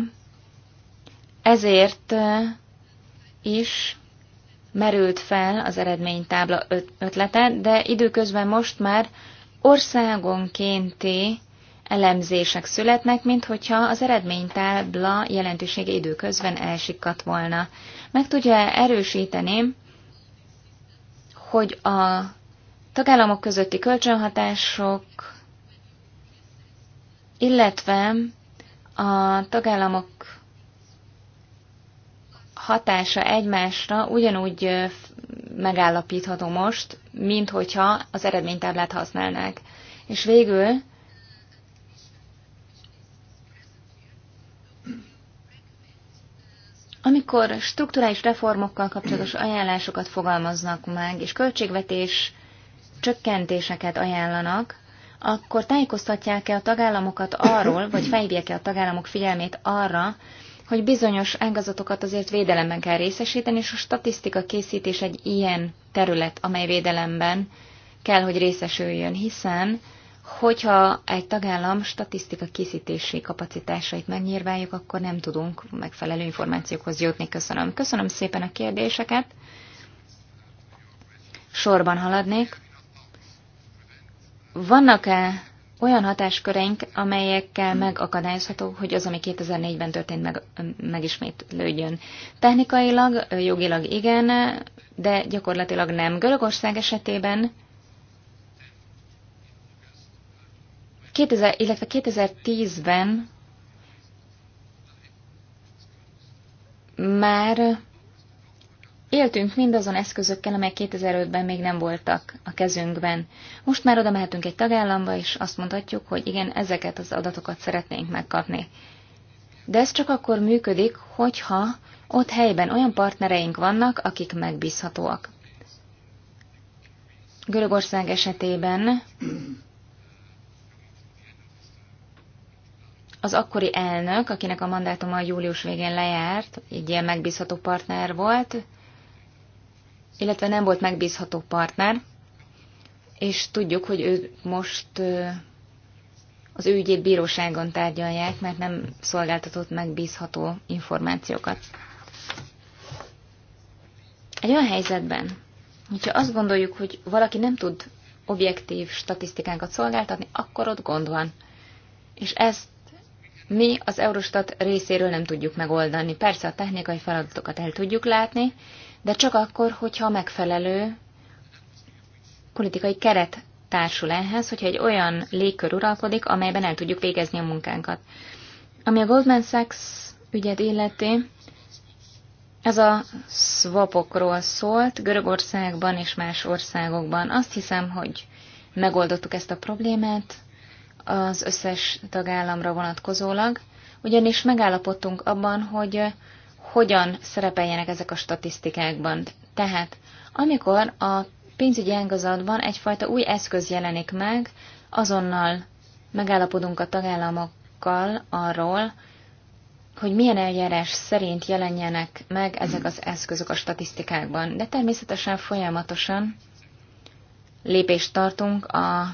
Ezért eh, is merült fel az eredménytábla ötlete, de időközben most már országonkénti elemzések születnek, mint hogyha az eredménytábla jelentősége időközben elsikkadt volna. Meg tudja erősíteni, hogy a tagállamok közötti kölcsönhatások, illetve a tagállamok hatása egymásra ugyanúgy megállapítható most, mint hogyha az eredménytáblát használnák. És végül Amikor strukturális reformokkal kapcsolatos ajánlásokat fogalmaznak meg, és költségvetés csökkentéseket ajánlanak, akkor tájékoztatják-e a tagállamokat arról, vagy felhívják-e a tagállamok figyelmét arra, hogy bizonyos ágazatokat azért védelemben kell részesíteni, és a statisztika készítés egy ilyen terület, amely védelemben kell, hogy részesüljön, hiszen hogyha egy tagállam statisztika készítési kapacitásait megnyírváljuk, akkor nem tudunk megfelelő információkhoz jutni. Köszönöm. Köszönöm szépen a kérdéseket. Sorban haladnék. Vannak-e olyan hatásköreink, amelyekkel megakadályozható, hogy az, ami 2004-ben történt, meg, megismétlődjön. Technikailag, jogilag igen, de gyakorlatilag nem. Görögország esetében 2000, illetve 2010-ben már Éltünk mindazon eszközökkel, amelyek 2005-ben még nem voltak a kezünkben. Most már oda mehetünk egy tagállamba, és azt mondhatjuk, hogy igen, ezeket az adatokat szeretnénk megkapni. De ez csak akkor működik, hogyha ott helyben olyan partnereink vannak, akik megbízhatóak. Görögország esetében az akkori elnök, akinek a mandátuma a július végén lejárt, egy ilyen megbízható partner volt, illetve nem volt megbízható partner, és tudjuk, hogy ő most az ő ügyét bíróságon tárgyalják, mert nem szolgáltatott megbízható információkat. Egy olyan helyzetben, hogyha azt gondoljuk, hogy valaki nem tud objektív statisztikákat szolgáltatni, akkor ott gond van. És ezt mi az Eurostat részéről nem tudjuk megoldani. Persze a technikai feladatokat el tudjuk látni, de csak akkor, hogyha megfelelő politikai keret társul ehhez, hogyha egy olyan légkör uralkodik, amelyben el tudjuk végezni a munkánkat. Ami a Goldman Sachs ügyet illeti, ez a swapokról szólt Görögországban és más országokban. Azt hiszem, hogy megoldottuk ezt a problémát az összes tagállamra vonatkozólag, ugyanis megállapodtunk abban, hogy hogyan szerepeljenek ezek a statisztikákban. Tehát, amikor a pénzügyi ágazatban egyfajta új eszköz jelenik meg, azonnal megállapodunk a tagállamokkal arról, hogy milyen eljárás szerint jelenjenek meg ezek az eszközök a statisztikákban. De természetesen folyamatosan lépést tartunk a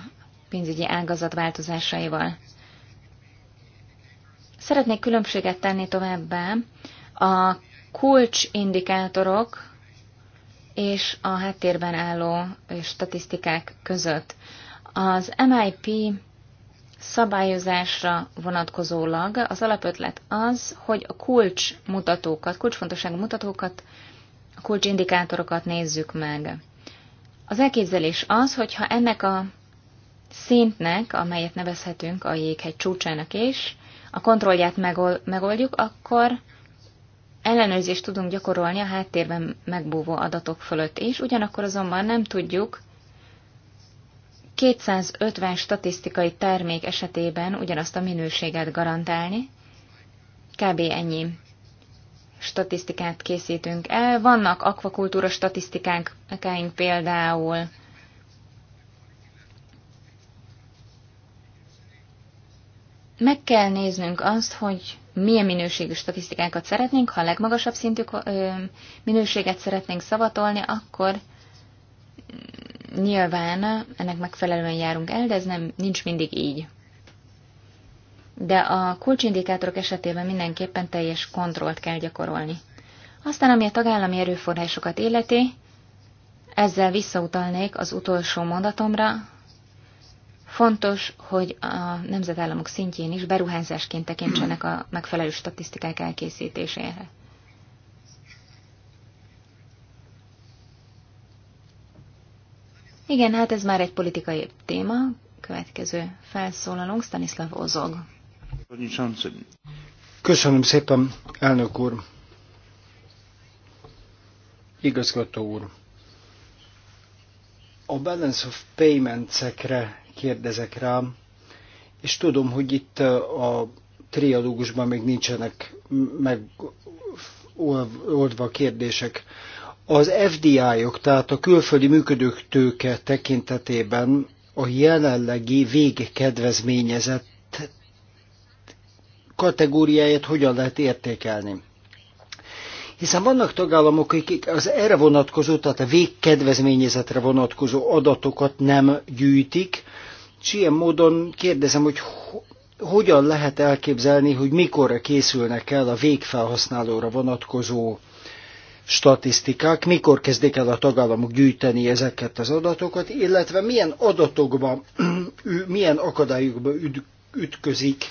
pénzügyi ágazat változásaival. Szeretnék különbséget tenni továbbá a kulcsindikátorok és a háttérben álló statisztikák között. Az MIP szabályozásra vonatkozólag az alapötlet az, hogy a kulcs mutatókat, kulcsfontosságú mutatókat, a kulcsindikátorokat nézzük meg. Az elképzelés az, hogyha ennek a szintnek, amelyet nevezhetünk a jéghegy csúcsának is, a kontrollját megoldjuk, akkor ellenőrzést tudunk gyakorolni a háttérben megbúvó adatok fölött is, ugyanakkor azonban nem tudjuk 250 statisztikai termék esetében ugyanazt a minőséget garantálni. Kb. ennyi statisztikát készítünk el. Vannak akvakultúra statisztikánk, például meg kell néznünk azt, hogy milyen minőségű statisztikákat szeretnénk, ha a legmagasabb szintű minőséget szeretnénk szavatolni, akkor mm, nyilván ennek megfelelően járunk el, de ez nem, nincs mindig így. De a kulcsindikátorok esetében mindenképpen teljes kontrollt kell gyakorolni. Aztán, ami a tagállami erőforrásokat életi, ezzel visszautalnék az utolsó mondatomra, Fontos, hogy a nemzetállamok szintjén is beruházásként tekintsenek a megfelelő statisztikák elkészítésére. Igen, hát ez már egy politikai téma. Következő felszólalónk Stanislav Ozog. Köszönöm szépen, elnök úr. Igazgató úr. A balance of payments-ekre kérdezek rám, és tudom, hogy itt a triadógusban még nincsenek megoldva kérdések. Az FDI-ok, -ok, tehát a külföldi működők tőke tekintetében a jelenlegi végkedvezményezett kategóriáját hogyan lehet értékelni? Hiszen vannak tagállamok, akik az erre vonatkozó, tehát a végkedvezményezetre vonatkozó adatokat nem gyűjtik, és ilyen módon kérdezem, hogy hogyan lehet elképzelni, hogy mikorra készülnek el a végfelhasználóra vonatkozó statisztikák, mikor kezdik el a tagállamok gyűjteni ezeket az adatokat, illetve milyen adatokban, milyen akadályokban ütközik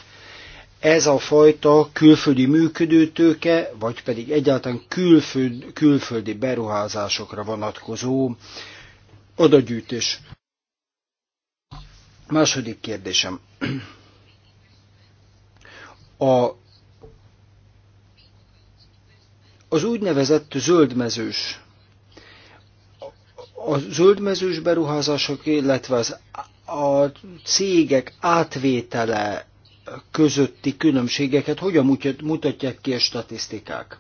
ez a fajta külföldi működőtőke, vagy pedig egyáltalán külföld, külföldi beruházásokra vonatkozó adagyűjtés. Második kérdésem. A, az úgynevezett zöldmezős, a zöldmezős beruházások, illetve az a cégek átvétele közötti különbségeket hogyan mutatják ki a statisztikák.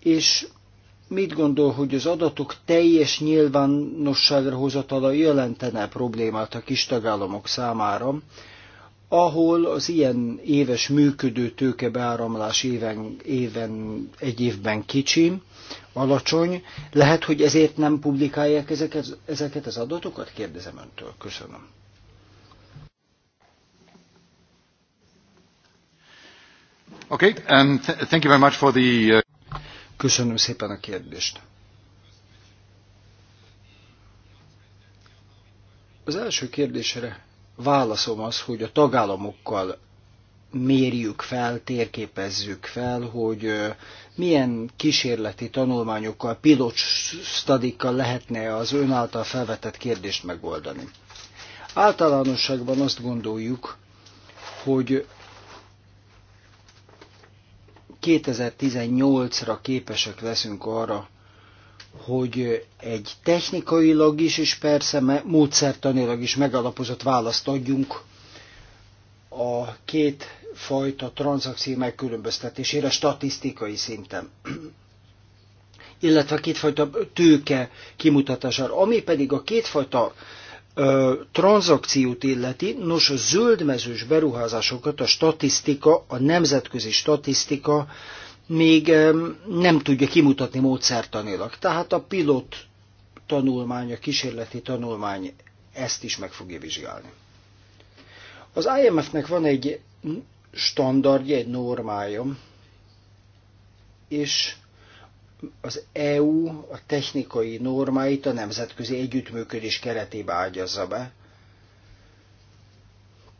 És mit gondol, hogy az adatok teljes nyilvánosságra hozatala jelentene problémát a kis tagállamok számára, ahol az ilyen éves működő tőkebeáramlás éven, éven, egy évben kicsi, alacsony. Lehet, hogy ezért nem publikálják ezeket, ezeket az adatokat? Kérdezem öntől. Köszönöm. Okay, and thank you very much for the... Uh, Köszönöm szépen a kérdést. Az első kérdésre válaszom az, hogy a tagállamokkal mérjük fel, térképezzük fel, hogy milyen kísérleti tanulmányokkal, pilot stadikkal lehetne az ön által felvetett kérdést megoldani. Általánosságban azt gondoljuk, hogy 2018-ra képesek leszünk arra, hogy egy technikailag is, és persze módszertanilag is megalapozott választ adjunk a két fajta tranzakció megkülönböztetésére statisztikai szinten illetve kétfajta tőke kimutatására. Ami pedig a kétfajta tranzakciót illeti, nos a zöldmezős beruházásokat a statisztika, a nemzetközi statisztika még nem tudja kimutatni módszertanilag. Tehát a pilot tanulmány, a kísérleti tanulmány ezt is meg fogja vizsgálni. Az IMF-nek van egy standardja, egy normája, és az EU a technikai normáit a nemzetközi együttműködés keretébe ágyazza be.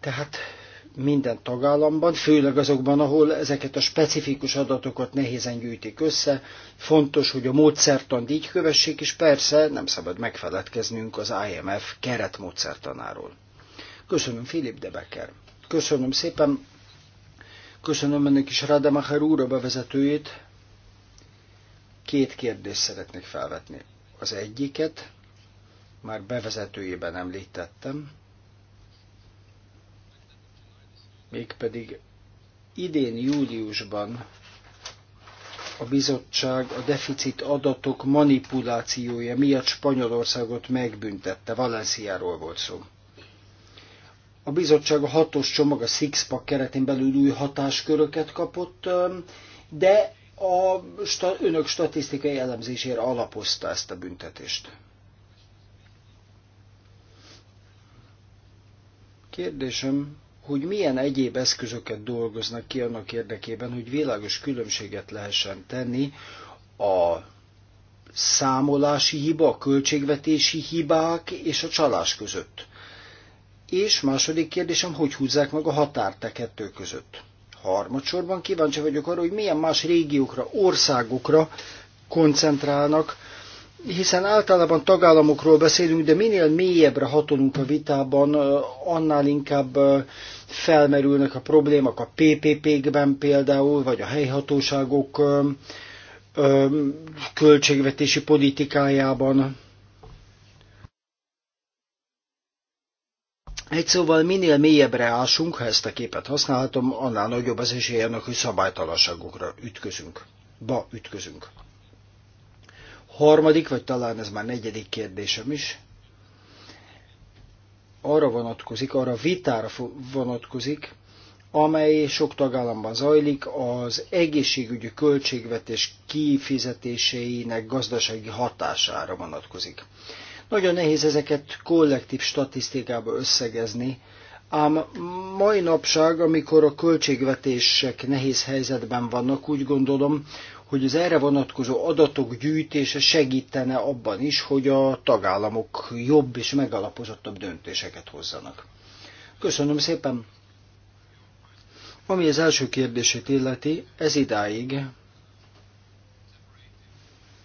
Tehát minden tagállamban, főleg azokban, ahol ezeket a specifikus adatokat nehézen gyűjtik össze. Fontos, hogy a módszertant így kövessék, és persze nem szabad megfeledkeznünk az IMF keretmódszertanáról. Köszönöm, Filip Debecker. Köszönöm szépen. Köszönöm önnek is Rademacher úr a bevezetőjét. Két kérdést szeretnék felvetni. Az egyiket már bevezetőjében említettem, mégpedig idén júliusban a bizottság a deficit adatok manipulációja miatt Spanyolországot megbüntette. Valenciáról volt szó. A bizottság a hatos csomag a Sixpack keretén belül új hatásköröket kapott, de a sta, önök statisztikai elemzésére alapozta ezt a büntetést. Kérdésem, hogy milyen egyéb eszközöket dolgoznak ki annak érdekében, hogy világos különbséget lehessen tenni a számolási hiba, a költségvetési hibák és a csalás között. És második kérdésem, hogy húzzák meg a határt a kettő között. Harmadsorban kíváncsi vagyok arra, hogy milyen más régiókra, országokra koncentrálnak, hiszen általában tagállamokról beszélünk, de minél mélyebbre hatolunk a vitában, annál inkább felmerülnek a problémák a PPP-kben például, vagy a helyhatóságok költségvetési politikájában. Egy szóval minél mélyebbre ásunk, ha ezt a képet használhatom, annál nagyobb az esélye annak, hogy szabálytalanságokra ütközünk. Ba ütközünk. Harmadik, vagy talán ez már negyedik kérdésem is, arra vonatkozik, arra vitára vonatkozik, amely sok tagállamban zajlik, az egészségügyi költségvetés kifizetéseinek gazdasági hatására vonatkozik. Nagyon nehéz ezeket kollektív statisztikába összegezni, ám mai napság, amikor a költségvetések nehéz helyzetben vannak, úgy gondolom, hogy az erre vonatkozó adatok gyűjtése segítene abban is, hogy a tagállamok jobb és megalapozottabb döntéseket hozzanak. Köszönöm szépen! Ami az első kérdését illeti, ez idáig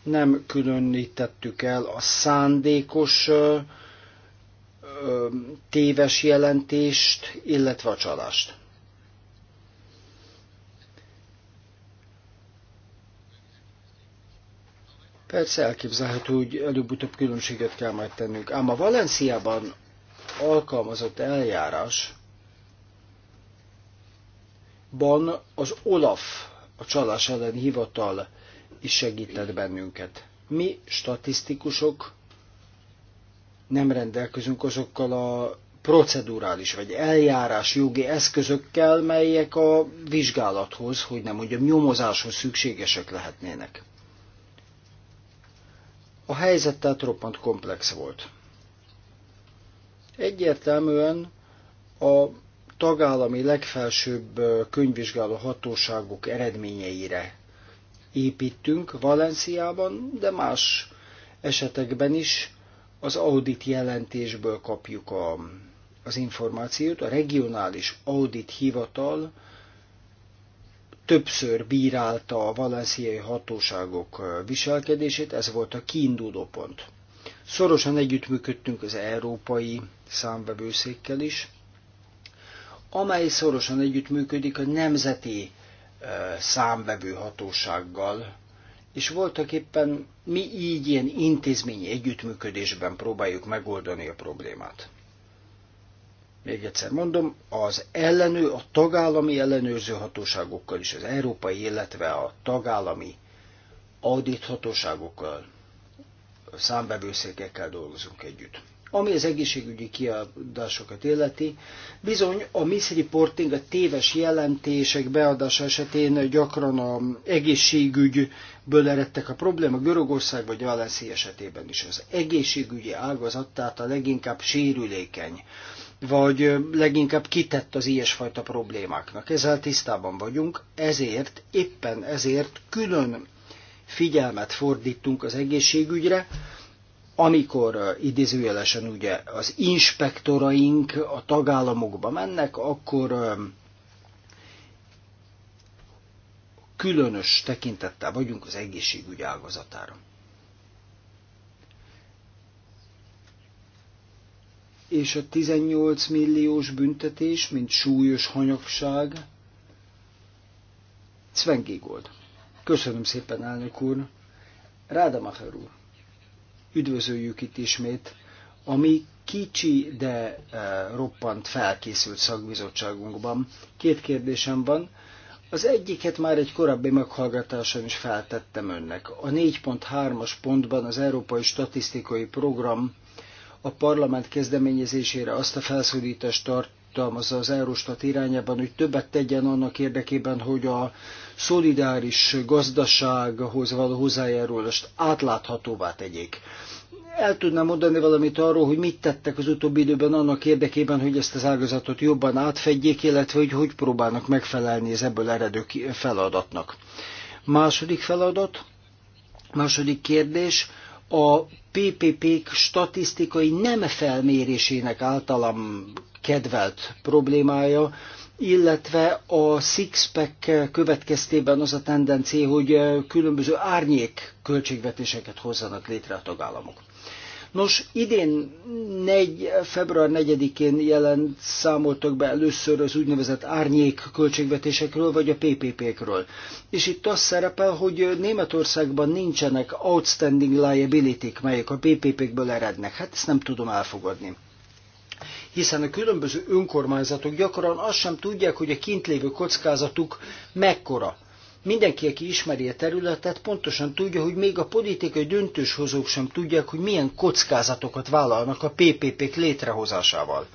nem különítettük el a szándékos téves jelentést, illetve a csalást. Persze elképzelhető, hogy előbb-utóbb különbséget kell majd tennünk. Ám a Valenciában alkalmazott eljárás ban az OLAF, a csalás elleni hivatal is segített bennünket. Mi statisztikusok nem rendelkezünk azokkal a procedurális vagy eljárás jogi eszközökkel, melyek a vizsgálathoz, hogy nem mondjam, nyomozáshoz szükségesek lehetnének. A helyzet tehát roppant komplex volt. Egyértelműen a tagállami legfelsőbb könyvvizsgáló hatóságok eredményeire építünk Valenciában, de más esetekben is az audit jelentésből kapjuk a, az információt. A regionális audit hivatal többször bírálta a valenciai hatóságok viselkedését, ez volt a kiinduló pont. Szorosan együttműködtünk az európai számbevőszékkel is, amely szorosan együttműködik a nemzeti számvevő hatósággal, és voltak éppen mi így ilyen intézményi együttműködésben próbáljuk megoldani a problémát. Még egyszer mondom, az ellenő, a tagállami ellenőrző hatóságokkal is, az európai, illetve a tagállami audit hatóságokkal, számbevőszékekkel dolgozunk együtt. Ami az egészségügyi kiadásokat illeti, bizony a misreporting, a téves jelentések beadása esetén gyakran a egészségügyből eredtek a probléma, Görögország vagy Valencia esetében is. Az egészségügyi ágazat tehát a leginkább sérülékeny vagy leginkább kitett az ilyesfajta problémáknak. Ezzel tisztában vagyunk, ezért, éppen ezért külön figyelmet fordítunk az egészségügyre, amikor idézőjelesen ugye az inspektoraink a tagállamokba mennek, akkor különös tekintettel vagyunk az egészségügy ágazatára. És a 18 milliós büntetés, mint súlyos hanyagság, Sven Gigold. Köszönöm szépen, elnök úr. Macher úr. Üdvözöljük itt ismét a mi kicsi, de eh, roppant felkészült szakbizottságunkban. Két kérdésem van. Az egyiket már egy korábbi meghallgatáson is feltettem önnek. A 4.3-as pontban az Európai Statisztikai Program a parlament kezdeményezésére azt a felszólítást tart, jutalmazza az Eurostat irányában, hogy többet tegyen annak érdekében, hogy a szolidáris gazdasághoz való hozzájárulást átláthatóvá tegyék. El tudnám mondani valamit arról, hogy mit tettek az utóbbi időben annak érdekében, hogy ezt az ágazatot jobban átfedjék, illetve hogy hogy próbálnak megfelelni az ebből eredő feladatnak. Második feladat, második kérdés, a PPP-k statisztikai nem felmérésének általam kedvelt problémája, illetve a six-pack következtében az a tendencia, hogy különböző árnyék költségvetéseket hozzanak létre a tagállamok. Nos, idén 4, február 4-én jelent számoltak be először az úgynevezett árnyék költségvetésekről, vagy a PPP-kről. És itt az szerepel, hogy Németországban nincsenek outstanding liability melyek a PPP-kből erednek. Hát ezt nem tudom elfogadni hiszen a különböző önkormányzatok gyakran azt sem tudják, hogy a kint lévő kockázatuk mekkora. Mindenki, aki ismeri a területet, pontosan tudja, hogy még a politikai döntéshozók sem tudják, hogy milyen kockázatokat vállalnak a PPP-k létrehozásával.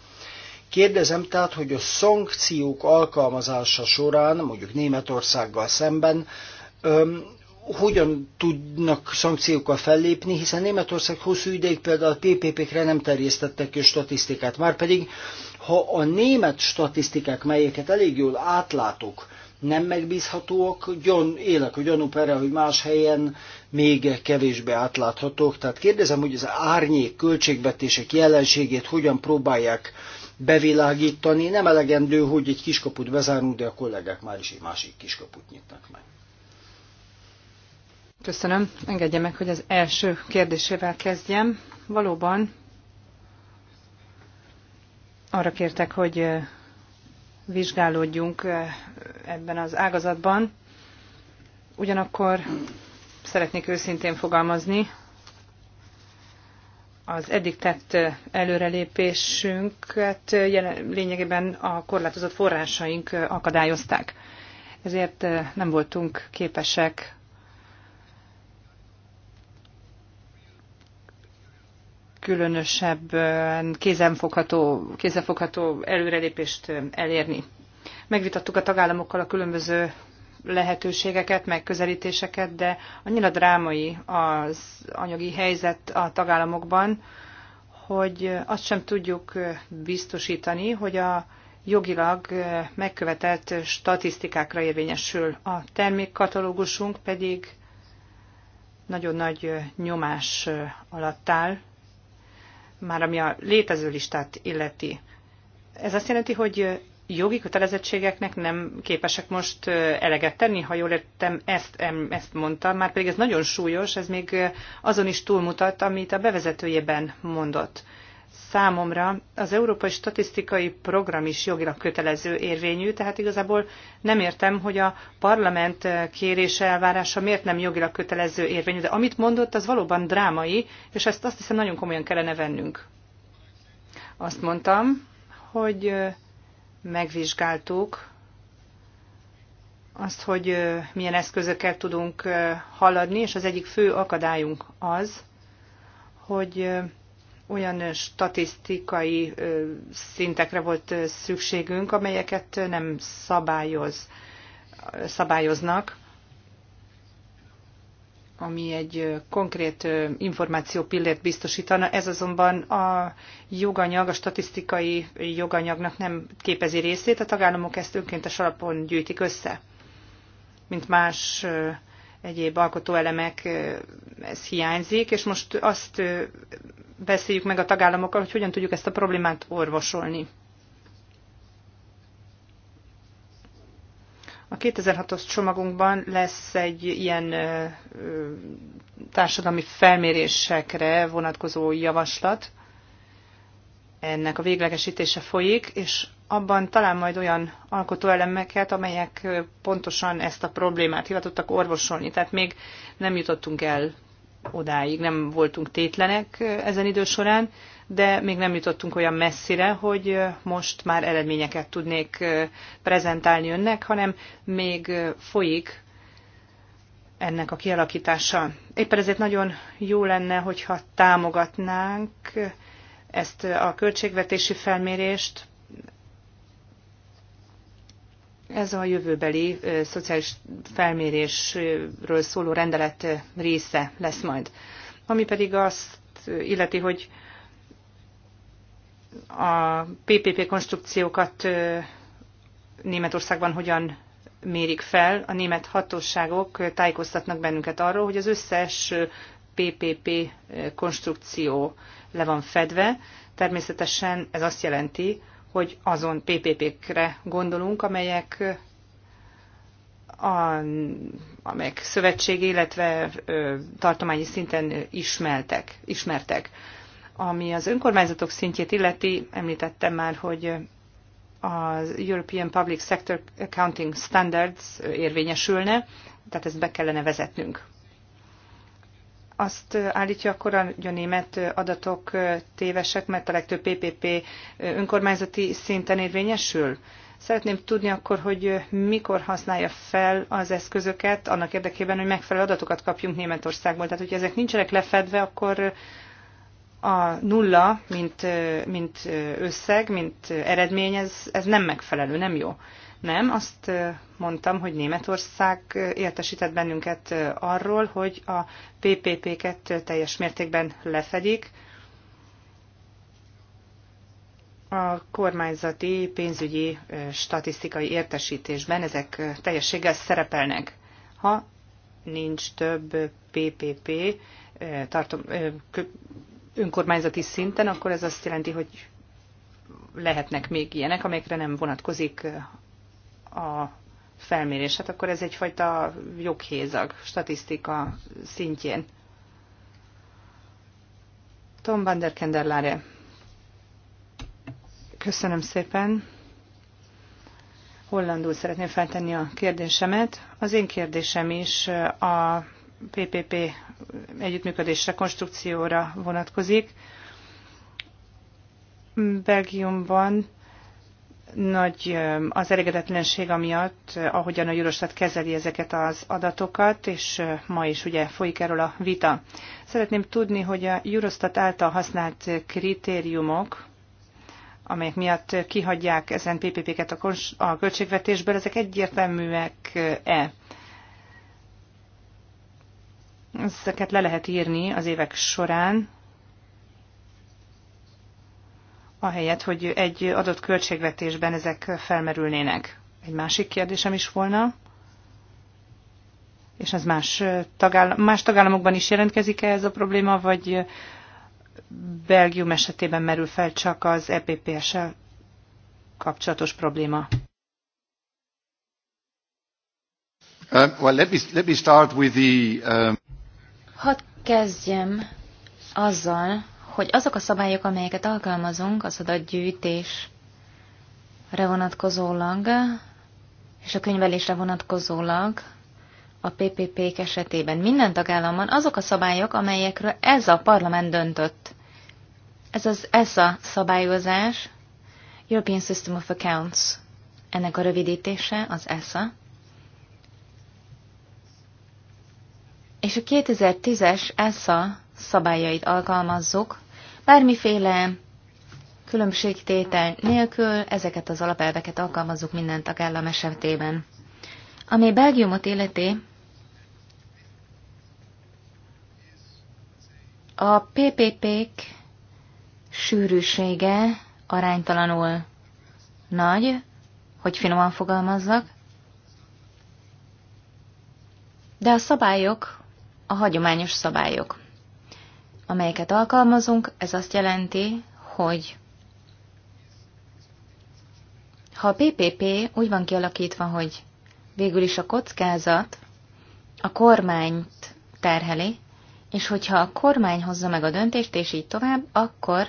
Kérdezem tehát, hogy a szankciók alkalmazása során, mondjuk Németországgal szemben, hogyan tudnak szankciókkal fellépni, hiszen Németország hosszú ideig például a PPP-kre nem terjesztettek ki statisztikát. Márpedig, ha a német statisztikák, melyeket elég jól átlátok, nem megbízhatóak, gyan, élek a gyanúp erre, hogy más helyen még kevésbé átláthatók. Tehát kérdezem, hogy az árnyék költségvetések jelenségét hogyan próbálják bevilágítani. Nem elegendő, hogy egy kiskaput bezárunk, de a kollégák már is egy másik kiskaput nyitnak meg. Köszönöm. Engedje meg, hogy az első kérdésével kezdjem. Valóban arra kértek, hogy vizsgálódjunk ebben az ágazatban. Ugyanakkor szeretnék őszintén fogalmazni, az eddig tett előrelépésünket lényegében a korlátozott forrásaink akadályozták. Ezért nem voltunk képesek különösebb kézenfogható, kézenfogható előrelépést elérni. Megvitattuk a tagállamokkal a különböző lehetőségeket, megközelítéseket, de annyira drámai az anyagi helyzet a tagállamokban, hogy azt sem tudjuk biztosítani, hogy a jogilag megkövetelt statisztikákra érvényesül. A termékkatalógusunk pedig nagyon nagy nyomás alatt áll, már ami a létező listát illeti. Ez azt jelenti, hogy jogi kötelezettségeknek nem képesek most eleget tenni, ha jól értem, ezt, ezt mondta, már pedig ez nagyon súlyos, ez még azon is túlmutat, amit a bevezetőjében mondott számomra az Európai Statisztikai Program is jogilag kötelező érvényű, tehát igazából nem értem, hogy a parlament kérése elvárása miért nem jogilag kötelező érvényű, de amit mondott, az valóban drámai, és ezt azt hiszem nagyon komolyan kellene vennünk. Azt mondtam, hogy megvizsgáltuk azt, hogy milyen eszközökkel tudunk haladni, és az egyik fő akadályunk az, hogy olyan statisztikai szintekre volt szükségünk, amelyeket nem szabályoz, szabályoznak, ami egy konkrét információ pillért biztosítana. Ez azonban a joganyag, a statisztikai joganyagnak nem képezi részét, a tagállamok ezt önkéntes alapon gyűjtik össze. Mint más egyéb alkotóelemek ez hiányzik, és most azt beszéljük meg a tagállamokkal, hogy hogyan tudjuk ezt a problémát orvosolni. A 2006-os csomagunkban lesz egy ilyen társadalmi felmérésekre vonatkozó javaslat. Ennek a véglegesítése folyik, és abban talán majd olyan alkotóelemeket, amelyek pontosan ezt a problémát hivatottak orvosolni. Tehát még nem jutottunk el odáig nem voltunk tétlenek ezen idő során, de még nem jutottunk olyan messzire, hogy most már eredményeket tudnék prezentálni önnek, hanem még folyik ennek a kialakítása. Éppen ezért nagyon jó lenne, hogyha támogatnánk ezt a költségvetési felmérést, ez a jövőbeli szociális felmérésről szóló rendelet része lesz majd. Ami pedig azt illeti, hogy a PPP konstrukciókat Németországban hogyan mérik fel. A német hatóságok tájékoztatnak bennünket arról, hogy az összes PPP konstrukció le van fedve. Természetesen ez azt jelenti, hogy azon PPP-kre gondolunk, amelyek a, amelyek szövetségi, illetve ö, tartományi szinten ismeltek, ismertek. Ami az önkormányzatok szintjét illeti, említettem már, hogy az European Public Sector Accounting Standards érvényesülne, tehát ezt be kellene vezetnünk azt állítja, akkor a német adatok tévesek, mert a legtöbb PPP önkormányzati szinten érvényesül? Szeretném tudni akkor, hogy mikor használja fel az eszközöket annak érdekében, hogy megfelelő adatokat kapjunk Németországból. Tehát, hogyha ezek nincsenek lefedve, akkor a nulla, mint, mint összeg, mint eredmény, ez, ez nem megfelelő, nem jó. Nem, azt mondtam, hogy Németország értesített bennünket arról, hogy a PPP-ket teljes mértékben lefedik. A kormányzati pénzügyi statisztikai értesítésben ezek teljességgel szerepelnek. Ha nincs több PPP tartom, önkormányzati szinten, akkor ez azt jelenti, hogy lehetnek még ilyenek, amelyekre nem vonatkozik a felmérés. Hát akkor ez egyfajta joghézag statisztika szintjén. Tom van der Köszönöm szépen. Hollandul szeretném feltenni a kérdésemet. Az én kérdésem is a PPP együttműködésre, konstrukcióra vonatkozik. Belgiumban nagy az elégedetlenség amiatt, ahogyan a Eurostat kezeli ezeket az adatokat, és ma is ugye folyik erről a vita. Szeretném tudni, hogy a Eurostat által használt kritériumok, amelyek miatt kihagyják ezen PPP-ket a, a költségvetésből, ezek egyértelműek-e? Ezeket le lehet írni az évek során, ahelyett, hogy egy adott költségvetésben ezek felmerülnének. Egy másik kérdésem is volna, és ez más, tagállam, más tagállamokban is jelentkezik-e ez a probléma, vagy Belgium esetében merül fel csak az epps sel kapcsolatos probléma? Um, well, let me, let me start with the, um... Hadd kezdjem azzal, hogy azok a szabályok, amelyeket alkalmazunk az adatgyűjtésre vonatkozólag és a könyvelésre vonatkozólag a PPP-k esetében minden tagállamban azok a szabályok, amelyekről ez a parlament döntött. Ez az ESA szabályozás, European System of Accounts. Ennek a rövidítése az ESA. És a 2010-es ESA szabályait alkalmazzuk, bármiféle különbségtétel nélkül ezeket az alapelveket alkalmazzuk minden tagállam esetében. Ami Belgiumot illeti, a PPP-k sűrűsége aránytalanul nagy, hogy finoman fogalmazzak, de a szabályok a hagyományos szabályok amelyeket alkalmazunk. Ez azt jelenti, hogy ha a PPP úgy van kialakítva, hogy végül is a kockázat a kormányt terheli, és hogyha a kormány hozza meg a döntést, és így tovább, akkor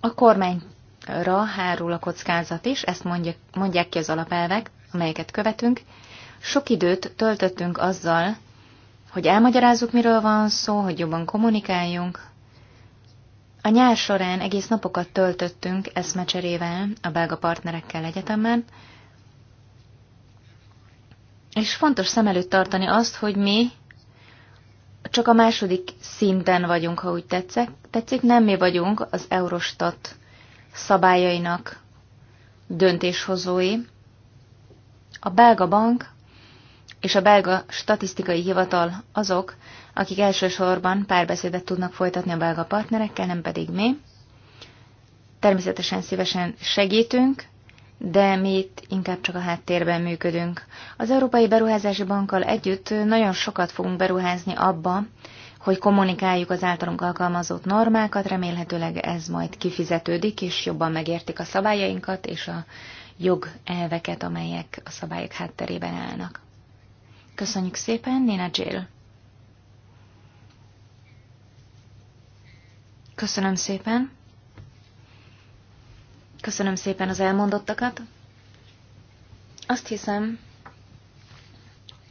a kormányra hárul a kockázat is, ezt mondják, mondják ki az alapelvek, amelyeket követünk. Sok időt töltöttünk azzal, hogy elmagyarázzuk, miről van szó, hogy jobban kommunikáljunk. A nyár során egész napokat töltöttünk eszmecserével a belga partnerekkel egyetemen, és fontos szem előtt tartani azt, hogy mi csak a második szinten vagyunk, ha úgy tetszik, tetszik, nem mi vagyunk az Eurostat szabályainak döntéshozói. A belga bank és a belga statisztikai hivatal azok, akik elsősorban párbeszédet tudnak folytatni a belga partnerekkel, nem pedig mi. Természetesen szívesen segítünk, de mi itt inkább csak a háttérben működünk. Az Európai Beruházási Bankkal együtt nagyon sokat fogunk beruházni abba, hogy kommunikáljuk az általunk alkalmazott normákat, remélhetőleg ez majd kifizetődik, és jobban megértik a szabályainkat és a jogelveket, amelyek a szabályok hátterében állnak. Köszönjük szépen, Nina Jill. Köszönöm szépen. Köszönöm szépen az elmondottakat. Azt hiszem,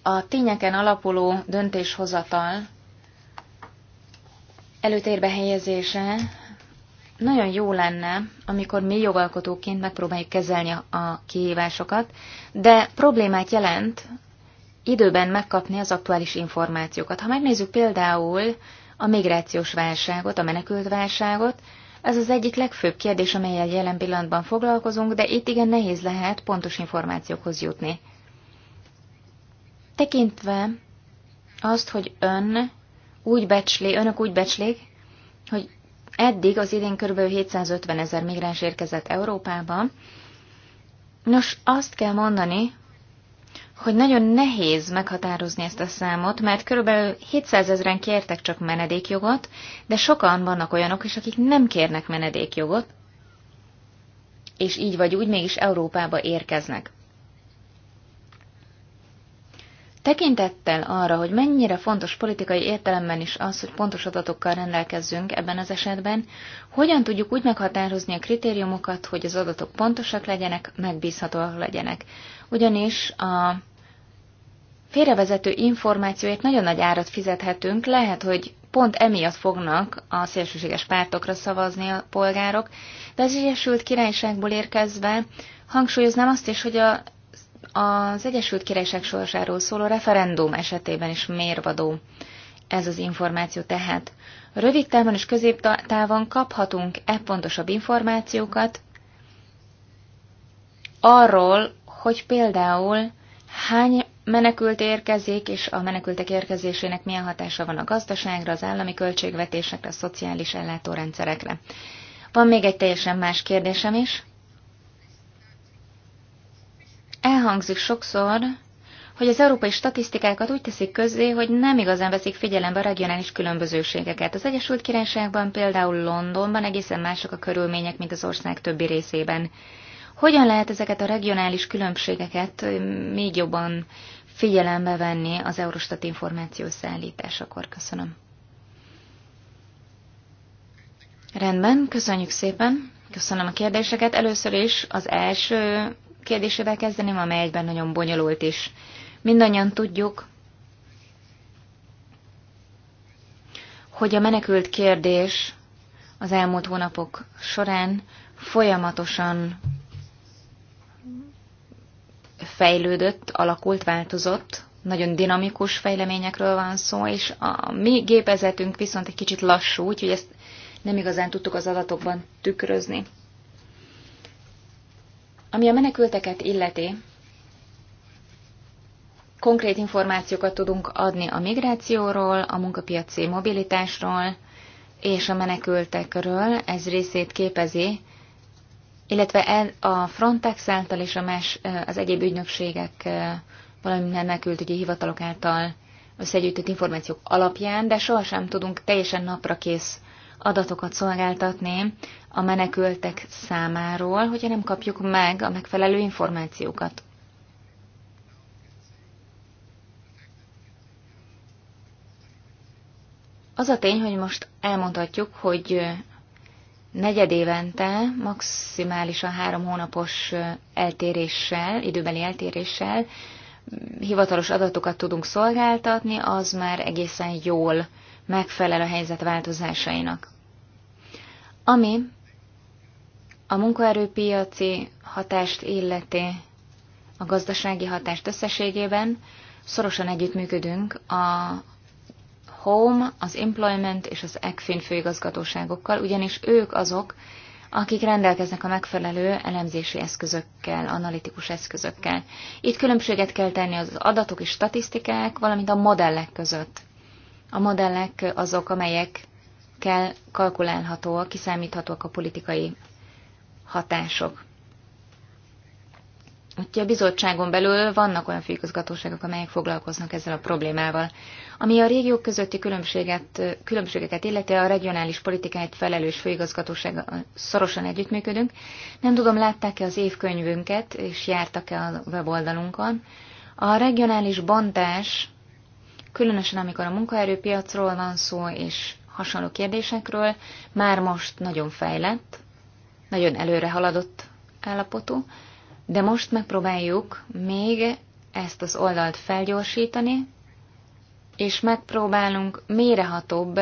a tényeken alapuló döntéshozatal előtérbe helyezése nagyon jó lenne, amikor mi jogalkotóként megpróbáljuk kezelni a kihívásokat, de problémát jelent, időben megkapni az aktuális információkat. Ha megnézzük például a migrációs válságot, a menekült válságot, ez az egyik legfőbb kérdés, amelyel jelen pillanatban foglalkozunk, de itt igen nehéz lehet pontos információkhoz jutni. Tekintve azt, hogy ön úgy becslé, önök úgy becslék, hogy eddig az idén kb. 750 ezer migráns érkezett Európába, nos, azt kell mondani, hogy nagyon nehéz meghatározni ezt a számot, mert körülbelül 700 ezeren kértek csak menedékjogot, de sokan vannak olyanok is, akik nem kérnek menedékjogot, és így vagy úgy mégis Európába érkeznek. Tekintettel arra, hogy mennyire fontos politikai értelemben is az, hogy pontos adatokkal rendelkezzünk ebben az esetben, hogyan tudjuk úgy meghatározni a kritériumokat, hogy az adatok pontosak legyenek, megbízhatóak legyenek ugyanis a félrevezető információért nagyon nagy árat fizethetünk, lehet, hogy pont emiatt fognak a szélsőséges pártokra szavazni a polgárok, de az Egyesült Királyságból érkezve hangsúlyoznám azt is, hogy a, az Egyesült Királyság sorsáról szóló referendum esetében is mérvadó ez az információ tehát. Rövid távon és középtávon kaphatunk e pontosabb információkat arról, hogy például hány menekült érkezik, és a menekültek érkezésének milyen hatása van a gazdaságra, az állami költségvetésekre, a szociális ellátórendszerekre. Van még egy teljesen más kérdésem is. Elhangzik sokszor, hogy az európai statisztikákat úgy teszik közzé, hogy nem igazán veszik figyelembe a regionális különbözőségeket. Az Egyesült Királyságban, például Londonban egészen mások a körülmények, mint az ország többi részében. Hogyan lehet ezeket a regionális különbségeket még jobban figyelembe venni az Eurostat információ szállításakor? Köszönöm. Rendben, köszönjük szépen. Köszönöm a kérdéseket. Először is az első kérdésével kezdeném, amely egyben nagyon bonyolult is. Mindannyian tudjuk, hogy a menekült kérdés az elmúlt hónapok során folyamatosan fejlődött, alakult, változott, nagyon dinamikus fejleményekről van szó, és a mi gépezetünk viszont egy kicsit lassú, úgyhogy ezt nem igazán tudtuk az adatokban tükrözni. Ami a menekülteket illeti, konkrét információkat tudunk adni a migrációról, a munkapiaci mobilitásról és a menekültekről. Ez részét képezi illetve a Frontex által és a más, az egyéb ügynökségek, valamint menekültügyi hivatalok által összegyűjtött információk alapján, de sohasem tudunk teljesen napra kész adatokat szolgáltatni a menekültek számáról, hogyha nem kapjuk meg a megfelelő információkat. Az a tény, hogy most elmondhatjuk, hogy negyed évente maximálisan három hónapos eltéréssel, időbeli eltéréssel hivatalos adatokat tudunk szolgáltatni, az már egészen jól megfelel a helyzet változásainak. Ami a munkaerőpiaci hatást illeti a gazdasági hatást összességében, szorosan együttműködünk a Home, az Employment és az ECFIN főigazgatóságokkal, ugyanis ők azok, akik rendelkeznek a megfelelő elemzési eszközökkel, analitikus eszközökkel. Itt különbséget kell tenni az adatok és statisztikák, valamint a modellek között. A modellek azok, amelyekkel kalkulálhatóak, kiszámíthatóak a politikai hatások. Úgyhogy a bizottságon belül vannak olyan főigazgatóságok, amelyek foglalkoznak ezzel a problémával. Ami a régiók közötti különbséget, különbségeket illeti, a regionális politikáért felelős főigazgatóság szorosan együttműködünk. Nem tudom, látták-e az évkönyvünket, és jártak-e a weboldalunkon. A regionális bontás, különösen amikor a munkaerőpiacról van szó, és hasonló kérdésekről, már most nagyon fejlett, nagyon előre haladott állapotú, de most megpróbáljuk még ezt az oldalt felgyorsítani, és megpróbálunk mérehatóbb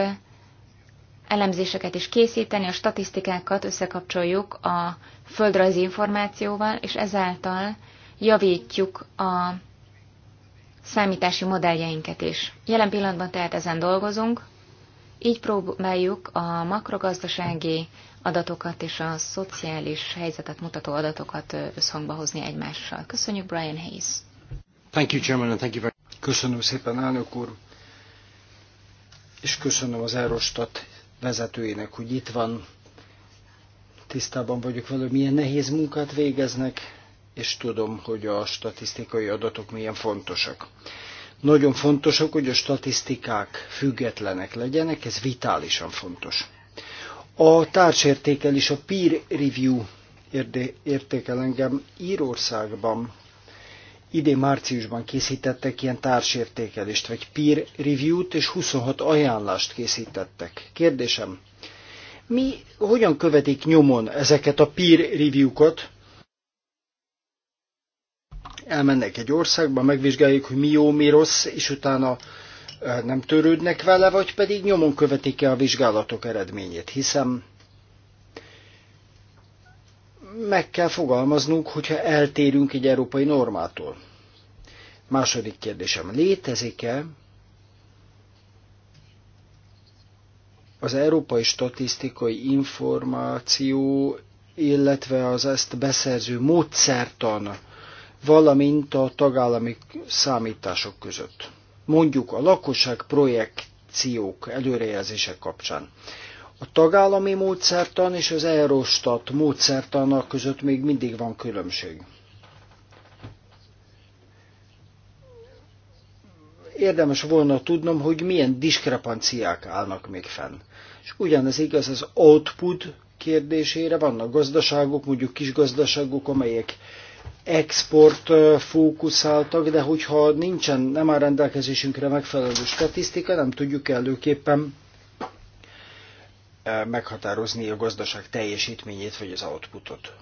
elemzéseket is készíteni, a statisztikákat összekapcsoljuk a földrajzi információval, és ezáltal javítjuk a számítási modelljeinket is. Jelen pillanatban tehát ezen dolgozunk, így próbáljuk a makrogazdasági adatokat és a szociális helyzetet mutató adatokat összhangba hozni egymással. Köszönjük, Brian Hayes! Thank you, Chairman, and thank you very... Köszönöm szépen, elnök úr! és köszönöm az Erostat vezetőjének, hogy itt van. Tisztában vagyok vele, milyen nehéz munkát végeznek, és tudom, hogy a statisztikai adatok milyen fontosak. Nagyon fontosak, hogy a statisztikák függetlenek legyenek, ez vitálisan fontos. A társértékelés, a peer review értékel engem Írországban idén márciusban készítettek ilyen társértékelést, vagy peer review-t, és 26 ajánlást készítettek. Kérdésem, mi hogyan követik nyomon ezeket a peer review-kat? Elmennek egy országba, megvizsgáljuk, hogy mi jó, mi rossz, és utána nem törődnek vele, vagy pedig nyomon követik-e a vizsgálatok eredményét, hiszen meg kell fogalmaznunk, hogyha eltérünk egy európai normától. Második kérdésem, létezik-e az európai statisztikai információ, illetve az ezt beszerző módszertan, valamint a tagállami számítások között? Mondjuk a lakosság projekciók előrejelzések kapcsán. A tagállami módszertan és az Eurostat módszertanak között még mindig van különbség. Érdemes volna tudnom, hogy milyen diskrepanciák állnak még fenn. És ugyanez igaz az output kérdésére. Vannak gazdaságok, mondjuk kis gazdaságok, amelyek export fókuszáltak, de hogyha nincsen, nem áll rendelkezésünkre megfelelő statisztika, nem tudjuk előképpen meghatározni a gazdaság teljesítményét vagy az outputot.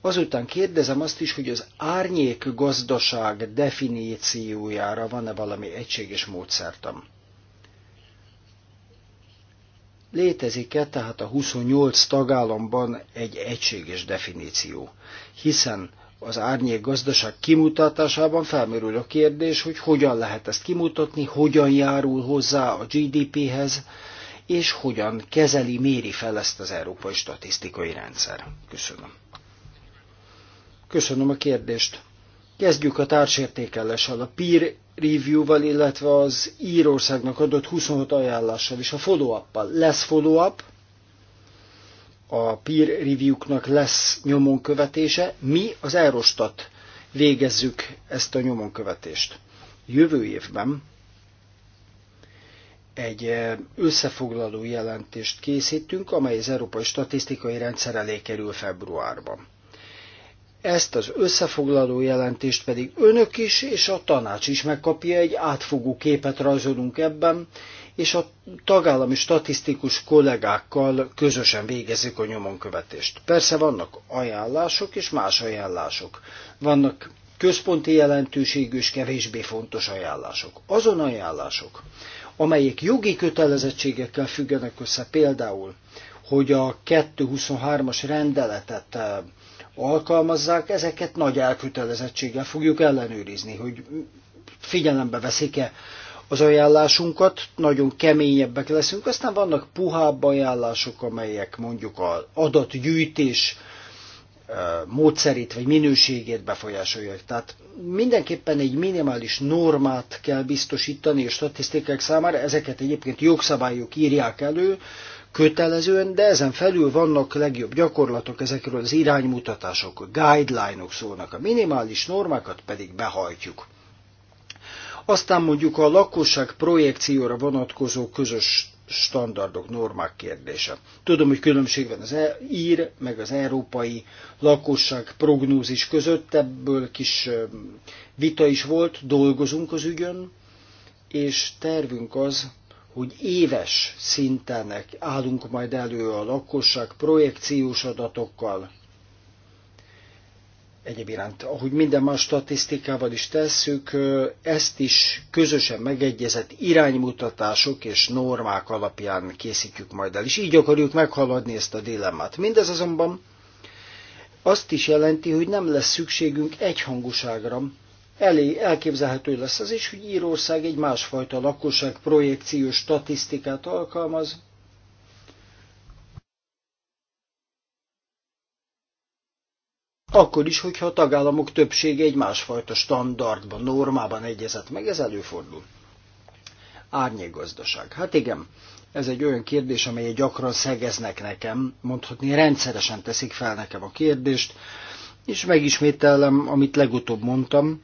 Azután kérdezem azt is, hogy az árnyék gazdaság definíciójára van-e valami egységes módszertam. Létezik-e tehát a 28 tagállamban egy egységes definíció? Hiszen az árnyék gazdaság kimutatásában felmerül a kérdés, hogy hogyan lehet ezt kimutatni, hogyan járul hozzá a GDP-hez, és hogyan kezeli, méri fel ezt az európai statisztikai rendszer. Köszönöm. Köszönöm a kérdést. Kezdjük a társértékelessel, a peer review-val, illetve az Írországnak adott 26 ajánlással és a follow-up-pal. Lesz follow-up, a peer review-knak lesz nyomon követése, mi az Eurostat végezzük ezt a nyomon követést. Jövő évben egy összefoglaló jelentést készítünk, amely az Európai Statisztikai Rendszer elé kerül februárban. Ezt az összefoglaló jelentést pedig önök is és a tanács is megkapja, egy átfogó képet rajzolunk ebben, és a tagállami statisztikus kollégákkal közösen végezzük a nyomonkövetést. Persze vannak ajánlások és más ajánlások. Vannak központi jelentőségű és kevésbé fontos ajánlások. Azon ajánlások, amelyek jogi kötelezettségekkel függenek össze, például, hogy a 223-as rendeletet eh, alkalmazzák, ezeket nagy elkötelezettséggel fogjuk ellenőrizni, hogy figyelembe veszik-e az ajánlásunkat, nagyon keményebbek leszünk, aztán vannak puhább ajánlások, amelyek mondjuk az adatgyűjtés módszerét vagy minőségét befolyásolják. Tehát mindenképpen egy minimális normát kell biztosítani a statisztikák számára, ezeket egyébként jogszabályok írják elő kötelezően, de ezen felül vannak legjobb gyakorlatok, ezekről az iránymutatások, a guideline-ok szólnak, a minimális normákat pedig behajtjuk. Aztán mondjuk a lakosság projekcióra vonatkozó közös standardok, normák kérdése. Tudom, hogy különbség van az e- ír, meg az európai lakosság prognózis között, ebből kis vita is volt, dolgozunk az ügyön, és tervünk az, hogy éves szinten állunk majd elő a lakosság projekciós adatokkal, egyéb iránt. Ahogy minden más statisztikával is tesszük, ezt is közösen megegyezett iránymutatások és normák alapján készítjük majd el, és így akarjuk meghaladni ezt a dilemmát. Mindez azonban azt is jelenti, hogy nem lesz szükségünk egyhangúságra. Elé elképzelhető lesz az is, hogy Írország egy másfajta lakosság projekciós statisztikát alkalmaz, Akkor is, hogyha a tagállamok többsége egy másfajta standardban, normában egyezett meg, ez előfordul. Árnyékgazdaság. Hát igen, ez egy olyan kérdés, amelyet gyakran szegeznek nekem, mondhatni rendszeresen teszik fel nekem a kérdést, és megismételem, amit legutóbb mondtam,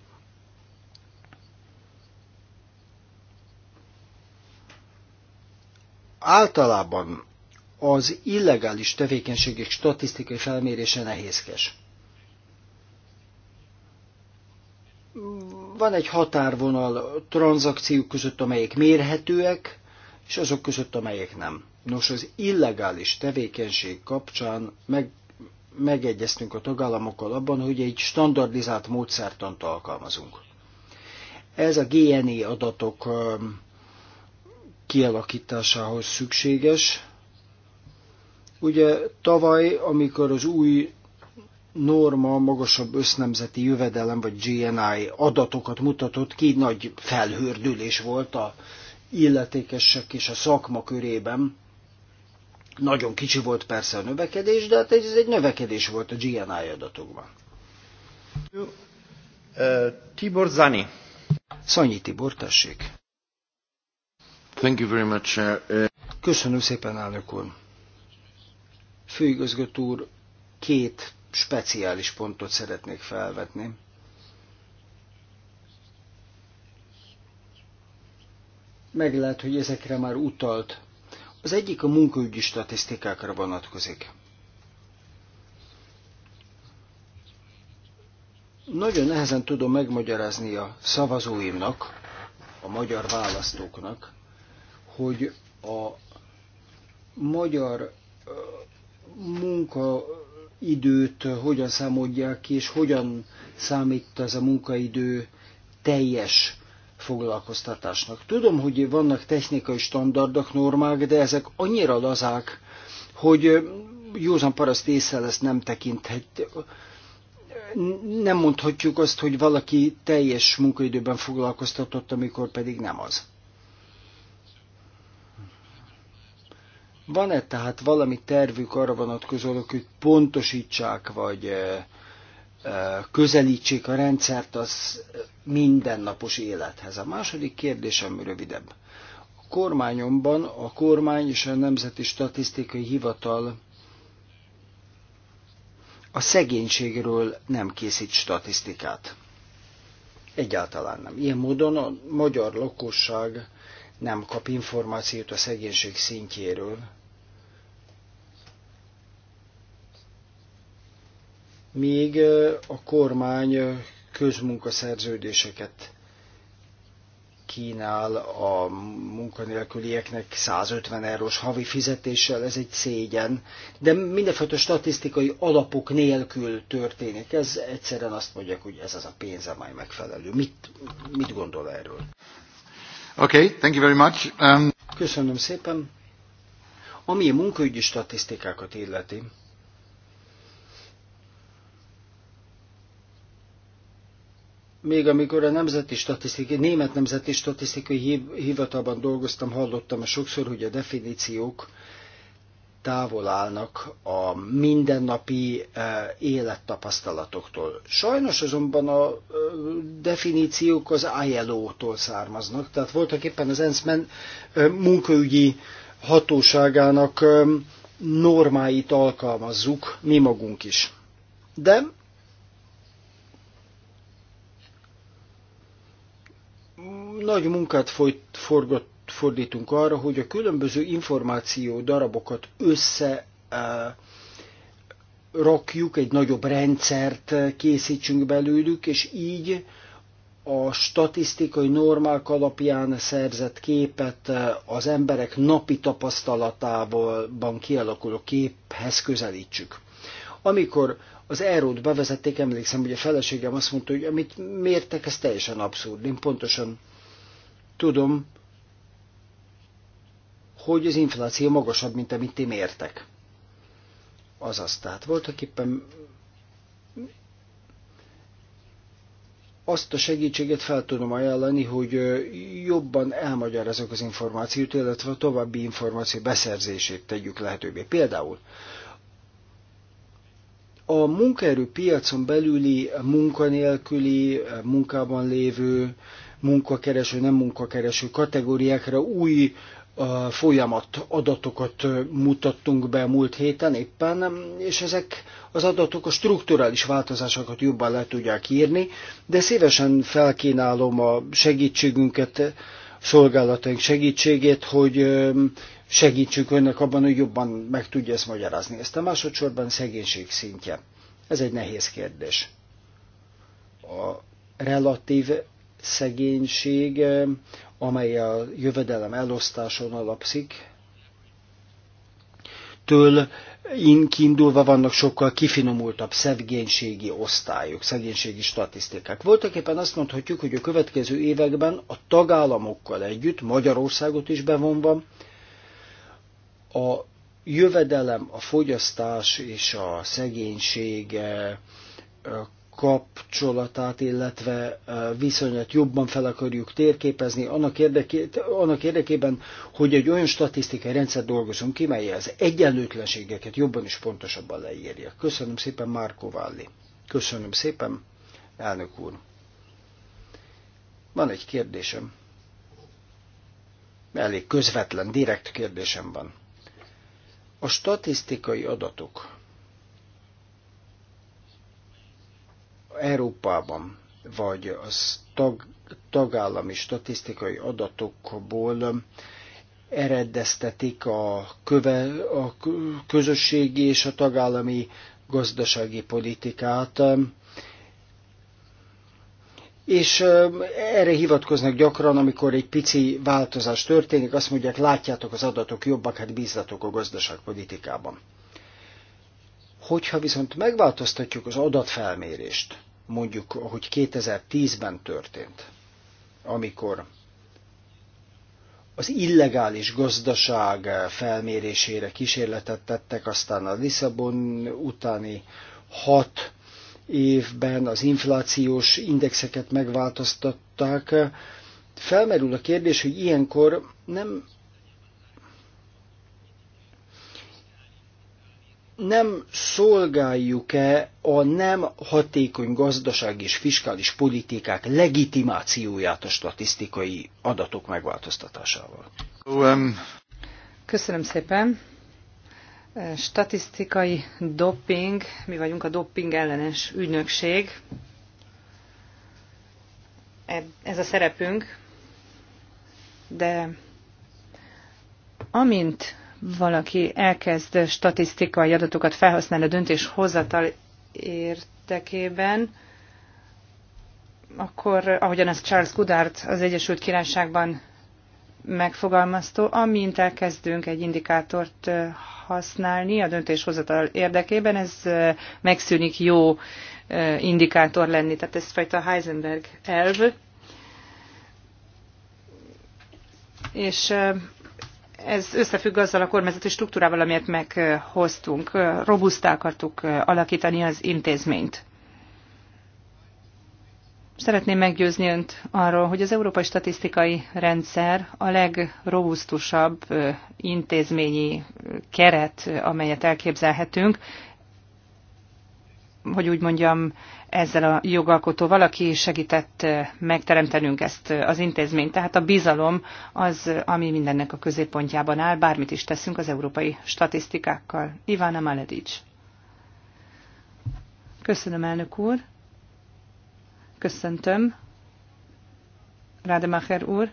általában az illegális tevékenységek statisztikai felmérése nehézkes. van egy határvonal tranzakciók között, amelyek mérhetőek, és azok között, amelyek nem. Nos, az illegális tevékenység kapcsán meg, megegyeztünk a tagállamokkal abban, hogy egy standardizált módszertant alkalmazunk. Ez a GNI e adatok um, kialakításához szükséges. Ugye tavaly, amikor az új norma magasabb össznemzeti jövedelem, vagy GNI adatokat mutatott ki, nagy felhördülés volt a illetékesek és a szakma körében. Nagyon kicsi volt persze a növekedés, de hát ez egy növekedés volt a GNI adatokban. Tibor Zani. Szanyi Tibor, tessék. Thank you very much, uh, uh, Köszönöm szépen, elnök úr. Főigazgató úr, két speciális pontot szeretnék felvetni. Meg lehet, hogy ezekre már utalt. Az egyik a munkaügyi statisztikákra vonatkozik. Nagyon nehezen tudom megmagyarázni a szavazóimnak, a magyar választóknak, hogy a magyar munka Időt, hogyan számolják ki, és hogyan számít ez a munkaidő teljes foglalkoztatásnak. Tudom, hogy vannak technikai standardok, normák, de ezek annyira lazák, hogy józan paraszt észre ezt nem tekinthet. Nem mondhatjuk azt, hogy valaki teljes munkaidőben foglalkoztatott, amikor pedig nem az. Van-e tehát valami tervük arra vonatkozólag, hogy pontosítsák, vagy eh, eh, közelítsék a rendszert az mindennapos élethez? A második kérdésem rövidebb. A kormányomban a kormány és a Nemzeti Statisztikai Hivatal a szegénységről nem készít statisztikát. Egyáltalán nem. Ilyen módon a magyar lakosság nem kap információt a szegénység szintjéről. Míg a kormány közmunkaszerződéseket kínál a munkanélkülieknek 150 eurós havi fizetéssel, ez egy szégyen, de mindenfajta statisztikai alapok nélkül történik. Ez egyszerűen azt mondják, hogy ez az a pénze, amely megfelelő. Mit, mit gondol erről? Okay, thank you very much. Um... Köszönöm szépen. Ami a munkaügyi statisztikákat illeti, még amikor a nemzeti statisztikai, német nemzeti statisztikai hivatalban dolgoztam, hallottam sokszor, hogy a definíciók távol állnak a mindennapi eh, élettapasztalatoktól. Sajnos azonban a eh, definíciók az ILO-tól származnak, tehát voltak éppen az ENSZ eh, munkaügyi hatóságának normáit alkalmazzuk mi magunk is. De nagy munkát folyt, forgott, fordítunk arra, hogy a különböző információ darabokat össze eh, rakjuk, egy nagyobb rendszert készítsünk belőlük, és így a statisztikai normák alapján szerzett képet eh, az emberek napi tapasztalatában kialakuló képhez közelítsük. Amikor az Erót bevezették, emlékszem, hogy a feleségem azt mondta, hogy amit mértek, ez teljesen abszurd. Én pontosan tudom, hogy az infláció magasabb, mint amit ti mértek. Azaz, tehát voltak éppen azt a segítséget fel tudom ajánlani, hogy jobban elmagyarázok az információt, illetve a további információ beszerzését tegyük lehetővé. Például a munkaerőpiacon belüli munkanélküli, munkában lévő, munkakereső, nem munkakereső kategóriákra új folyamat adatokat mutattunk be múlt héten éppen, és ezek az adatok a strukturális változásokat jobban le tudják írni, de szívesen felkínálom a segítségünket, szolgálataink segítségét, hogy segítsük önnek abban, hogy jobban meg tudja ezt magyarázni. Ezt a másodszorban szegénység szintje. Ez egy nehéz kérdés. A relatív szegénység amely a jövedelem elosztáson alapszik, től kiindulva vannak sokkal kifinomultabb szegénységi osztályok, szegénységi statisztikák. Voltak éppen azt mondhatjuk, hogy a következő években a tagállamokkal együtt, Magyarországot is bevonva, a jövedelem, a fogyasztás és a szegénység eh, kapcsolatát, illetve viszonyat jobban fel akarjuk térképezni, annak, érdeké, annak érdekében, hogy egy olyan statisztikai rendszer dolgozunk ki, mely az egyenlőtlenségeket jobban és pontosabban leírja. Köszönöm szépen, Márko Válli. Köszönöm szépen, elnök úr. Van egy kérdésem. Elég közvetlen, direkt kérdésem van. A statisztikai adatok, Európában, vagy az tag, tagállami statisztikai adatokból eredeztetik a, köve, a közösségi és a tagállami gazdasági politikát, és erre hivatkoznak gyakran, amikor egy pici változás történik, azt mondják, látjátok az adatok jobbak, hát bízzatok a gazdaságpolitikában. Hogyha viszont megváltoztatjuk az adatfelmérést, mondjuk, hogy 2010-ben történt, amikor az illegális gazdaság felmérésére kísérletet tettek, aztán a Lisszabon utáni hat évben az inflációs indexeket megváltoztatták. Felmerül a kérdés, hogy ilyenkor nem nem szolgáljuk-e a nem hatékony gazdaság és fiskális politikák legitimációját a statisztikai adatok megváltoztatásával? Köszönöm szépen. Statisztikai doping, mi vagyunk a doping ellenes ügynökség. E- ez a szerepünk, de amint valaki elkezd statisztikai adatokat felhasználni a döntéshozatal értekében, akkor, ahogyan ezt Charles Goodard az Egyesült Királyságban megfogalmazta, amint elkezdünk egy indikátort használni a döntéshozatal érdekében, ez megszűnik jó indikátor lenni. Tehát ez fajta Heisenberg elv. És ez összefügg azzal a kormányzati struktúrával, amelyet meghoztunk. Robusztá akartuk alakítani az intézményt. Szeretném meggyőzni önt arról, hogy az európai statisztikai rendszer a legrobusztusabb intézményi keret, amelyet elképzelhetünk, hogy úgy mondjam, ezzel a jogalkotóval, aki segített eh, megteremtenünk ezt eh, az intézményt. Tehát a bizalom az, ami mindennek a középpontjában áll, bármit is teszünk az európai statisztikákkal. Ivana Maledic. Köszönöm, elnök úr. Köszöntöm. Rádemacher úr.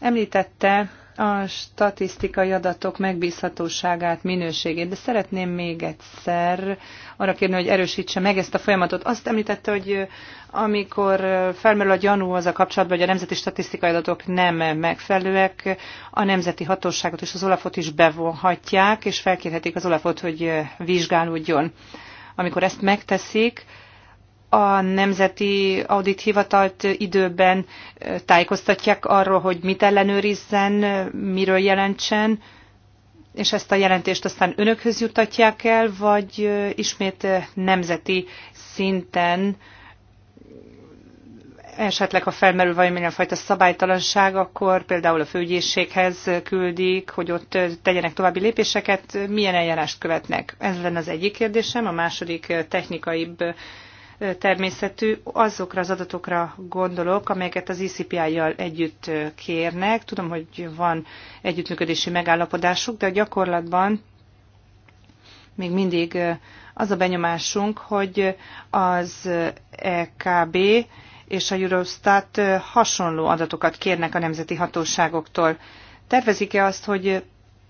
Említette a statisztikai adatok megbízhatóságát, minőségét, de szeretném még egyszer arra kérni, hogy erősítse meg ezt a folyamatot. Azt említette, hogy amikor felmerül a gyanú az a kapcsolatban, hogy a nemzeti statisztikai adatok nem megfelelőek, a nemzeti hatóságot és az Olafot is bevonhatják, és felkérhetik az Olafot, hogy vizsgálódjon. Amikor ezt megteszik, a Nemzeti Audit Hivatalt időben tájékoztatják arról, hogy mit ellenőrizzen, miről jelentsen, és ezt a jelentést aztán önökhöz jutatják el, vagy ismét nemzeti szinten esetleg, ha felmerül valamilyen fajta szabálytalanság, akkor például a főügyészséghez küldik, hogy ott tegyenek további lépéseket, milyen eljárást követnek. Ez lenne az egyik kérdésem, a második technikaibb természetű. Azokra az adatokra gondolok, amelyeket az ICPI-jal e együtt kérnek. Tudom, hogy van együttműködési megállapodásuk, de a gyakorlatban még mindig az a benyomásunk, hogy az EKB és a Eurostat hasonló adatokat kérnek a nemzeti hatóságoktól. Tervezik-e azt, hogy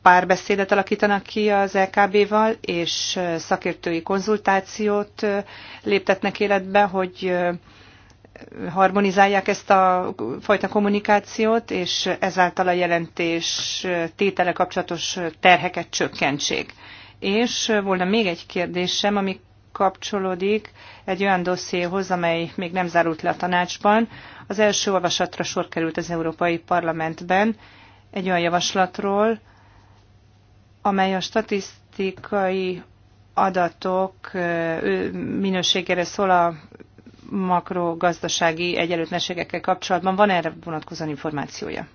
párbeszédet alakítanak ki az LKB-val, e és szakértői konzultációt léptetnek életbe, hogy harmonizálják ezt a fajta kommunikációt, és ezáltal a jelentés tétele kapcsolatos terheket csökkentsék. És volna még egy kérdésem, ami kapcsolódik egy olyan dossziéhoz, amely még nem zárult le a tanácsban. Az első olvasatra sor került az Európai Parlamentben egy olyan javaslatról, amely a statisztikai adatok minőségére szól a makrogazdasági egyenlőtlenségekkel kapcsolatban. Van erre vonatkozó információja?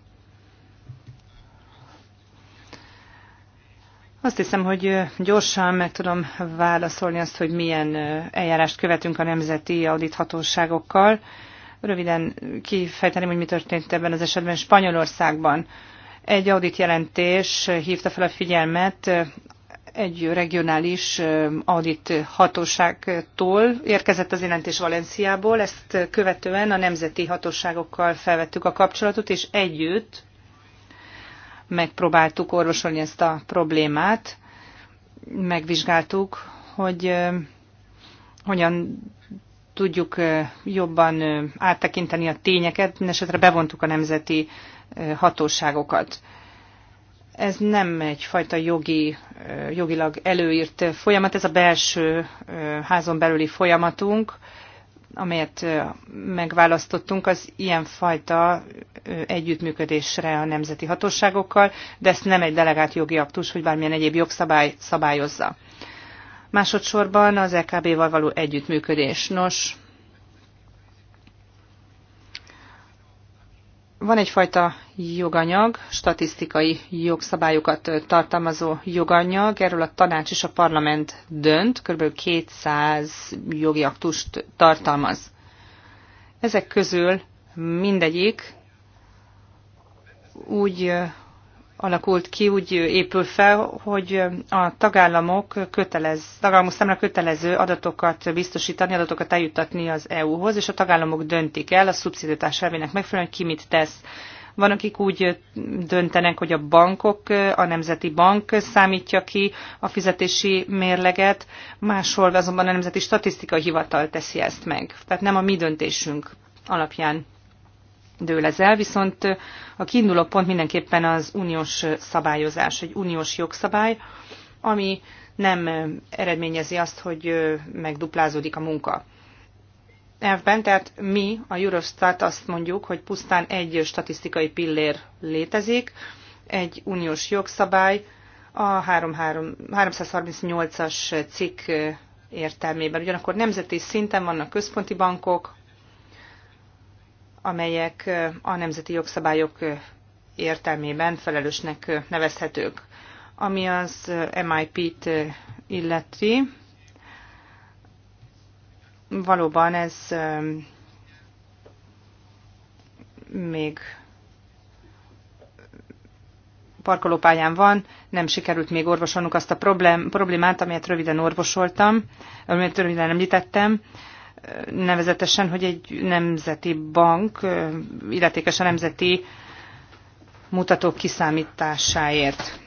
Azt hiszem, hogy gyorsan meg tudom válaszolni azt, hogy milyen eljárást követünk a nemzeti audithatóságokkal. Röviden kifejteném, hogy mi történt ebben az esetben Spanyolországban. Egy audit jelentés hívta fel a figyelmet egy regionális audit hatóságtól érkezett az jelentés Valenciából, ezt követően a nemzeti hatóságokkal felvettük a kapcsolatot, és együtt megpróbáltuk orvosolni ezt a problémát, megvizsgáltuk, hogy hogyan tudjuk jobban áttekinteni a tényeket, esetre bevontuk a nemzeti hatóságokat. Ez nem egyfajta jogi, jogilag előírt folyamat, ez a belső házon belüli folyamatunk, amelyet megválasztottunk, az ilyenfajta együttműködésre a nemzeti hatóságokkal, de ezt nem egy delegált jogi aktus, hogy bármilyen egyéb jogszabály szabályozza. Másodszorban az LKB-val e való együttműködés. Nos, van egyfajta joganyag, statisztikai jogszabályokat tartalmazó joganyag, erről a tanács és a parlament dönt, kb. 200 jogi aktust tartalmaz. Ezek közül mindegyik úgy alakult ki, úgy épül fel, hogy a tagállamok kötelez, tagállamok számára kötelező adatokat biztosítani, adatokat eljuttatni az EU-hoz, és a tagállamok döntik el a szubszidiótás elvének megfelelően, ki mit tesz. Van, akik úgy döntenek, hogy a bankok, a Nemzeti Bank számítja ki a fizetési mérleget, máshol azonban a Nemzeti Statisztikai Hivatal teszi ezt meg. Tehát nem a mi döntésünk alapján dől ez el, viszont a kiinduló pont mindenképpen az uniós szabályozás, egy uniós jogszabály, ami nem eredményezi azt, hogy megduplázódik a munka. Elvben, tehát mi, a Eurostat azt mondjuk, hogy pusztán egy statisztikai pillér létezik, egy uniós jogszabály, a 338-as cikk értelmében. Ugyanakkor nemzeti szinten vannak központi bankok, amelyek a nemzeti jogszabályok értelmében felelősnek nevezhetők. Ami az MIP-t illeti, valóban ez még parkolópályán van, nem sikerült még orvosolnunk azt a problémát, amelyet röviden orvosoltam, amelyet röviden említettem nevezetesen, hogy egy nemzeti bank illetékes a nemzeti mutatók kiszámításáért.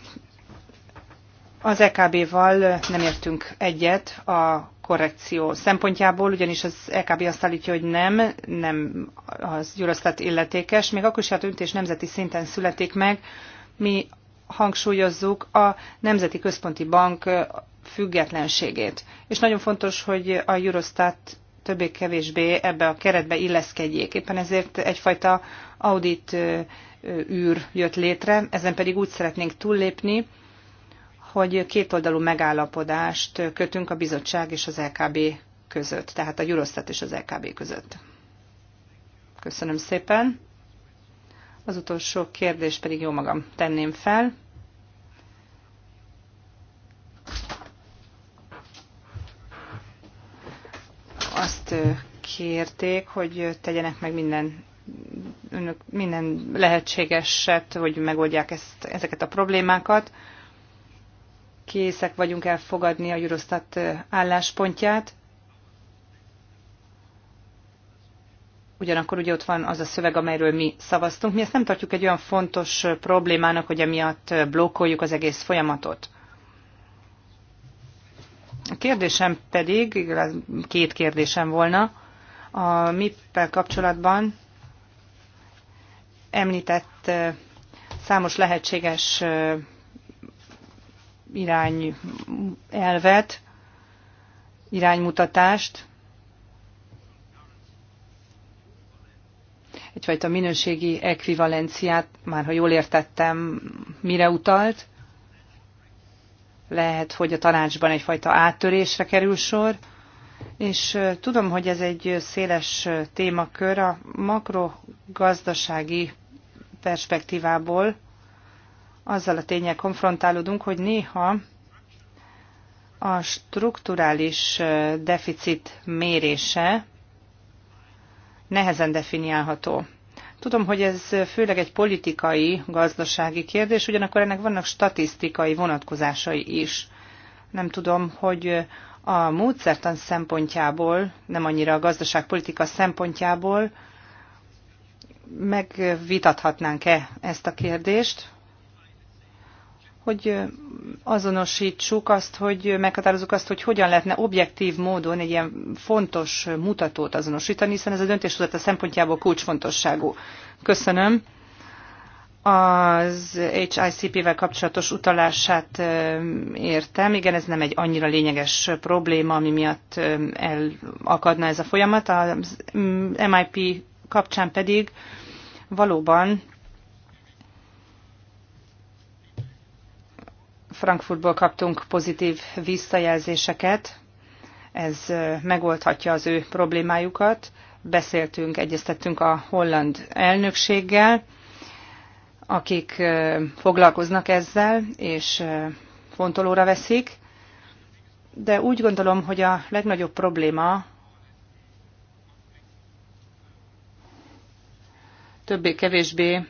Az EKB-val nem értünk egyet a korrekció szempontjából, ugyanis az EKB azt állítja, hogy nem, nem az Eurostat illetékes, még akkor is, a döntés nemzeti szinten születik meg, mi hangsúlyozzuk a Nemzeti Központi Bank függetlenségét. És nagyon fontos, hogy a Eurostat többé-kevésbé ebbe a keretbe illeszkedjék. Éppen ezért egyfajta audit űr jött létre, ezen pedig úgy szeretnénk túllépni, hogy kétoldalú megállapodást kötünk a bizottság és az LKB között, tehát a Eurostat és az LKB között. Köszönöm szépen. Az utolsó kérdés pedig jó magam tenném fel. azt kérték, hogy tegyenek meg minden önök minden lehetségeset, hogy megoldják ezt, ezeket a problémákat. Készek vagyunk elfogadni a Eurostat álláspontját. Ugyanakkor ugye ott van az a szöveg, amelyről mi szavaztunk. Mi ezt nem tartjuk egy olyan fontos problémának, hogy emiatt blokkoljuk az egész folyamatot. A kérdésem pedig, két kérdésem volna, a MIP-pel kapcsolatban említett számos lehetséges irány elvet, iránymutatást, egyfajta minőségi ekvivalenciát, már ha jól értettem, mire utalt lehet, hogy a tanácsban egyfajta áttörésre kerül sor, és tudom, hogy ez egy széles témakör a makrogazdasági perspektívából, azzal a tényel konfrontálódunk, hogy néha a strukturális deficit mérése nehezen definiálható. Tudom, hogy ez főleg egy politikai, gazdasági kérdés, ugyanakkor ennek vannak statisztikai vonatkozásai is. Nem tudom, hogy a módszertan szempontjából, nem annyira a gazdaságpolitika szempontjából megvitathatnánk-e ezt a kérdést, hogy azonosítsuk azt, hogy meghatározzuk azt, hogy hogyan lehetne objektív módon egy ilyen fontos mutatót azonosítani, hiszen ez a döntéshozata szempontjából kulcsfontosságú. Köszönöm. Az HICP-vel kapcsolatos utalását értem. Igen, ez nem egy annyira lényeges probléma, ami miatt elakadna ez a folyamat. Az MIP mm, kapcsán pedig valóban Frankfurtból kaptunk pozitív visszajelzéseket, ez megoldhatja az ő problémájukat. Beszéltünk, egyeztettünk a holland elnökséggel, akik foglalkoznak ezzel, és fontolóra veszik, de úgy gondolom, hogy a legnagyobb probléma többé-kevésbé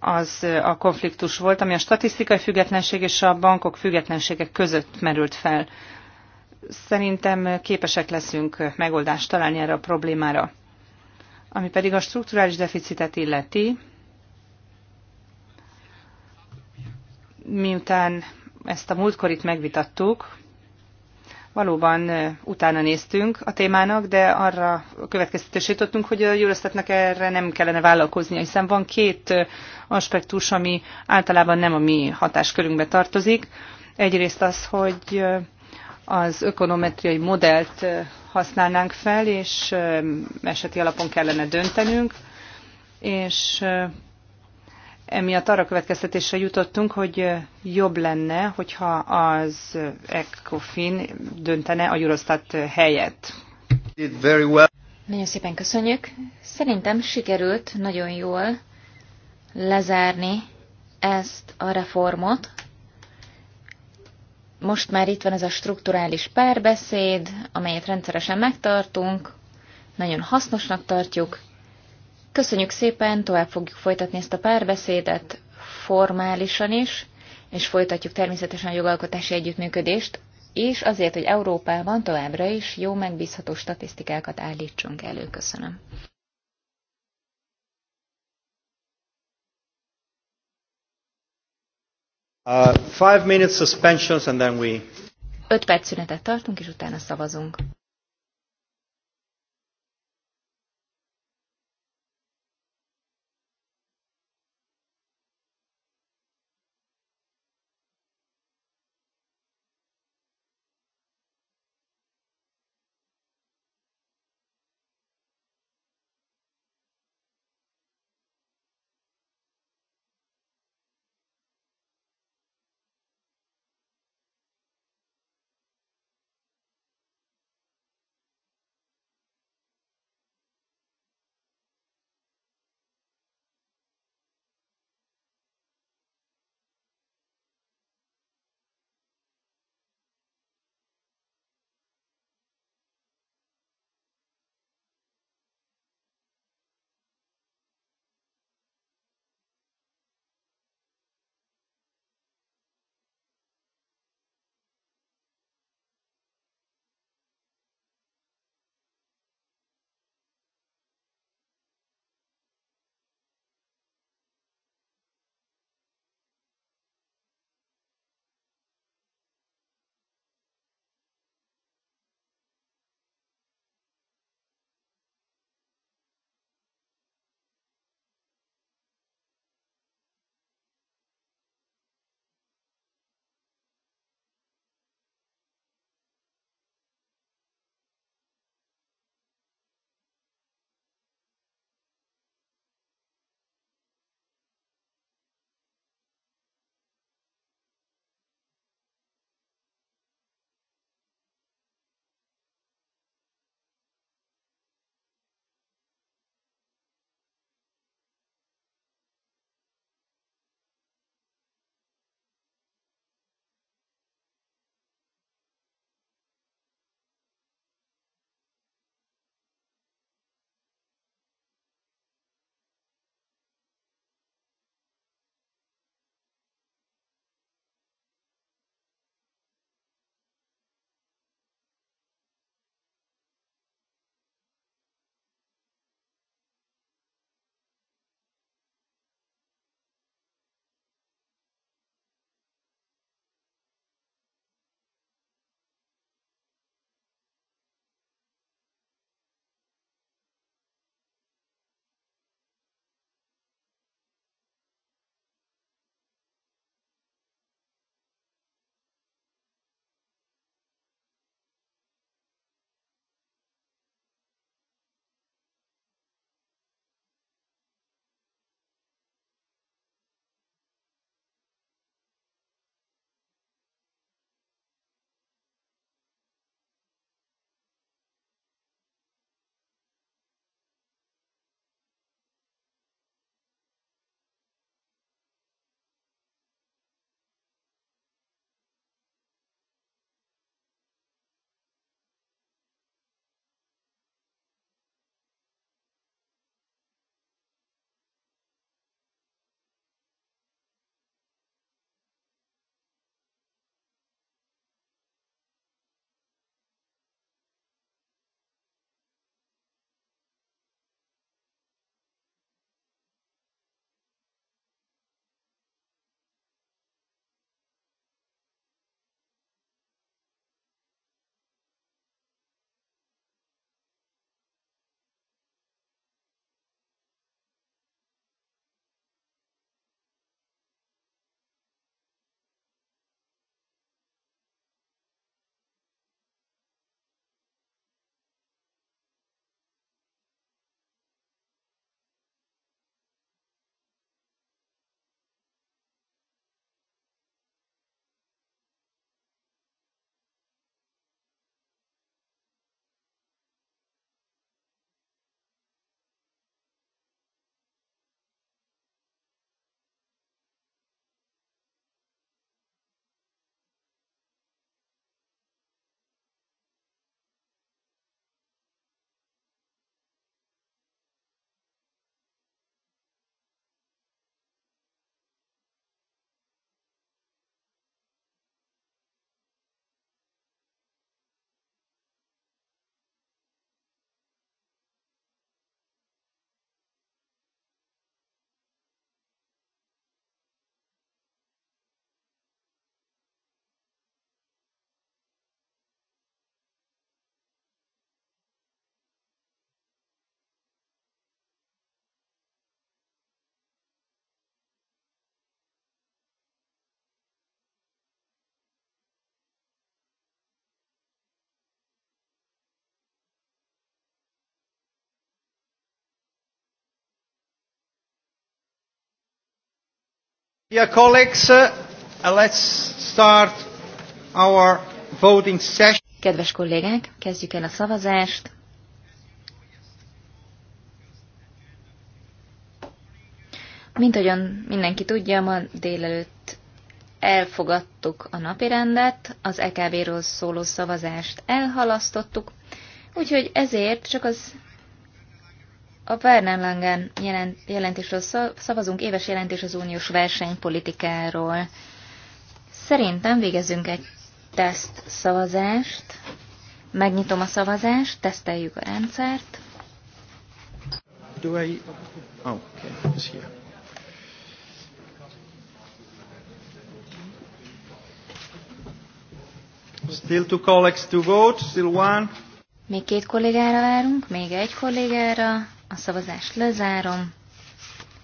az a konfliktus volt, ami a statisztikai függetlenség és a bankok függetlensége között merült fel. Szerintem képesek leszünk megoldást találni erre a problémára. Ami pedig a strukturális deficitet illeti, miután ezt a múltkor itt megvitattuk, valóban utána néztünk a témának, de arra következtetés jutottunk, hogy a Eurostatnak erre nem kellene vállalkoznia, hiszen van két aspektus, ami általában nem a mi hatáskörünkbe tartozik. Egyrészt az, hogy az ökonometriai modellt használnánk fel, és eseti alapon kellene döntenünk, és Emiatt arra következtetésre jutottunk, hogy jobb lenne, hogyha az ECOFIN döntene a Eurostat helyett. Well. Nagyon szépen köszönjük. Szerintem sikerült nagyon jól lezárni ezt a reformot. Most már itt van ez a strukturális párbeszéd, amelyet rendszeresen megtartunk, nagyon hasznosnak tartjuk, Köszönjük szépen, tovább fogjuk folytatni ezt a párbeszédet formálisan is, és folytatjuk természetesen a jogalkotási együttműködést, és azért, hogy Európában továbbra is jó, megbízható statisztikákat állítsunk elő. Köszönöm. Uh, five minutes suspensions and then we... Öt perc szünetet tartunk, és utána szavazunk. Dear colleagues, uh, let's start our voting session. Kedves kollégák, kezdjük el a szavazást. Mint ahogyan mindenki tudja, ma délelőtt elfogadtuk a napirendet, az EKB-ról szóló szavazást elhalasztottuk, úgyhogy ezért csak az a Werner Langen jelentésről szavazunk, éves jelentés az uniós versenypolitikáról. Szerintem végezzünk egy teszt szavazást. Megnyitom a szavazást, teszteljük a rendszert. Do I... Oh, okay, it's here. Still two colleagues to vote, still one. Még két kollégára várunk, még egy kollégára. A szavazást lezárom.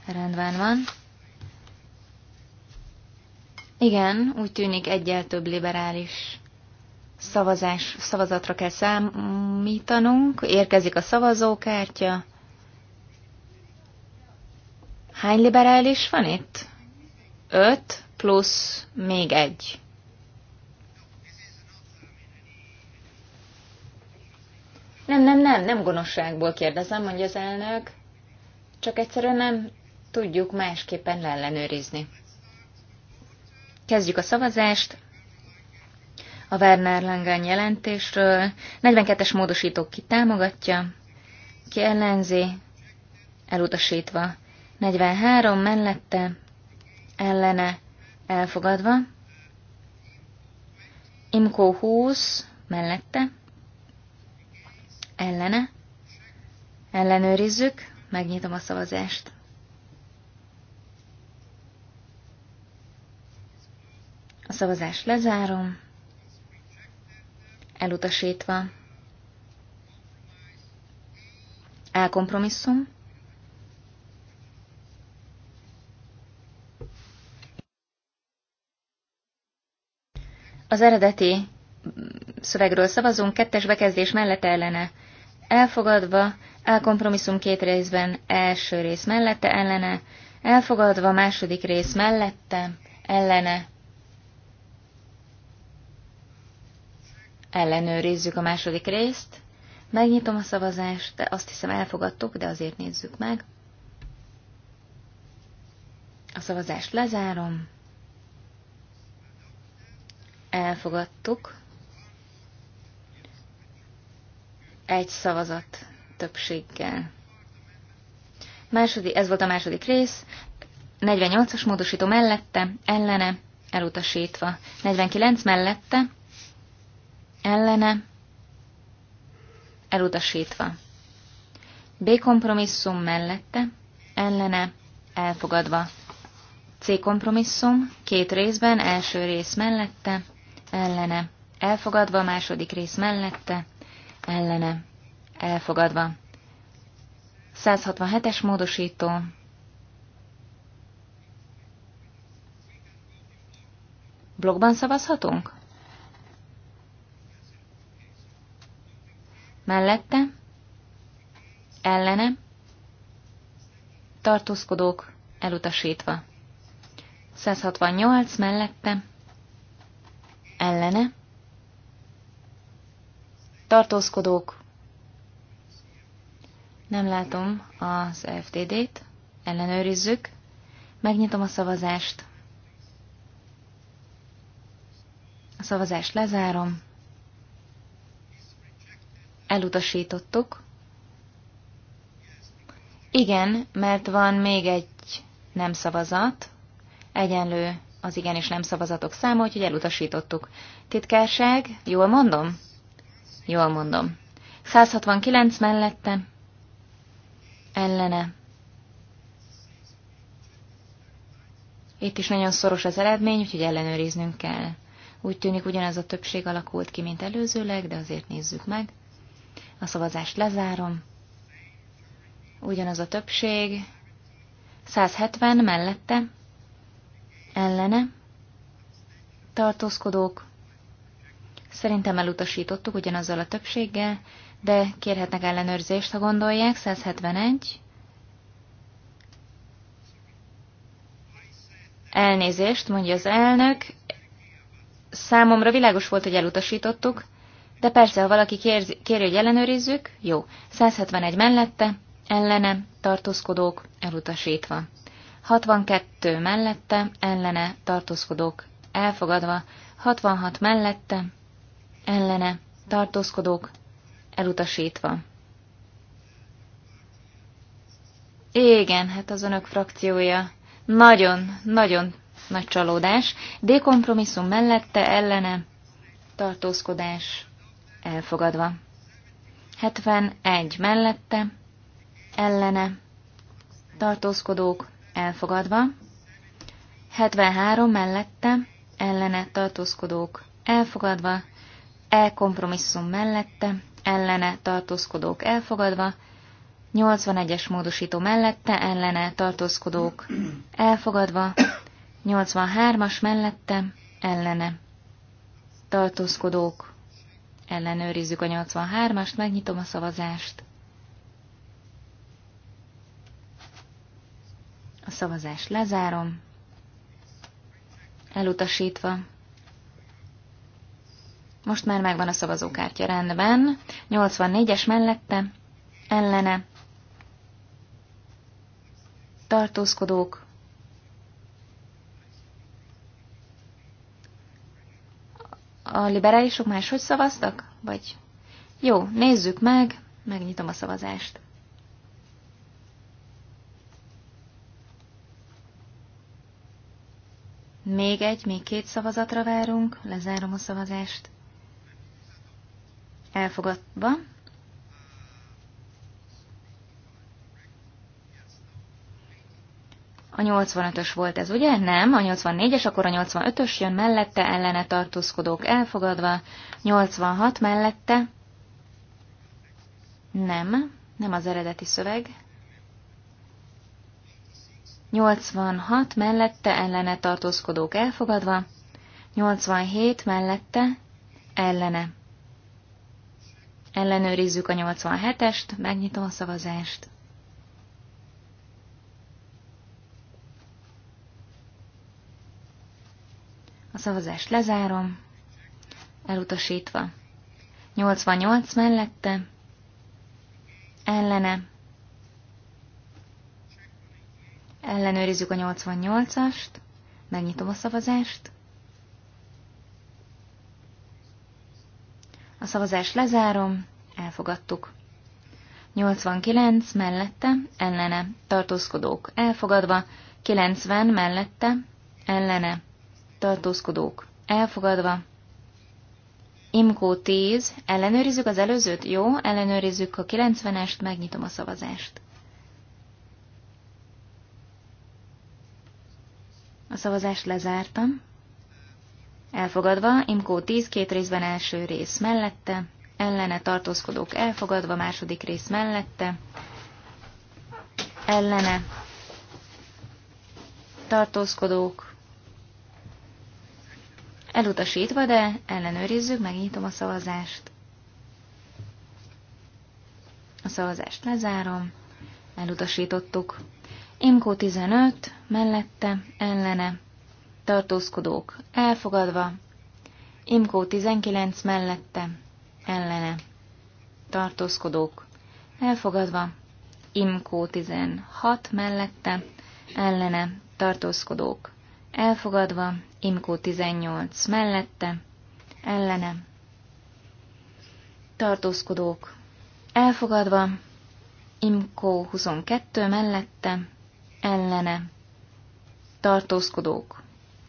Rendben van. Igen, úgy tűnik egyel több liberális szavazás, szavazatra kell számítanunk. Érkezik a szavazókártya. Hány liberális van itt? Öt plusz még egy. Nem, nem, nem, nem gonoszságból kérdezem, mondja az elnök, csak egyszerűen nem tudjuk másképpen ellenőrizni. Kezdjük a szavazást. A Werner Langen jelentésről 42-es módosító ki támogatja, ki ellenzi, elutasítva. 43 mellette, ellene, elfogadva. Imkó 20 mellette, Ellene? Ellenőrizzük, megnyitom a szavazást. A szavazást lezárom. Elutasítva. Elkompromisszum. Az eredeti szövegről szavazunk, kettes bekezdés mellette ellene. Elfogadva, elkompromisszum két részben, első rész mellette ellene, elfogadva második rész mellette ellene. Ellenőrizzük a második részt. Megnyitom a szavazást, de azt hiszem elfogadtuk, de azért nézzük meg. A szavazást lezárom. Elfogadtuk. egy szavazat többséggel. Második, ez volt a második rész, 48-as módosító mellette, ellene, elutasítva. 49 mellette, ellene, elutasítva. B kompromisszum mellette, ellene, elfogadva. C kompromisszum, két részben, első rész mellette, ellene, elfogadva, második rész mellette, ellene, elfogadva. 167-es módosító, Blogban szavazhatunk? Mellette? Ellene? Tartózkodók elutasítva. 168 mellette? Ellene? tartózkodók, nem látom az FTD-t, ellenőrizzük, megnyitom a szavazást, a szavazást lezárom, elutasítottuk, igen, mert van még egy nem szavazat, egyenlő az igen és nem szavazatok száma, úgyhogy elutasítottuk. Titkárság, jól mondom? Jól mondom. 169 mellette, ellene. Itt is nagyon szoros az eredmény, úgyhogy ellenőriznünk kell. Úgy tűnik ugyanaz a többség alakult ki, mint előzőleg, de azért nézzük meg. A szavazást lezárom. Ugyanaz a többség. 170 mellette. Ellene. Tartózkodók. Szerintem elutasítottuk ugyanazzal a többséggel, de kérhetnek ellenőrzést, ha gondolják. 171. Elnézést, mondja az elnök. Számomra világos volt, hogy elutasítottuk, de persze, ha valaki kér, kéri, hogy ellenőrizzük, jó. 171 mellette, ellene, tartózkodók, elutasítva. 62 mellette, ellene, tartózkodók, elfogadva. 66 mellette, ellene tartózkodók elutasítva. Igen, hát az önök frakciója nagyon, nagyon nagy csalódás. dékompromisszum mellette ellene tartózkodás elfogadva. 71 mellette ellene tartózkodók elfogadva. 73 mellette ellene tartózkodók elfogadva. E kompromisszum mellette, ellene tartózkodók elfogadva, 81-es módosító mellette, ellene tartózkodók elfogadva, 83-as mellette, ellene tartózkodók. Ellenőrizzük a 83-ast, megnyitom a szavazást. A szavazást lezárom. Elutasítva. Most már megvan a szavazókártya rendben. 84-es mellette, ellene, tartózkodók, A liberálisok máshogy szavaztak? Vagy? Jó, nézzük meg, megnyitom a szavazást. Még egy, még két szavazatra várunk, lezárom a szavazást elfogadva. A 85-ös volt ez, ugye? Nem, a 84-es, akkor a 85-ös jön mellette, ellene tartózkodók elfogadva, 86 mellette. Nem, nem az eredeti szöveg. 86 mellette, ellene tartózkodók elfogadva, 87 mellette, ellene Ellenőrizzük a 87-est, megnyitom a szavazást. A szavazást lezárom, elutasítva. 88 mellette, ellene, ellenőrizzük a 88-ast, megnyitom a szavazást, A szavazást lezárom, elfogadtuk. 89 mellette, ellene, tartózkodók elfogadva, 90 mellette, ellene, tartózkodók elfogadva. Imkó 10, ellenőrizzük az előzőt? Jó, ellenőrizzük a 90-est, megnyitom a szavazást. A szavazást lezártam elfogadva, Imkó 10 két részben első rész mellette, ellene tartózkodók elfogadva, második rész mellette, ellene tartózkodók elutasítva, de ellenőrizzük, megnyitom a szavazást. A szavazást lezárom, elutasítottuk. Imkó 15, mellette, ellene, tartózkodók elfogadva, Imkó 19 mellette, ellene, tartózkodók elfogadva, Imkó 16 mellette, ellene, tartózkodók elfogadva, Imkó 18 mellette, ellene, tartózkodók elfogadva, Imkó 22 mellette, ellene, tartózkodók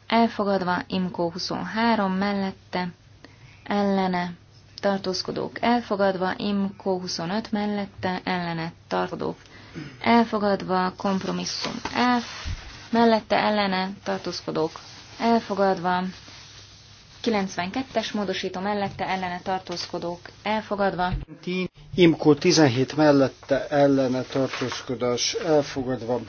elfogadva, Imkó 23 mellette, ellene, tartózkodók elfogadva, Imkó 25 mellette, ellene, tartózkodók elfogadva, kompromisszum F, mellette, ellene, tartózkodók elfogadva, 92-es módosító mellette, ellene, tartózkodók elfogadva, Imkó 17 mellette, ellene, tartózkodás elfogadva,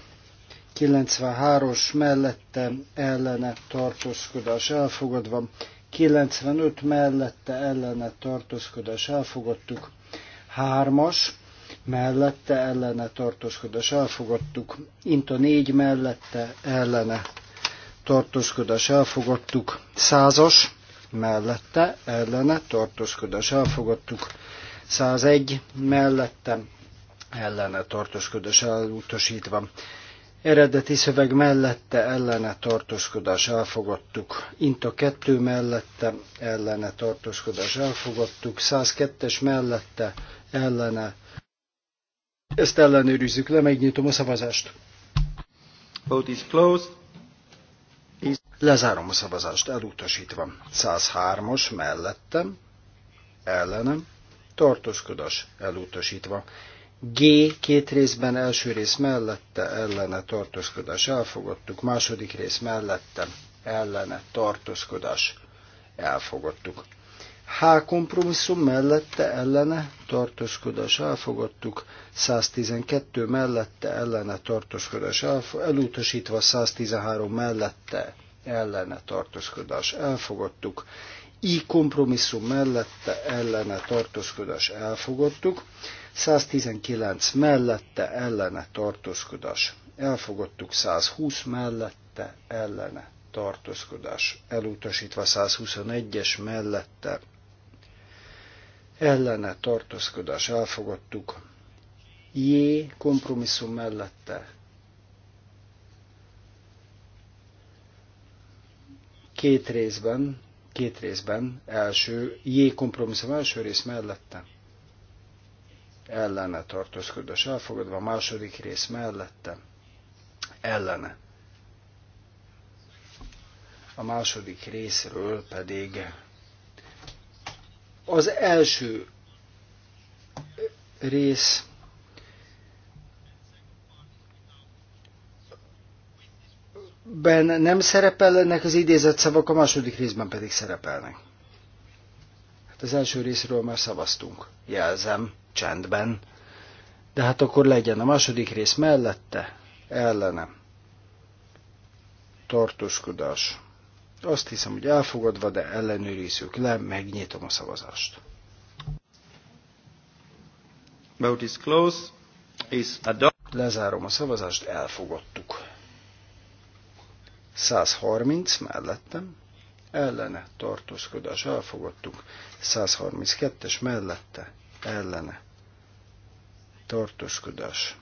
93-os mellette ellene tartózkodás elfogadva, 95 mellette ellene tartózkodás elfogadtuk, 3-as mellette ellene tartózkodás elfogadtuk, int a 4 mellette ellene tartózkodás elfogadtuk, 100-as mellette ellene tartózkodás elfogadtuk, 101 mellette ellene tartózkodás elutasítva eredeti szöveg mellette ellene tartózkodás elfogadtuk. Inta 2 mellette ellene tartózkodás elfogadtuk. 102-es mellette ellene. Ezt ellenőrizzük le, megnyitom a szavazást. Vote is closed. Is... Lezárom a szavazást, elutasítva. 103-as mellettem, ellenem, tartózkodás elutasítva. G két részben, első rész mellette, ellene tartózkodás elfogadtuk, második rész mellette, ellene tartózkodás elfogadtuk. H kompromisszum mellette, ellene tartózkodás elfogadtuk, 112 mellette, ellene tartózkodás elutasítva, 113 mellette, ellene tartózkodás elfogadtuk, I kompromisszum mellette, ellene tartózkodás elfogadtuk, 119 mellette ellene tartózkodás. Elfogadtuk 120 mellette ellene tartózkodás. Elutasítva 121-es mellette ellene tartózkodás. Elfogadtuk J kompromisszum mellette két részben, két részben, első J kompromisszum első rész mellette ellene és elfogadva, a második rész mellette ellene. A második részről pedig az első rész ben nem szerepelnek az idézett szavak, a második részben pedig szerepelnek. Hát az első részről már szavaztunk, jelzem csendben, de hát akkor legyen a második rész mellette, ellene. Tartózkodás. Azt hiszem, hogy elfogadva, de ellenőrizzük le, megnyitom a szavazást. Vote is closed. Is Lezárom a szavazást, elfogadtuk. 130 mellettem, ellene tartózkodás elfogadtuk, 132-es mellette, ellene tartoskodás.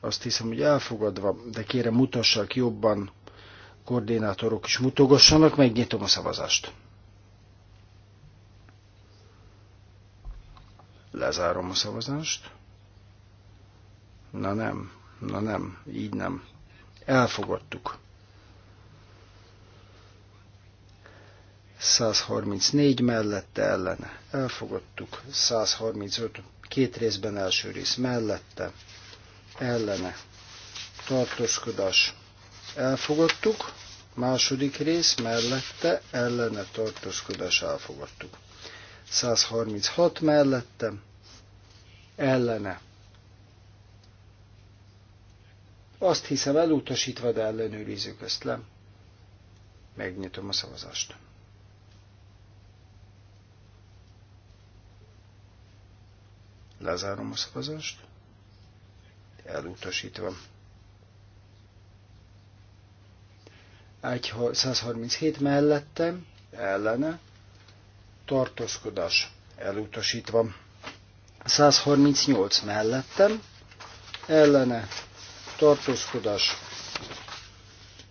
Azt hiszem, hogy elfogadva, de kérem mutassák jobban, koordinátorok is mutogassanak, megnyitom a szavazást. Lezárom a szavazást. Na nem, na nem, így nem. Elfogadtuk. 134 mellette ellene elfogadtuk, 135 két részben első rész mellette ellene tartózkodás elfogadtuk, második rész mellette ellene tartózkodás elfogadtuk. 136 mellette ellene. Azt hiszem elutasítva, de ellenőrizzük ezt le. Megnyitom a szavazást. Lezárom a szavazást. Elutasítva. Egy 137 mellette, ellene, tartózkodás elutasítva. 138 mellettem, ellene, tartózkodás,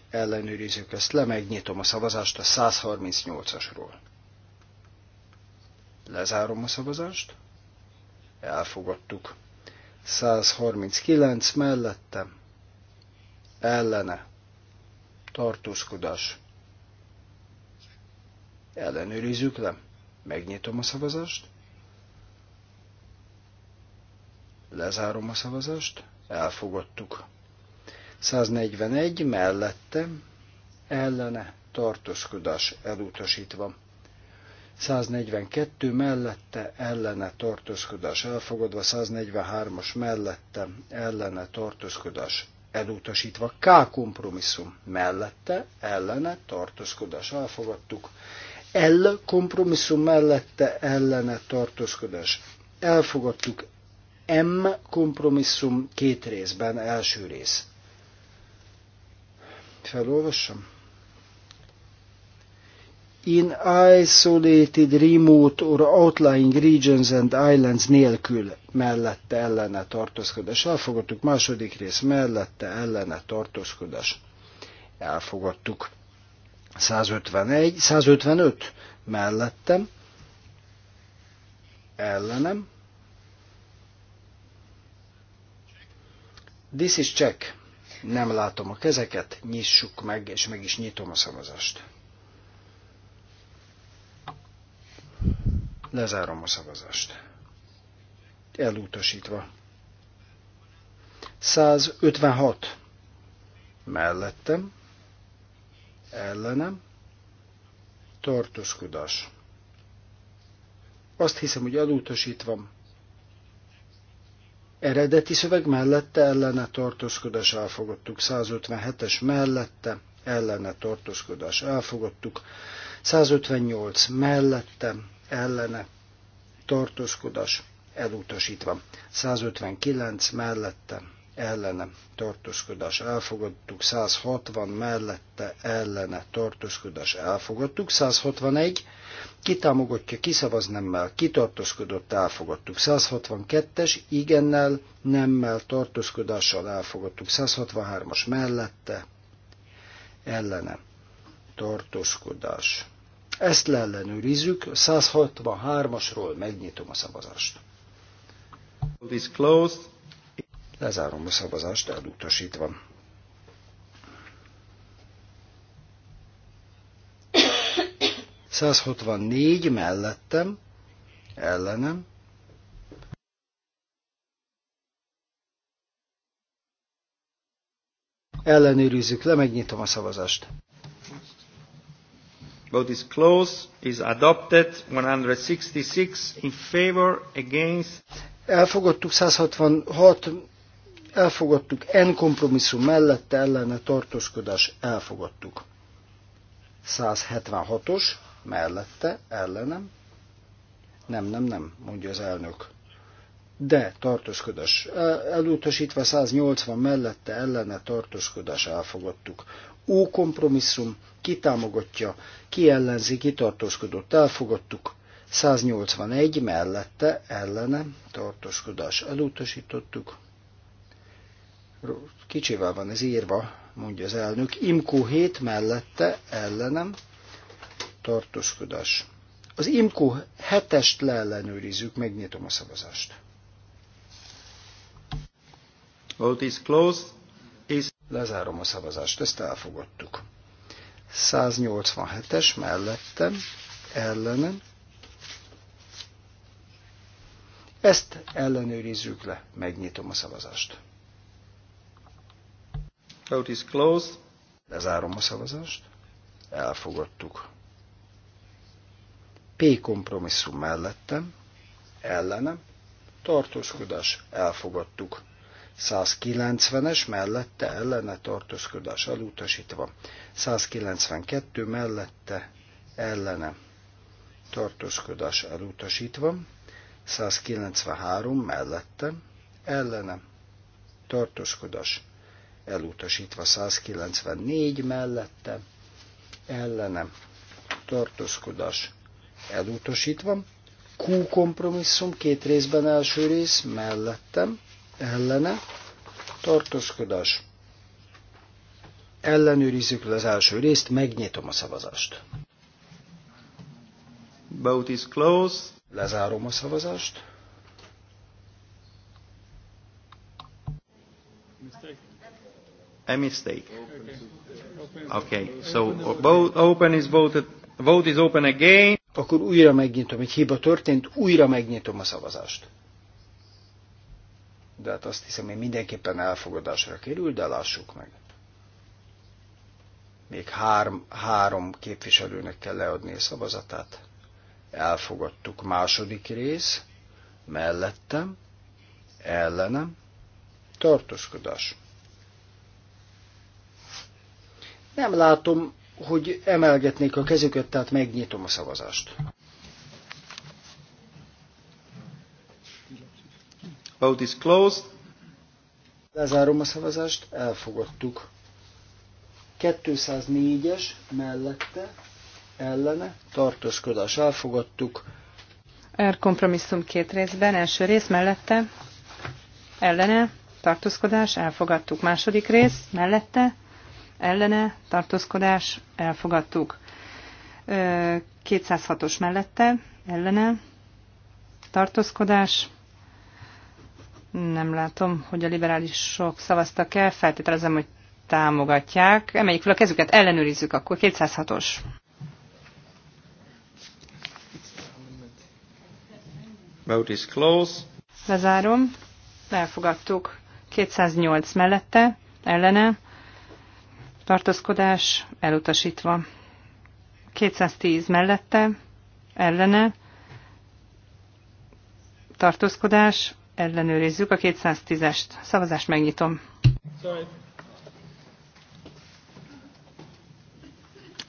ellenőrizzük ezt le, megnyitom a szavazást a 138-asról. Lezárom a szavazást elfogadtuk. 139 mellette ellene tartózkodás. Ellenőrizzük le. Megnyitom a szavazást. Lezárom a szavazást. Elfogadtuk. 141 mellette ellene tartózkodás elutasítva. 142 mellette ellene tartózkodás elfogadva, 143-as mellette ellene tartózkodás elutasítva, K kompromisszum mellette ellene tartózkodás elfogadtuk, L kompromisszum mellette ellene tartózkodás elfogadtuk, M kompromisszum két részben, első rész. Felolvassam? in isolated remote or outlying regions and islands nélkül mellette ellene tartózkodás. Elfogadtuk második rész mellette ellene tartózkodás. Elfogadtuk. 151, 155 mellettem, ellenem. This is check. Nem látom a kezeket, nyissuk meg, és meg is nyitom a szavazást. Lezárom a szavazást. Elutasítva. 156. Mellettem. Ellenem. Tartózkodás. Azt hiszem, hogy elutasítva. Eredeti szöveg mellette ellene tartózkodás elfogadtuk. 157-es mellette ellene tartózkodás elfogadtuk. 158 mellette ellene tartózkodás elutasítva. 159 mellette ellene tartózkodás elfogadtuk, 160 mellette ellene tartózkodás elfogadtuk, 161 kitámogatja, kiszavaz nemmel, kitartózkodott, elfogadtuk, 162-es igennel, nemmel, tartózkodással elfogadtuk, 163-as mellette ellene tartózkodás ezt leellenőrizzük, 163-asról megnyitom a szavazást. Lezárom a szavazást, elutasítva. négy mellettem, ellenem, ellenőrizzük le, megnyitom a szavazást. Vote is closed. Is adopted. 166 in favor, against. Elfogadtuk 166, elfogadtuk N kompromisszum mellette ellene tartózkodás, elfogadtuk. 176-os mellette ellenem. Nem, nem, nem, mondja az elnök. De tartózkodás elutasítva 180 mellette ellene tartózkodás elfogadtuk ó kompromisszum, ki támogatja, ki ellenzi, ki tartózkodott, elfogadtuk. 181 mellette ellene tartózkodás elutasítottuk. Kicsivel van ez írva, mondja az elnök. Imkó 7 mellette ellenem tartózkodás. Az Imkó 7-est leellenőrizzük, megnyitom a szavazást. Vote is closed. Lezárom a szavazást, ezt elfogadtuk. 187-es mellettem, ellenem. Ezt ellenőrizzük le, megnyitom a szavazást. Vote is closed. Lezárom a szavazást. Elfogadtuk. P kompromisszum mellettem, ellenem, tartózkodás, elfogadtuk. 190-es mellette ellene tartózkodás elutasítva, 192 mellette ellene tartózkodás elutasítva, 193 mellette ellene tartózkodás elutasítva, 194 mellette ellene tartózkodás elutasítva, Q kompromisszum két részben első rész mellettem, ellene, tartózkodás, ellenőrizzük le az első részt, megnyitom a szavazást. Boat is closed. Lezárom a szavazást. A mistake. Okay, so vote open is voted. Vote is open again. Akkor újra megnyitom, egy hiba történt, újra megnyitom a szavazást de hát azt hiszem, hogy mindenképpen elfogadásra kerül, de lássuk meg. Még három, három képviselőnek kell leadni a szavazatát. Elfogadtuk második rész, mellettem, ellenem, tartózkodás. Nem látom, hogy emelgetnék a kezüket, tehát megnyitom a szavazást. Vote is closed. Lezárom a szavazást, elfogadtuk. 204-es mellette, ellene, tartózkodás elfogadtuk. Er kompromisszum két részben, első rész mellette, ellene, tartózkodás, elfogadtuk. Második rész mellette, ellene, tartózkodás, elfogadtuk. 206-os mellette, ellene, tartózkodás, nem látom, hogy a liberálisok szavaztak el, feltételezem, hogy támogatják. Emeljük fel a kezüket, ellenőrizzük akkor. 206-os. Vote is close. Lezárom. Elfogadtuk. 208 mellette, ellene. Tartózkodás elutasítva. 210 mellette, ellene. Tartózkodás ellenőrizzük a 210-est. Szavazást megnyitom.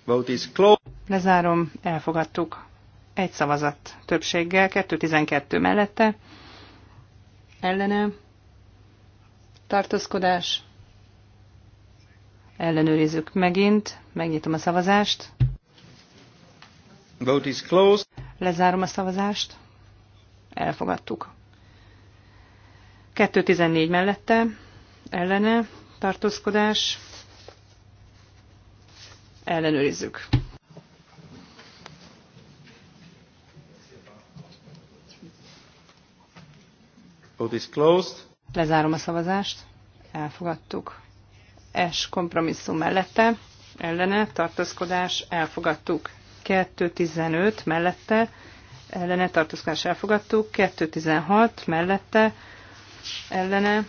Vote is closed. Lezárom, elfogadtuk. Egy szavazat többséggel, 212 mellette. Ellene. Tartózkodás. Ellenőrizzük megint. Megnyitom a szavazást. Vote is closed. Lezárom a szavazást. Elfogadtuk. 2.14 mellette, ellene, tartózkodás, ellenőrizzük. Vote is closed. Lezárom a szavazást. Elfogadtuk. S kompromisszum mellette, ellene, tartózkodás, elfogadtuk. 2.15 mellette, ellene, tartózkodás, elfogadtuk. 2.16 mellette, ellene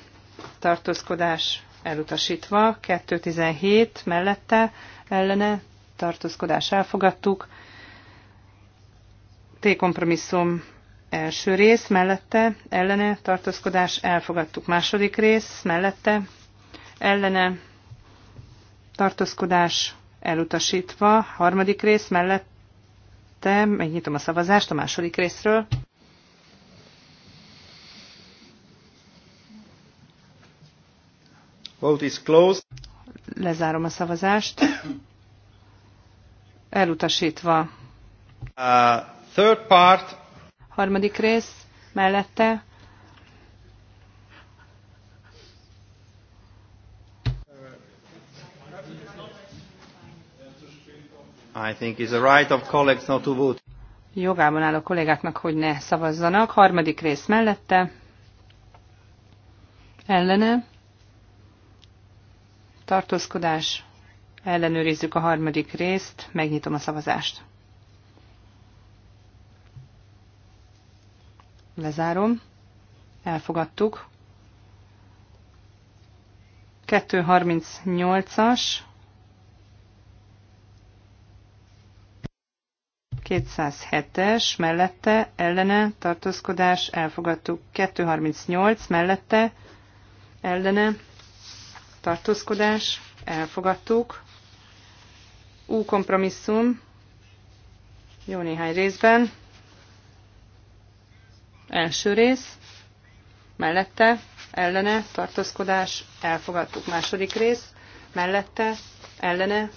tartózkodás elutasítva, 217 mellette ellene tartózkodás elfogadtuk, T kompromisszum első rész mellette ellene tartózkodás elfogadtuk, második rész mellette ellene tartózkodás elutasítva, harmadik rész mellette megnyitom a szavazást a második részről. Vote is closed. Lezárom a szavazást. Elutasítva. Uh, third part. Harmadik rész mellette. I think it's a right of colleagues not to vote. Jogában áll a kollégáknak, hogy ne szavazzanak. Harmadik rész mellette. Ellene tartózkodás, ellenőrizzük a harmadik részt, megnyitom a szavazást. Lezárom, elfogadtuk. 238-as, 207-es, mellette, ellene, tartózkodás, elfogadtuk. 238, mellette, ellene, tartózkodás, elfogadtuk. Ú kompromisszum, jó néhány részben. Első rész, mellette, ellene, tartózkodás, elfogadtuk. Második rész, mellette, ellene,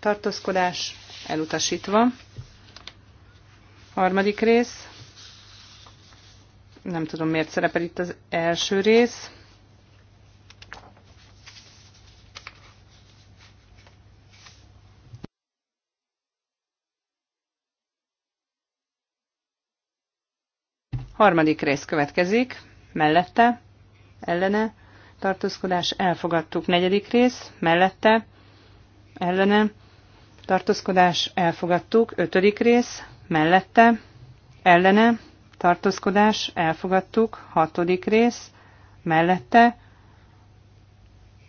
tartózkodás, elutasítva. Harmadik rész, nem tudom miért szerepel itt az első rész, Harmadik rész következik, mellette, ellene, tartózkodás, elfogadtuk. Negyedik rész, mellette, ellene, tartózkodás, elfogadtuk. Ötödik rész, mellette, ellene, tartózkodás, elfogadtuk. Hatodik rész, mellette,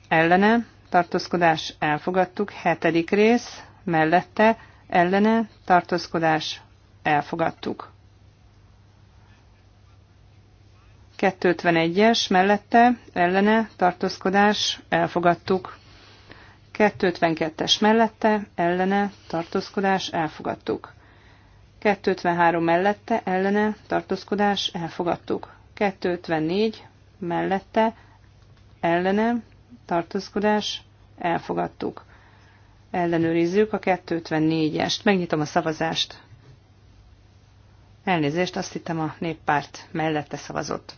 ellene, tartózkodás, elfogadtuk. Hetedik rész, mellette, ellene, tartózkodás, elfogadtuk. 251-es mellette ellene tartózkodás elfogadtuk. 252-es mellette ellene tartózkodás elfogadtuk. 253 mellette ellene tartózkodás elfogadtuk. 254 mellette ellene tartózkodás elfogadtuk. Ellenőrizzük a 254-est. Megnyitom a szavazást. Elnézést, azt hittem a néppárt mellette szavazott.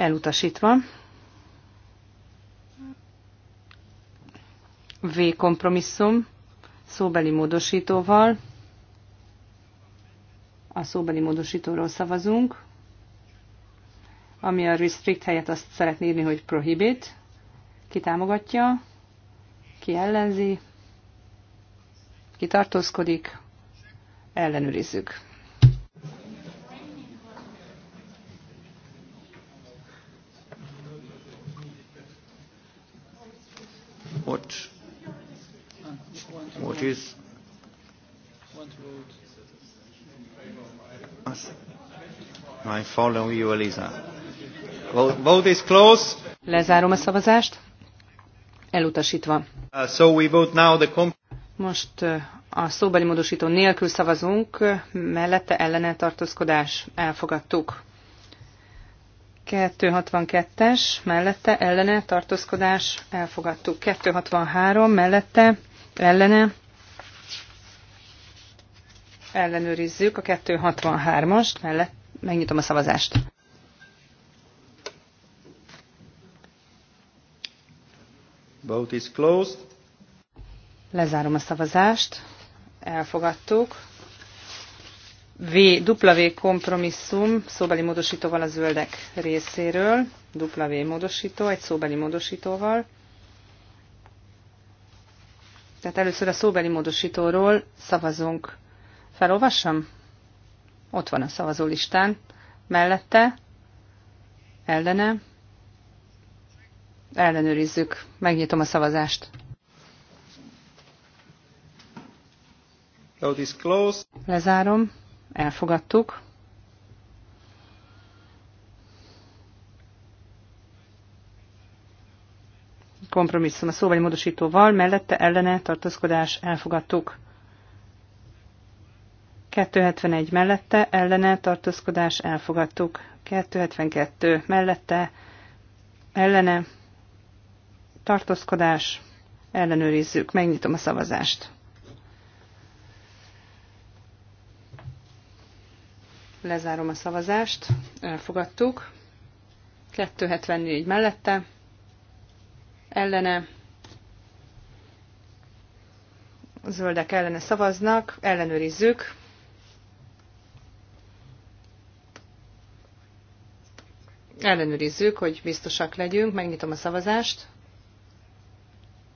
elutasítva. V kompromisszum szóbeli módosítóval. A szóbeli módosítóról szavazunk. Ami a restrict helyett azt szeretné írni, hogy prohibit. Ki támogatja, ki ellenzi, ki tartózkodik, ellenőrizzük. What? What is? I follow you, Elisa. Vote is closed. Lezárom a szavazást. Elutasítva. Uh, so we vote now the Most uh, a szóbeli módosító nélkül szavazunk, mellette ellene tartózkodás elfogadtuk. 262-es mellette ellene tartózkodás elfogadtuk. 263 mellette ellene ellenőrizzük a 263-ast, mellett megnyitom a szavazást. Vote is closed. Lezárom a szavazást. Elfogadtuk. W kompromisszum szóbeli módosítóval a zöldek részéről, W módosító, egy szóbeli módosítóval. Tehát először a szóbeli módosítóról szavazunk. Felolvassam? Ott van a szavazólistán. Mellette, ellene, ellenőrizzük. Megnyitom a szavazást. Lezárom elfogadtuk. Kompromisszum a szóval módosítóval, mellette ellene tartózkodás elfogadtuk. 271 mellette ellene tartózkodás elfogadtuk. 272 mellette ellene tartózkodás ellenőrizzük. Megnyitom a szavazást. Lezárom a szavazást. Elfogadtuk. 274 mellette. Ellene. A zöldek ellene szavaznak. Ellenőrizzük. Ellenőrizzük, hogy biztosak legyünk. Megnyitom a szavazást.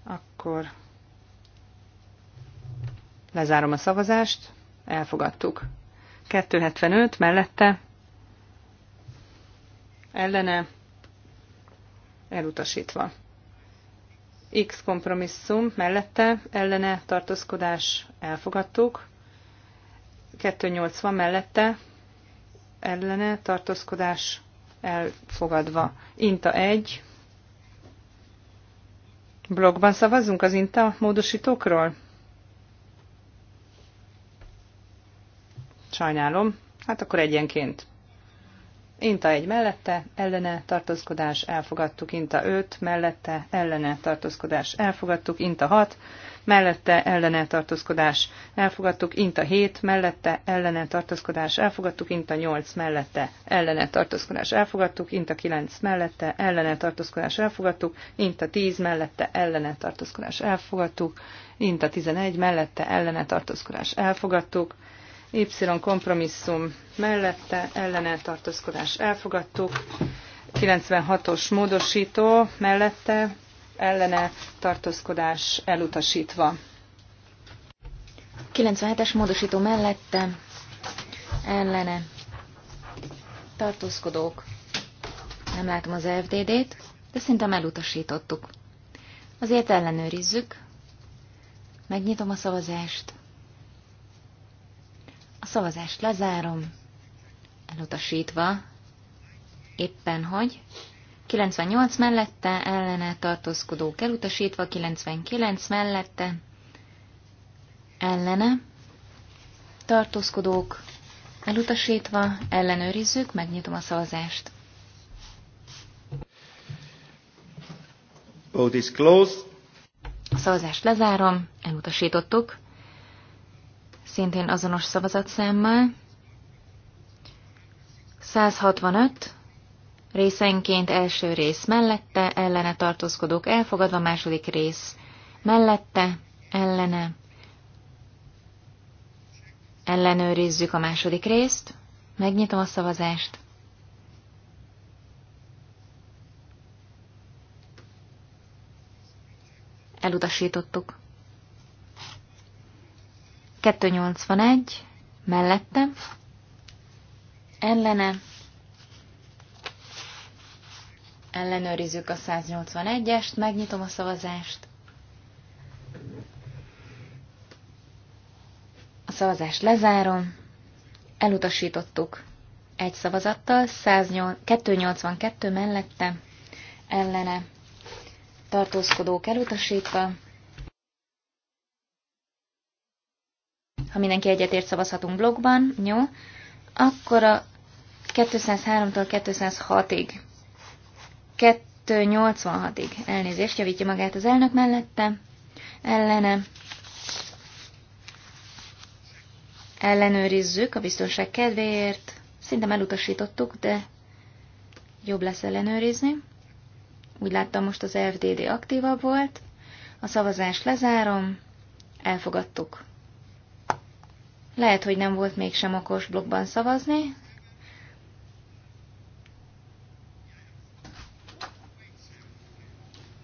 Akkor lezárom a szavazást. Elfogadtuk. 275 mellette ellene elutasítva. X kompromisszum mellette ellene tartózkodás elfogadtuk. 280 mellette ellene tartózkodás elfogadva. Inta 1. Blogban szavazzunk az Inta módosítókról? Sajnálom. Hát akkor egyenként. Inta egy mellette, ellene tartózkodás, elfogadtuk. Inta öt mellette, ellene tartózkodás, elfogadtuk. Inta hat mellette, ellene tartózkodás, elfogadtuk. Inta hét mellette, ellene tartózkodás, elfogadtuk. Inta nyolc mellette, ellene tartózkodás, elfogadtuk. Inta kilenc mellette, ellene tartózkodás, elfogadtuk. Inta tíz mellette, ellene tartózkodás, elfogadtuk. Inta tizenegy mellette, ellene tartózkodás, elfogadtuk. Y kompromisszum mellette ellene elfogadtuk. 96-os módosító mellette ellene tartózkodás elutasítva. 97-es módosító mellette ellene tartózkodók. Nem látom az FDD-t, de szerintem elutasítottuk. Azért ellenőrizzük. Megnyitom a szavazást. A szavazást lezárom, elutasítva, éppen hogy 98 mellette ellene tartózkodók elutasítva, 99 mellette ellene tartózkodók elutasítva, ellenőrizzük, megnyitom a szavazást. Vote is closed. A szavazást lezárom, elutasítottuk szintén azonos szavazatszámmal. 165 részenként első rész mellette, ellene tartózkodók elfogadva, második rész mellette, ellene. Ellenőrizzük a második részt, megnyitom a szavazást. Elutasítottuk. 281 mellette, ellene, ellenőrizzük a 181-est, megnyitom a szavazást. A szavazást lezárom, elutasítottuk egy szavazattal, 108, 282 mellette, ellene, tartózkodók elutasítva, Ha mindenki egyetért szavazhatunk blogban, jó? Akkor a 203-tól 206-ig. 286-ig. Elnézést, javítja magát az elnök mellette. Ellene. Ellenőrizzük a biztonság kedvéért. Szinte elutasítottuk, de jobb lesz ellenőrizni. Úgy láttam, most az FDD aktívabb volt. A szavazást lezárom. Elfogadtuk. Lehet, hogy nem volt mégsem okos blogban szavazni.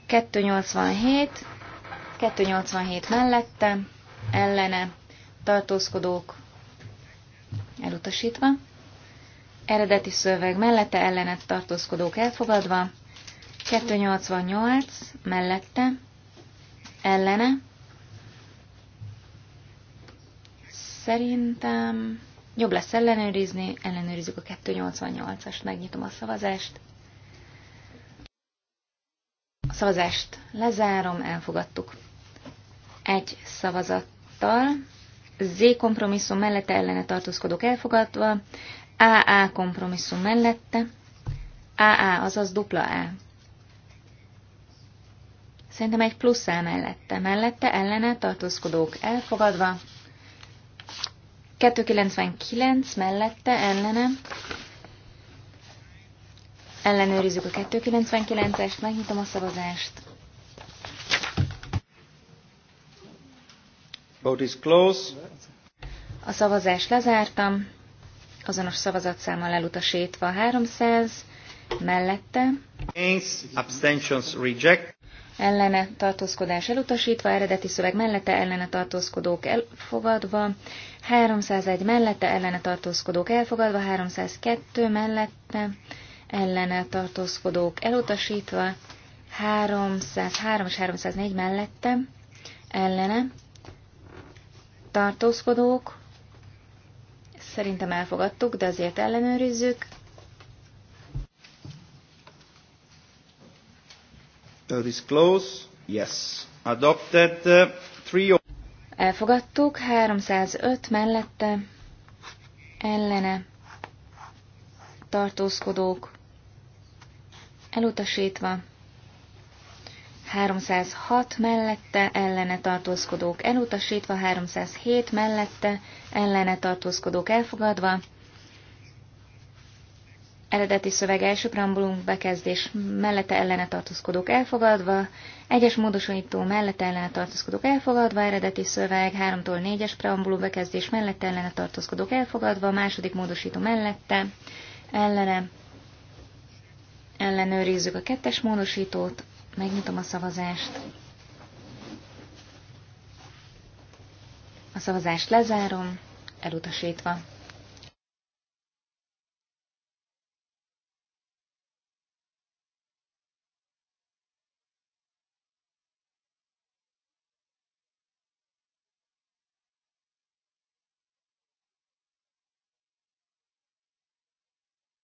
Kettő 287, 287 mellette, ellene, tartózkodók elutasítva, eredeti szöveg mellette, ellene, tartózkodók elfogadva, 288 mellette, ellene, Szerintem jobb lesz ellenőrizni, ellenőrizzük a 288-ast, megnyitom a szavazást. A szavazást lezárom, elfogadtuk. Egy szavazattal. Z kompromisszum mellette ellene tartózkodok elfogadva, AA kompromisszum mellette, AA, azaz dupla A. Szerintem egy plusz A mellette, mellette ellene tartózkodók elfogadva, 299 mellette, ellene. Ellenőrizzük a 299-est, megnyitom a szavazást. Vote is close. A szavazást lezártam, azonos szavazatszámmal elutasítva 300, mellette. Against, abstentions reject ellene tartózkodás elutasítva, eredeti szöveg mellette ellene tartózkodók elfogadva, 301 mellette ellene tartózkodók elfogadva, 302 mellette ellene tartózkodók elutasítva, 303 és 304 mellette ellene tartózkodók, szerintem elfogadtuk, de azért ellenőrizzük, Vote Yes. Adopted. Uh, three Elfogadtuk. 305 mellette. Ellene. Tartózkodók. Elutasítva. 306 mellette ellene tartózkodók elutasítva, 307 mellette ellene tartózkodók elfogadva, eredeti szöveg első preambulunk bekezdés mellette ellene tartózkodók elfogadva, egyes módosító mellette ellene tartózkodók elfogadva, eredeti szöveg 3-tól 4-es preambuló bekezdés mellette ellene tartózkodók elfogadva, második módosító mellette ellene ellenőrizzük a kettes módosítót, megnyitom a szavazást. A szavazást lezárom, elutasítva.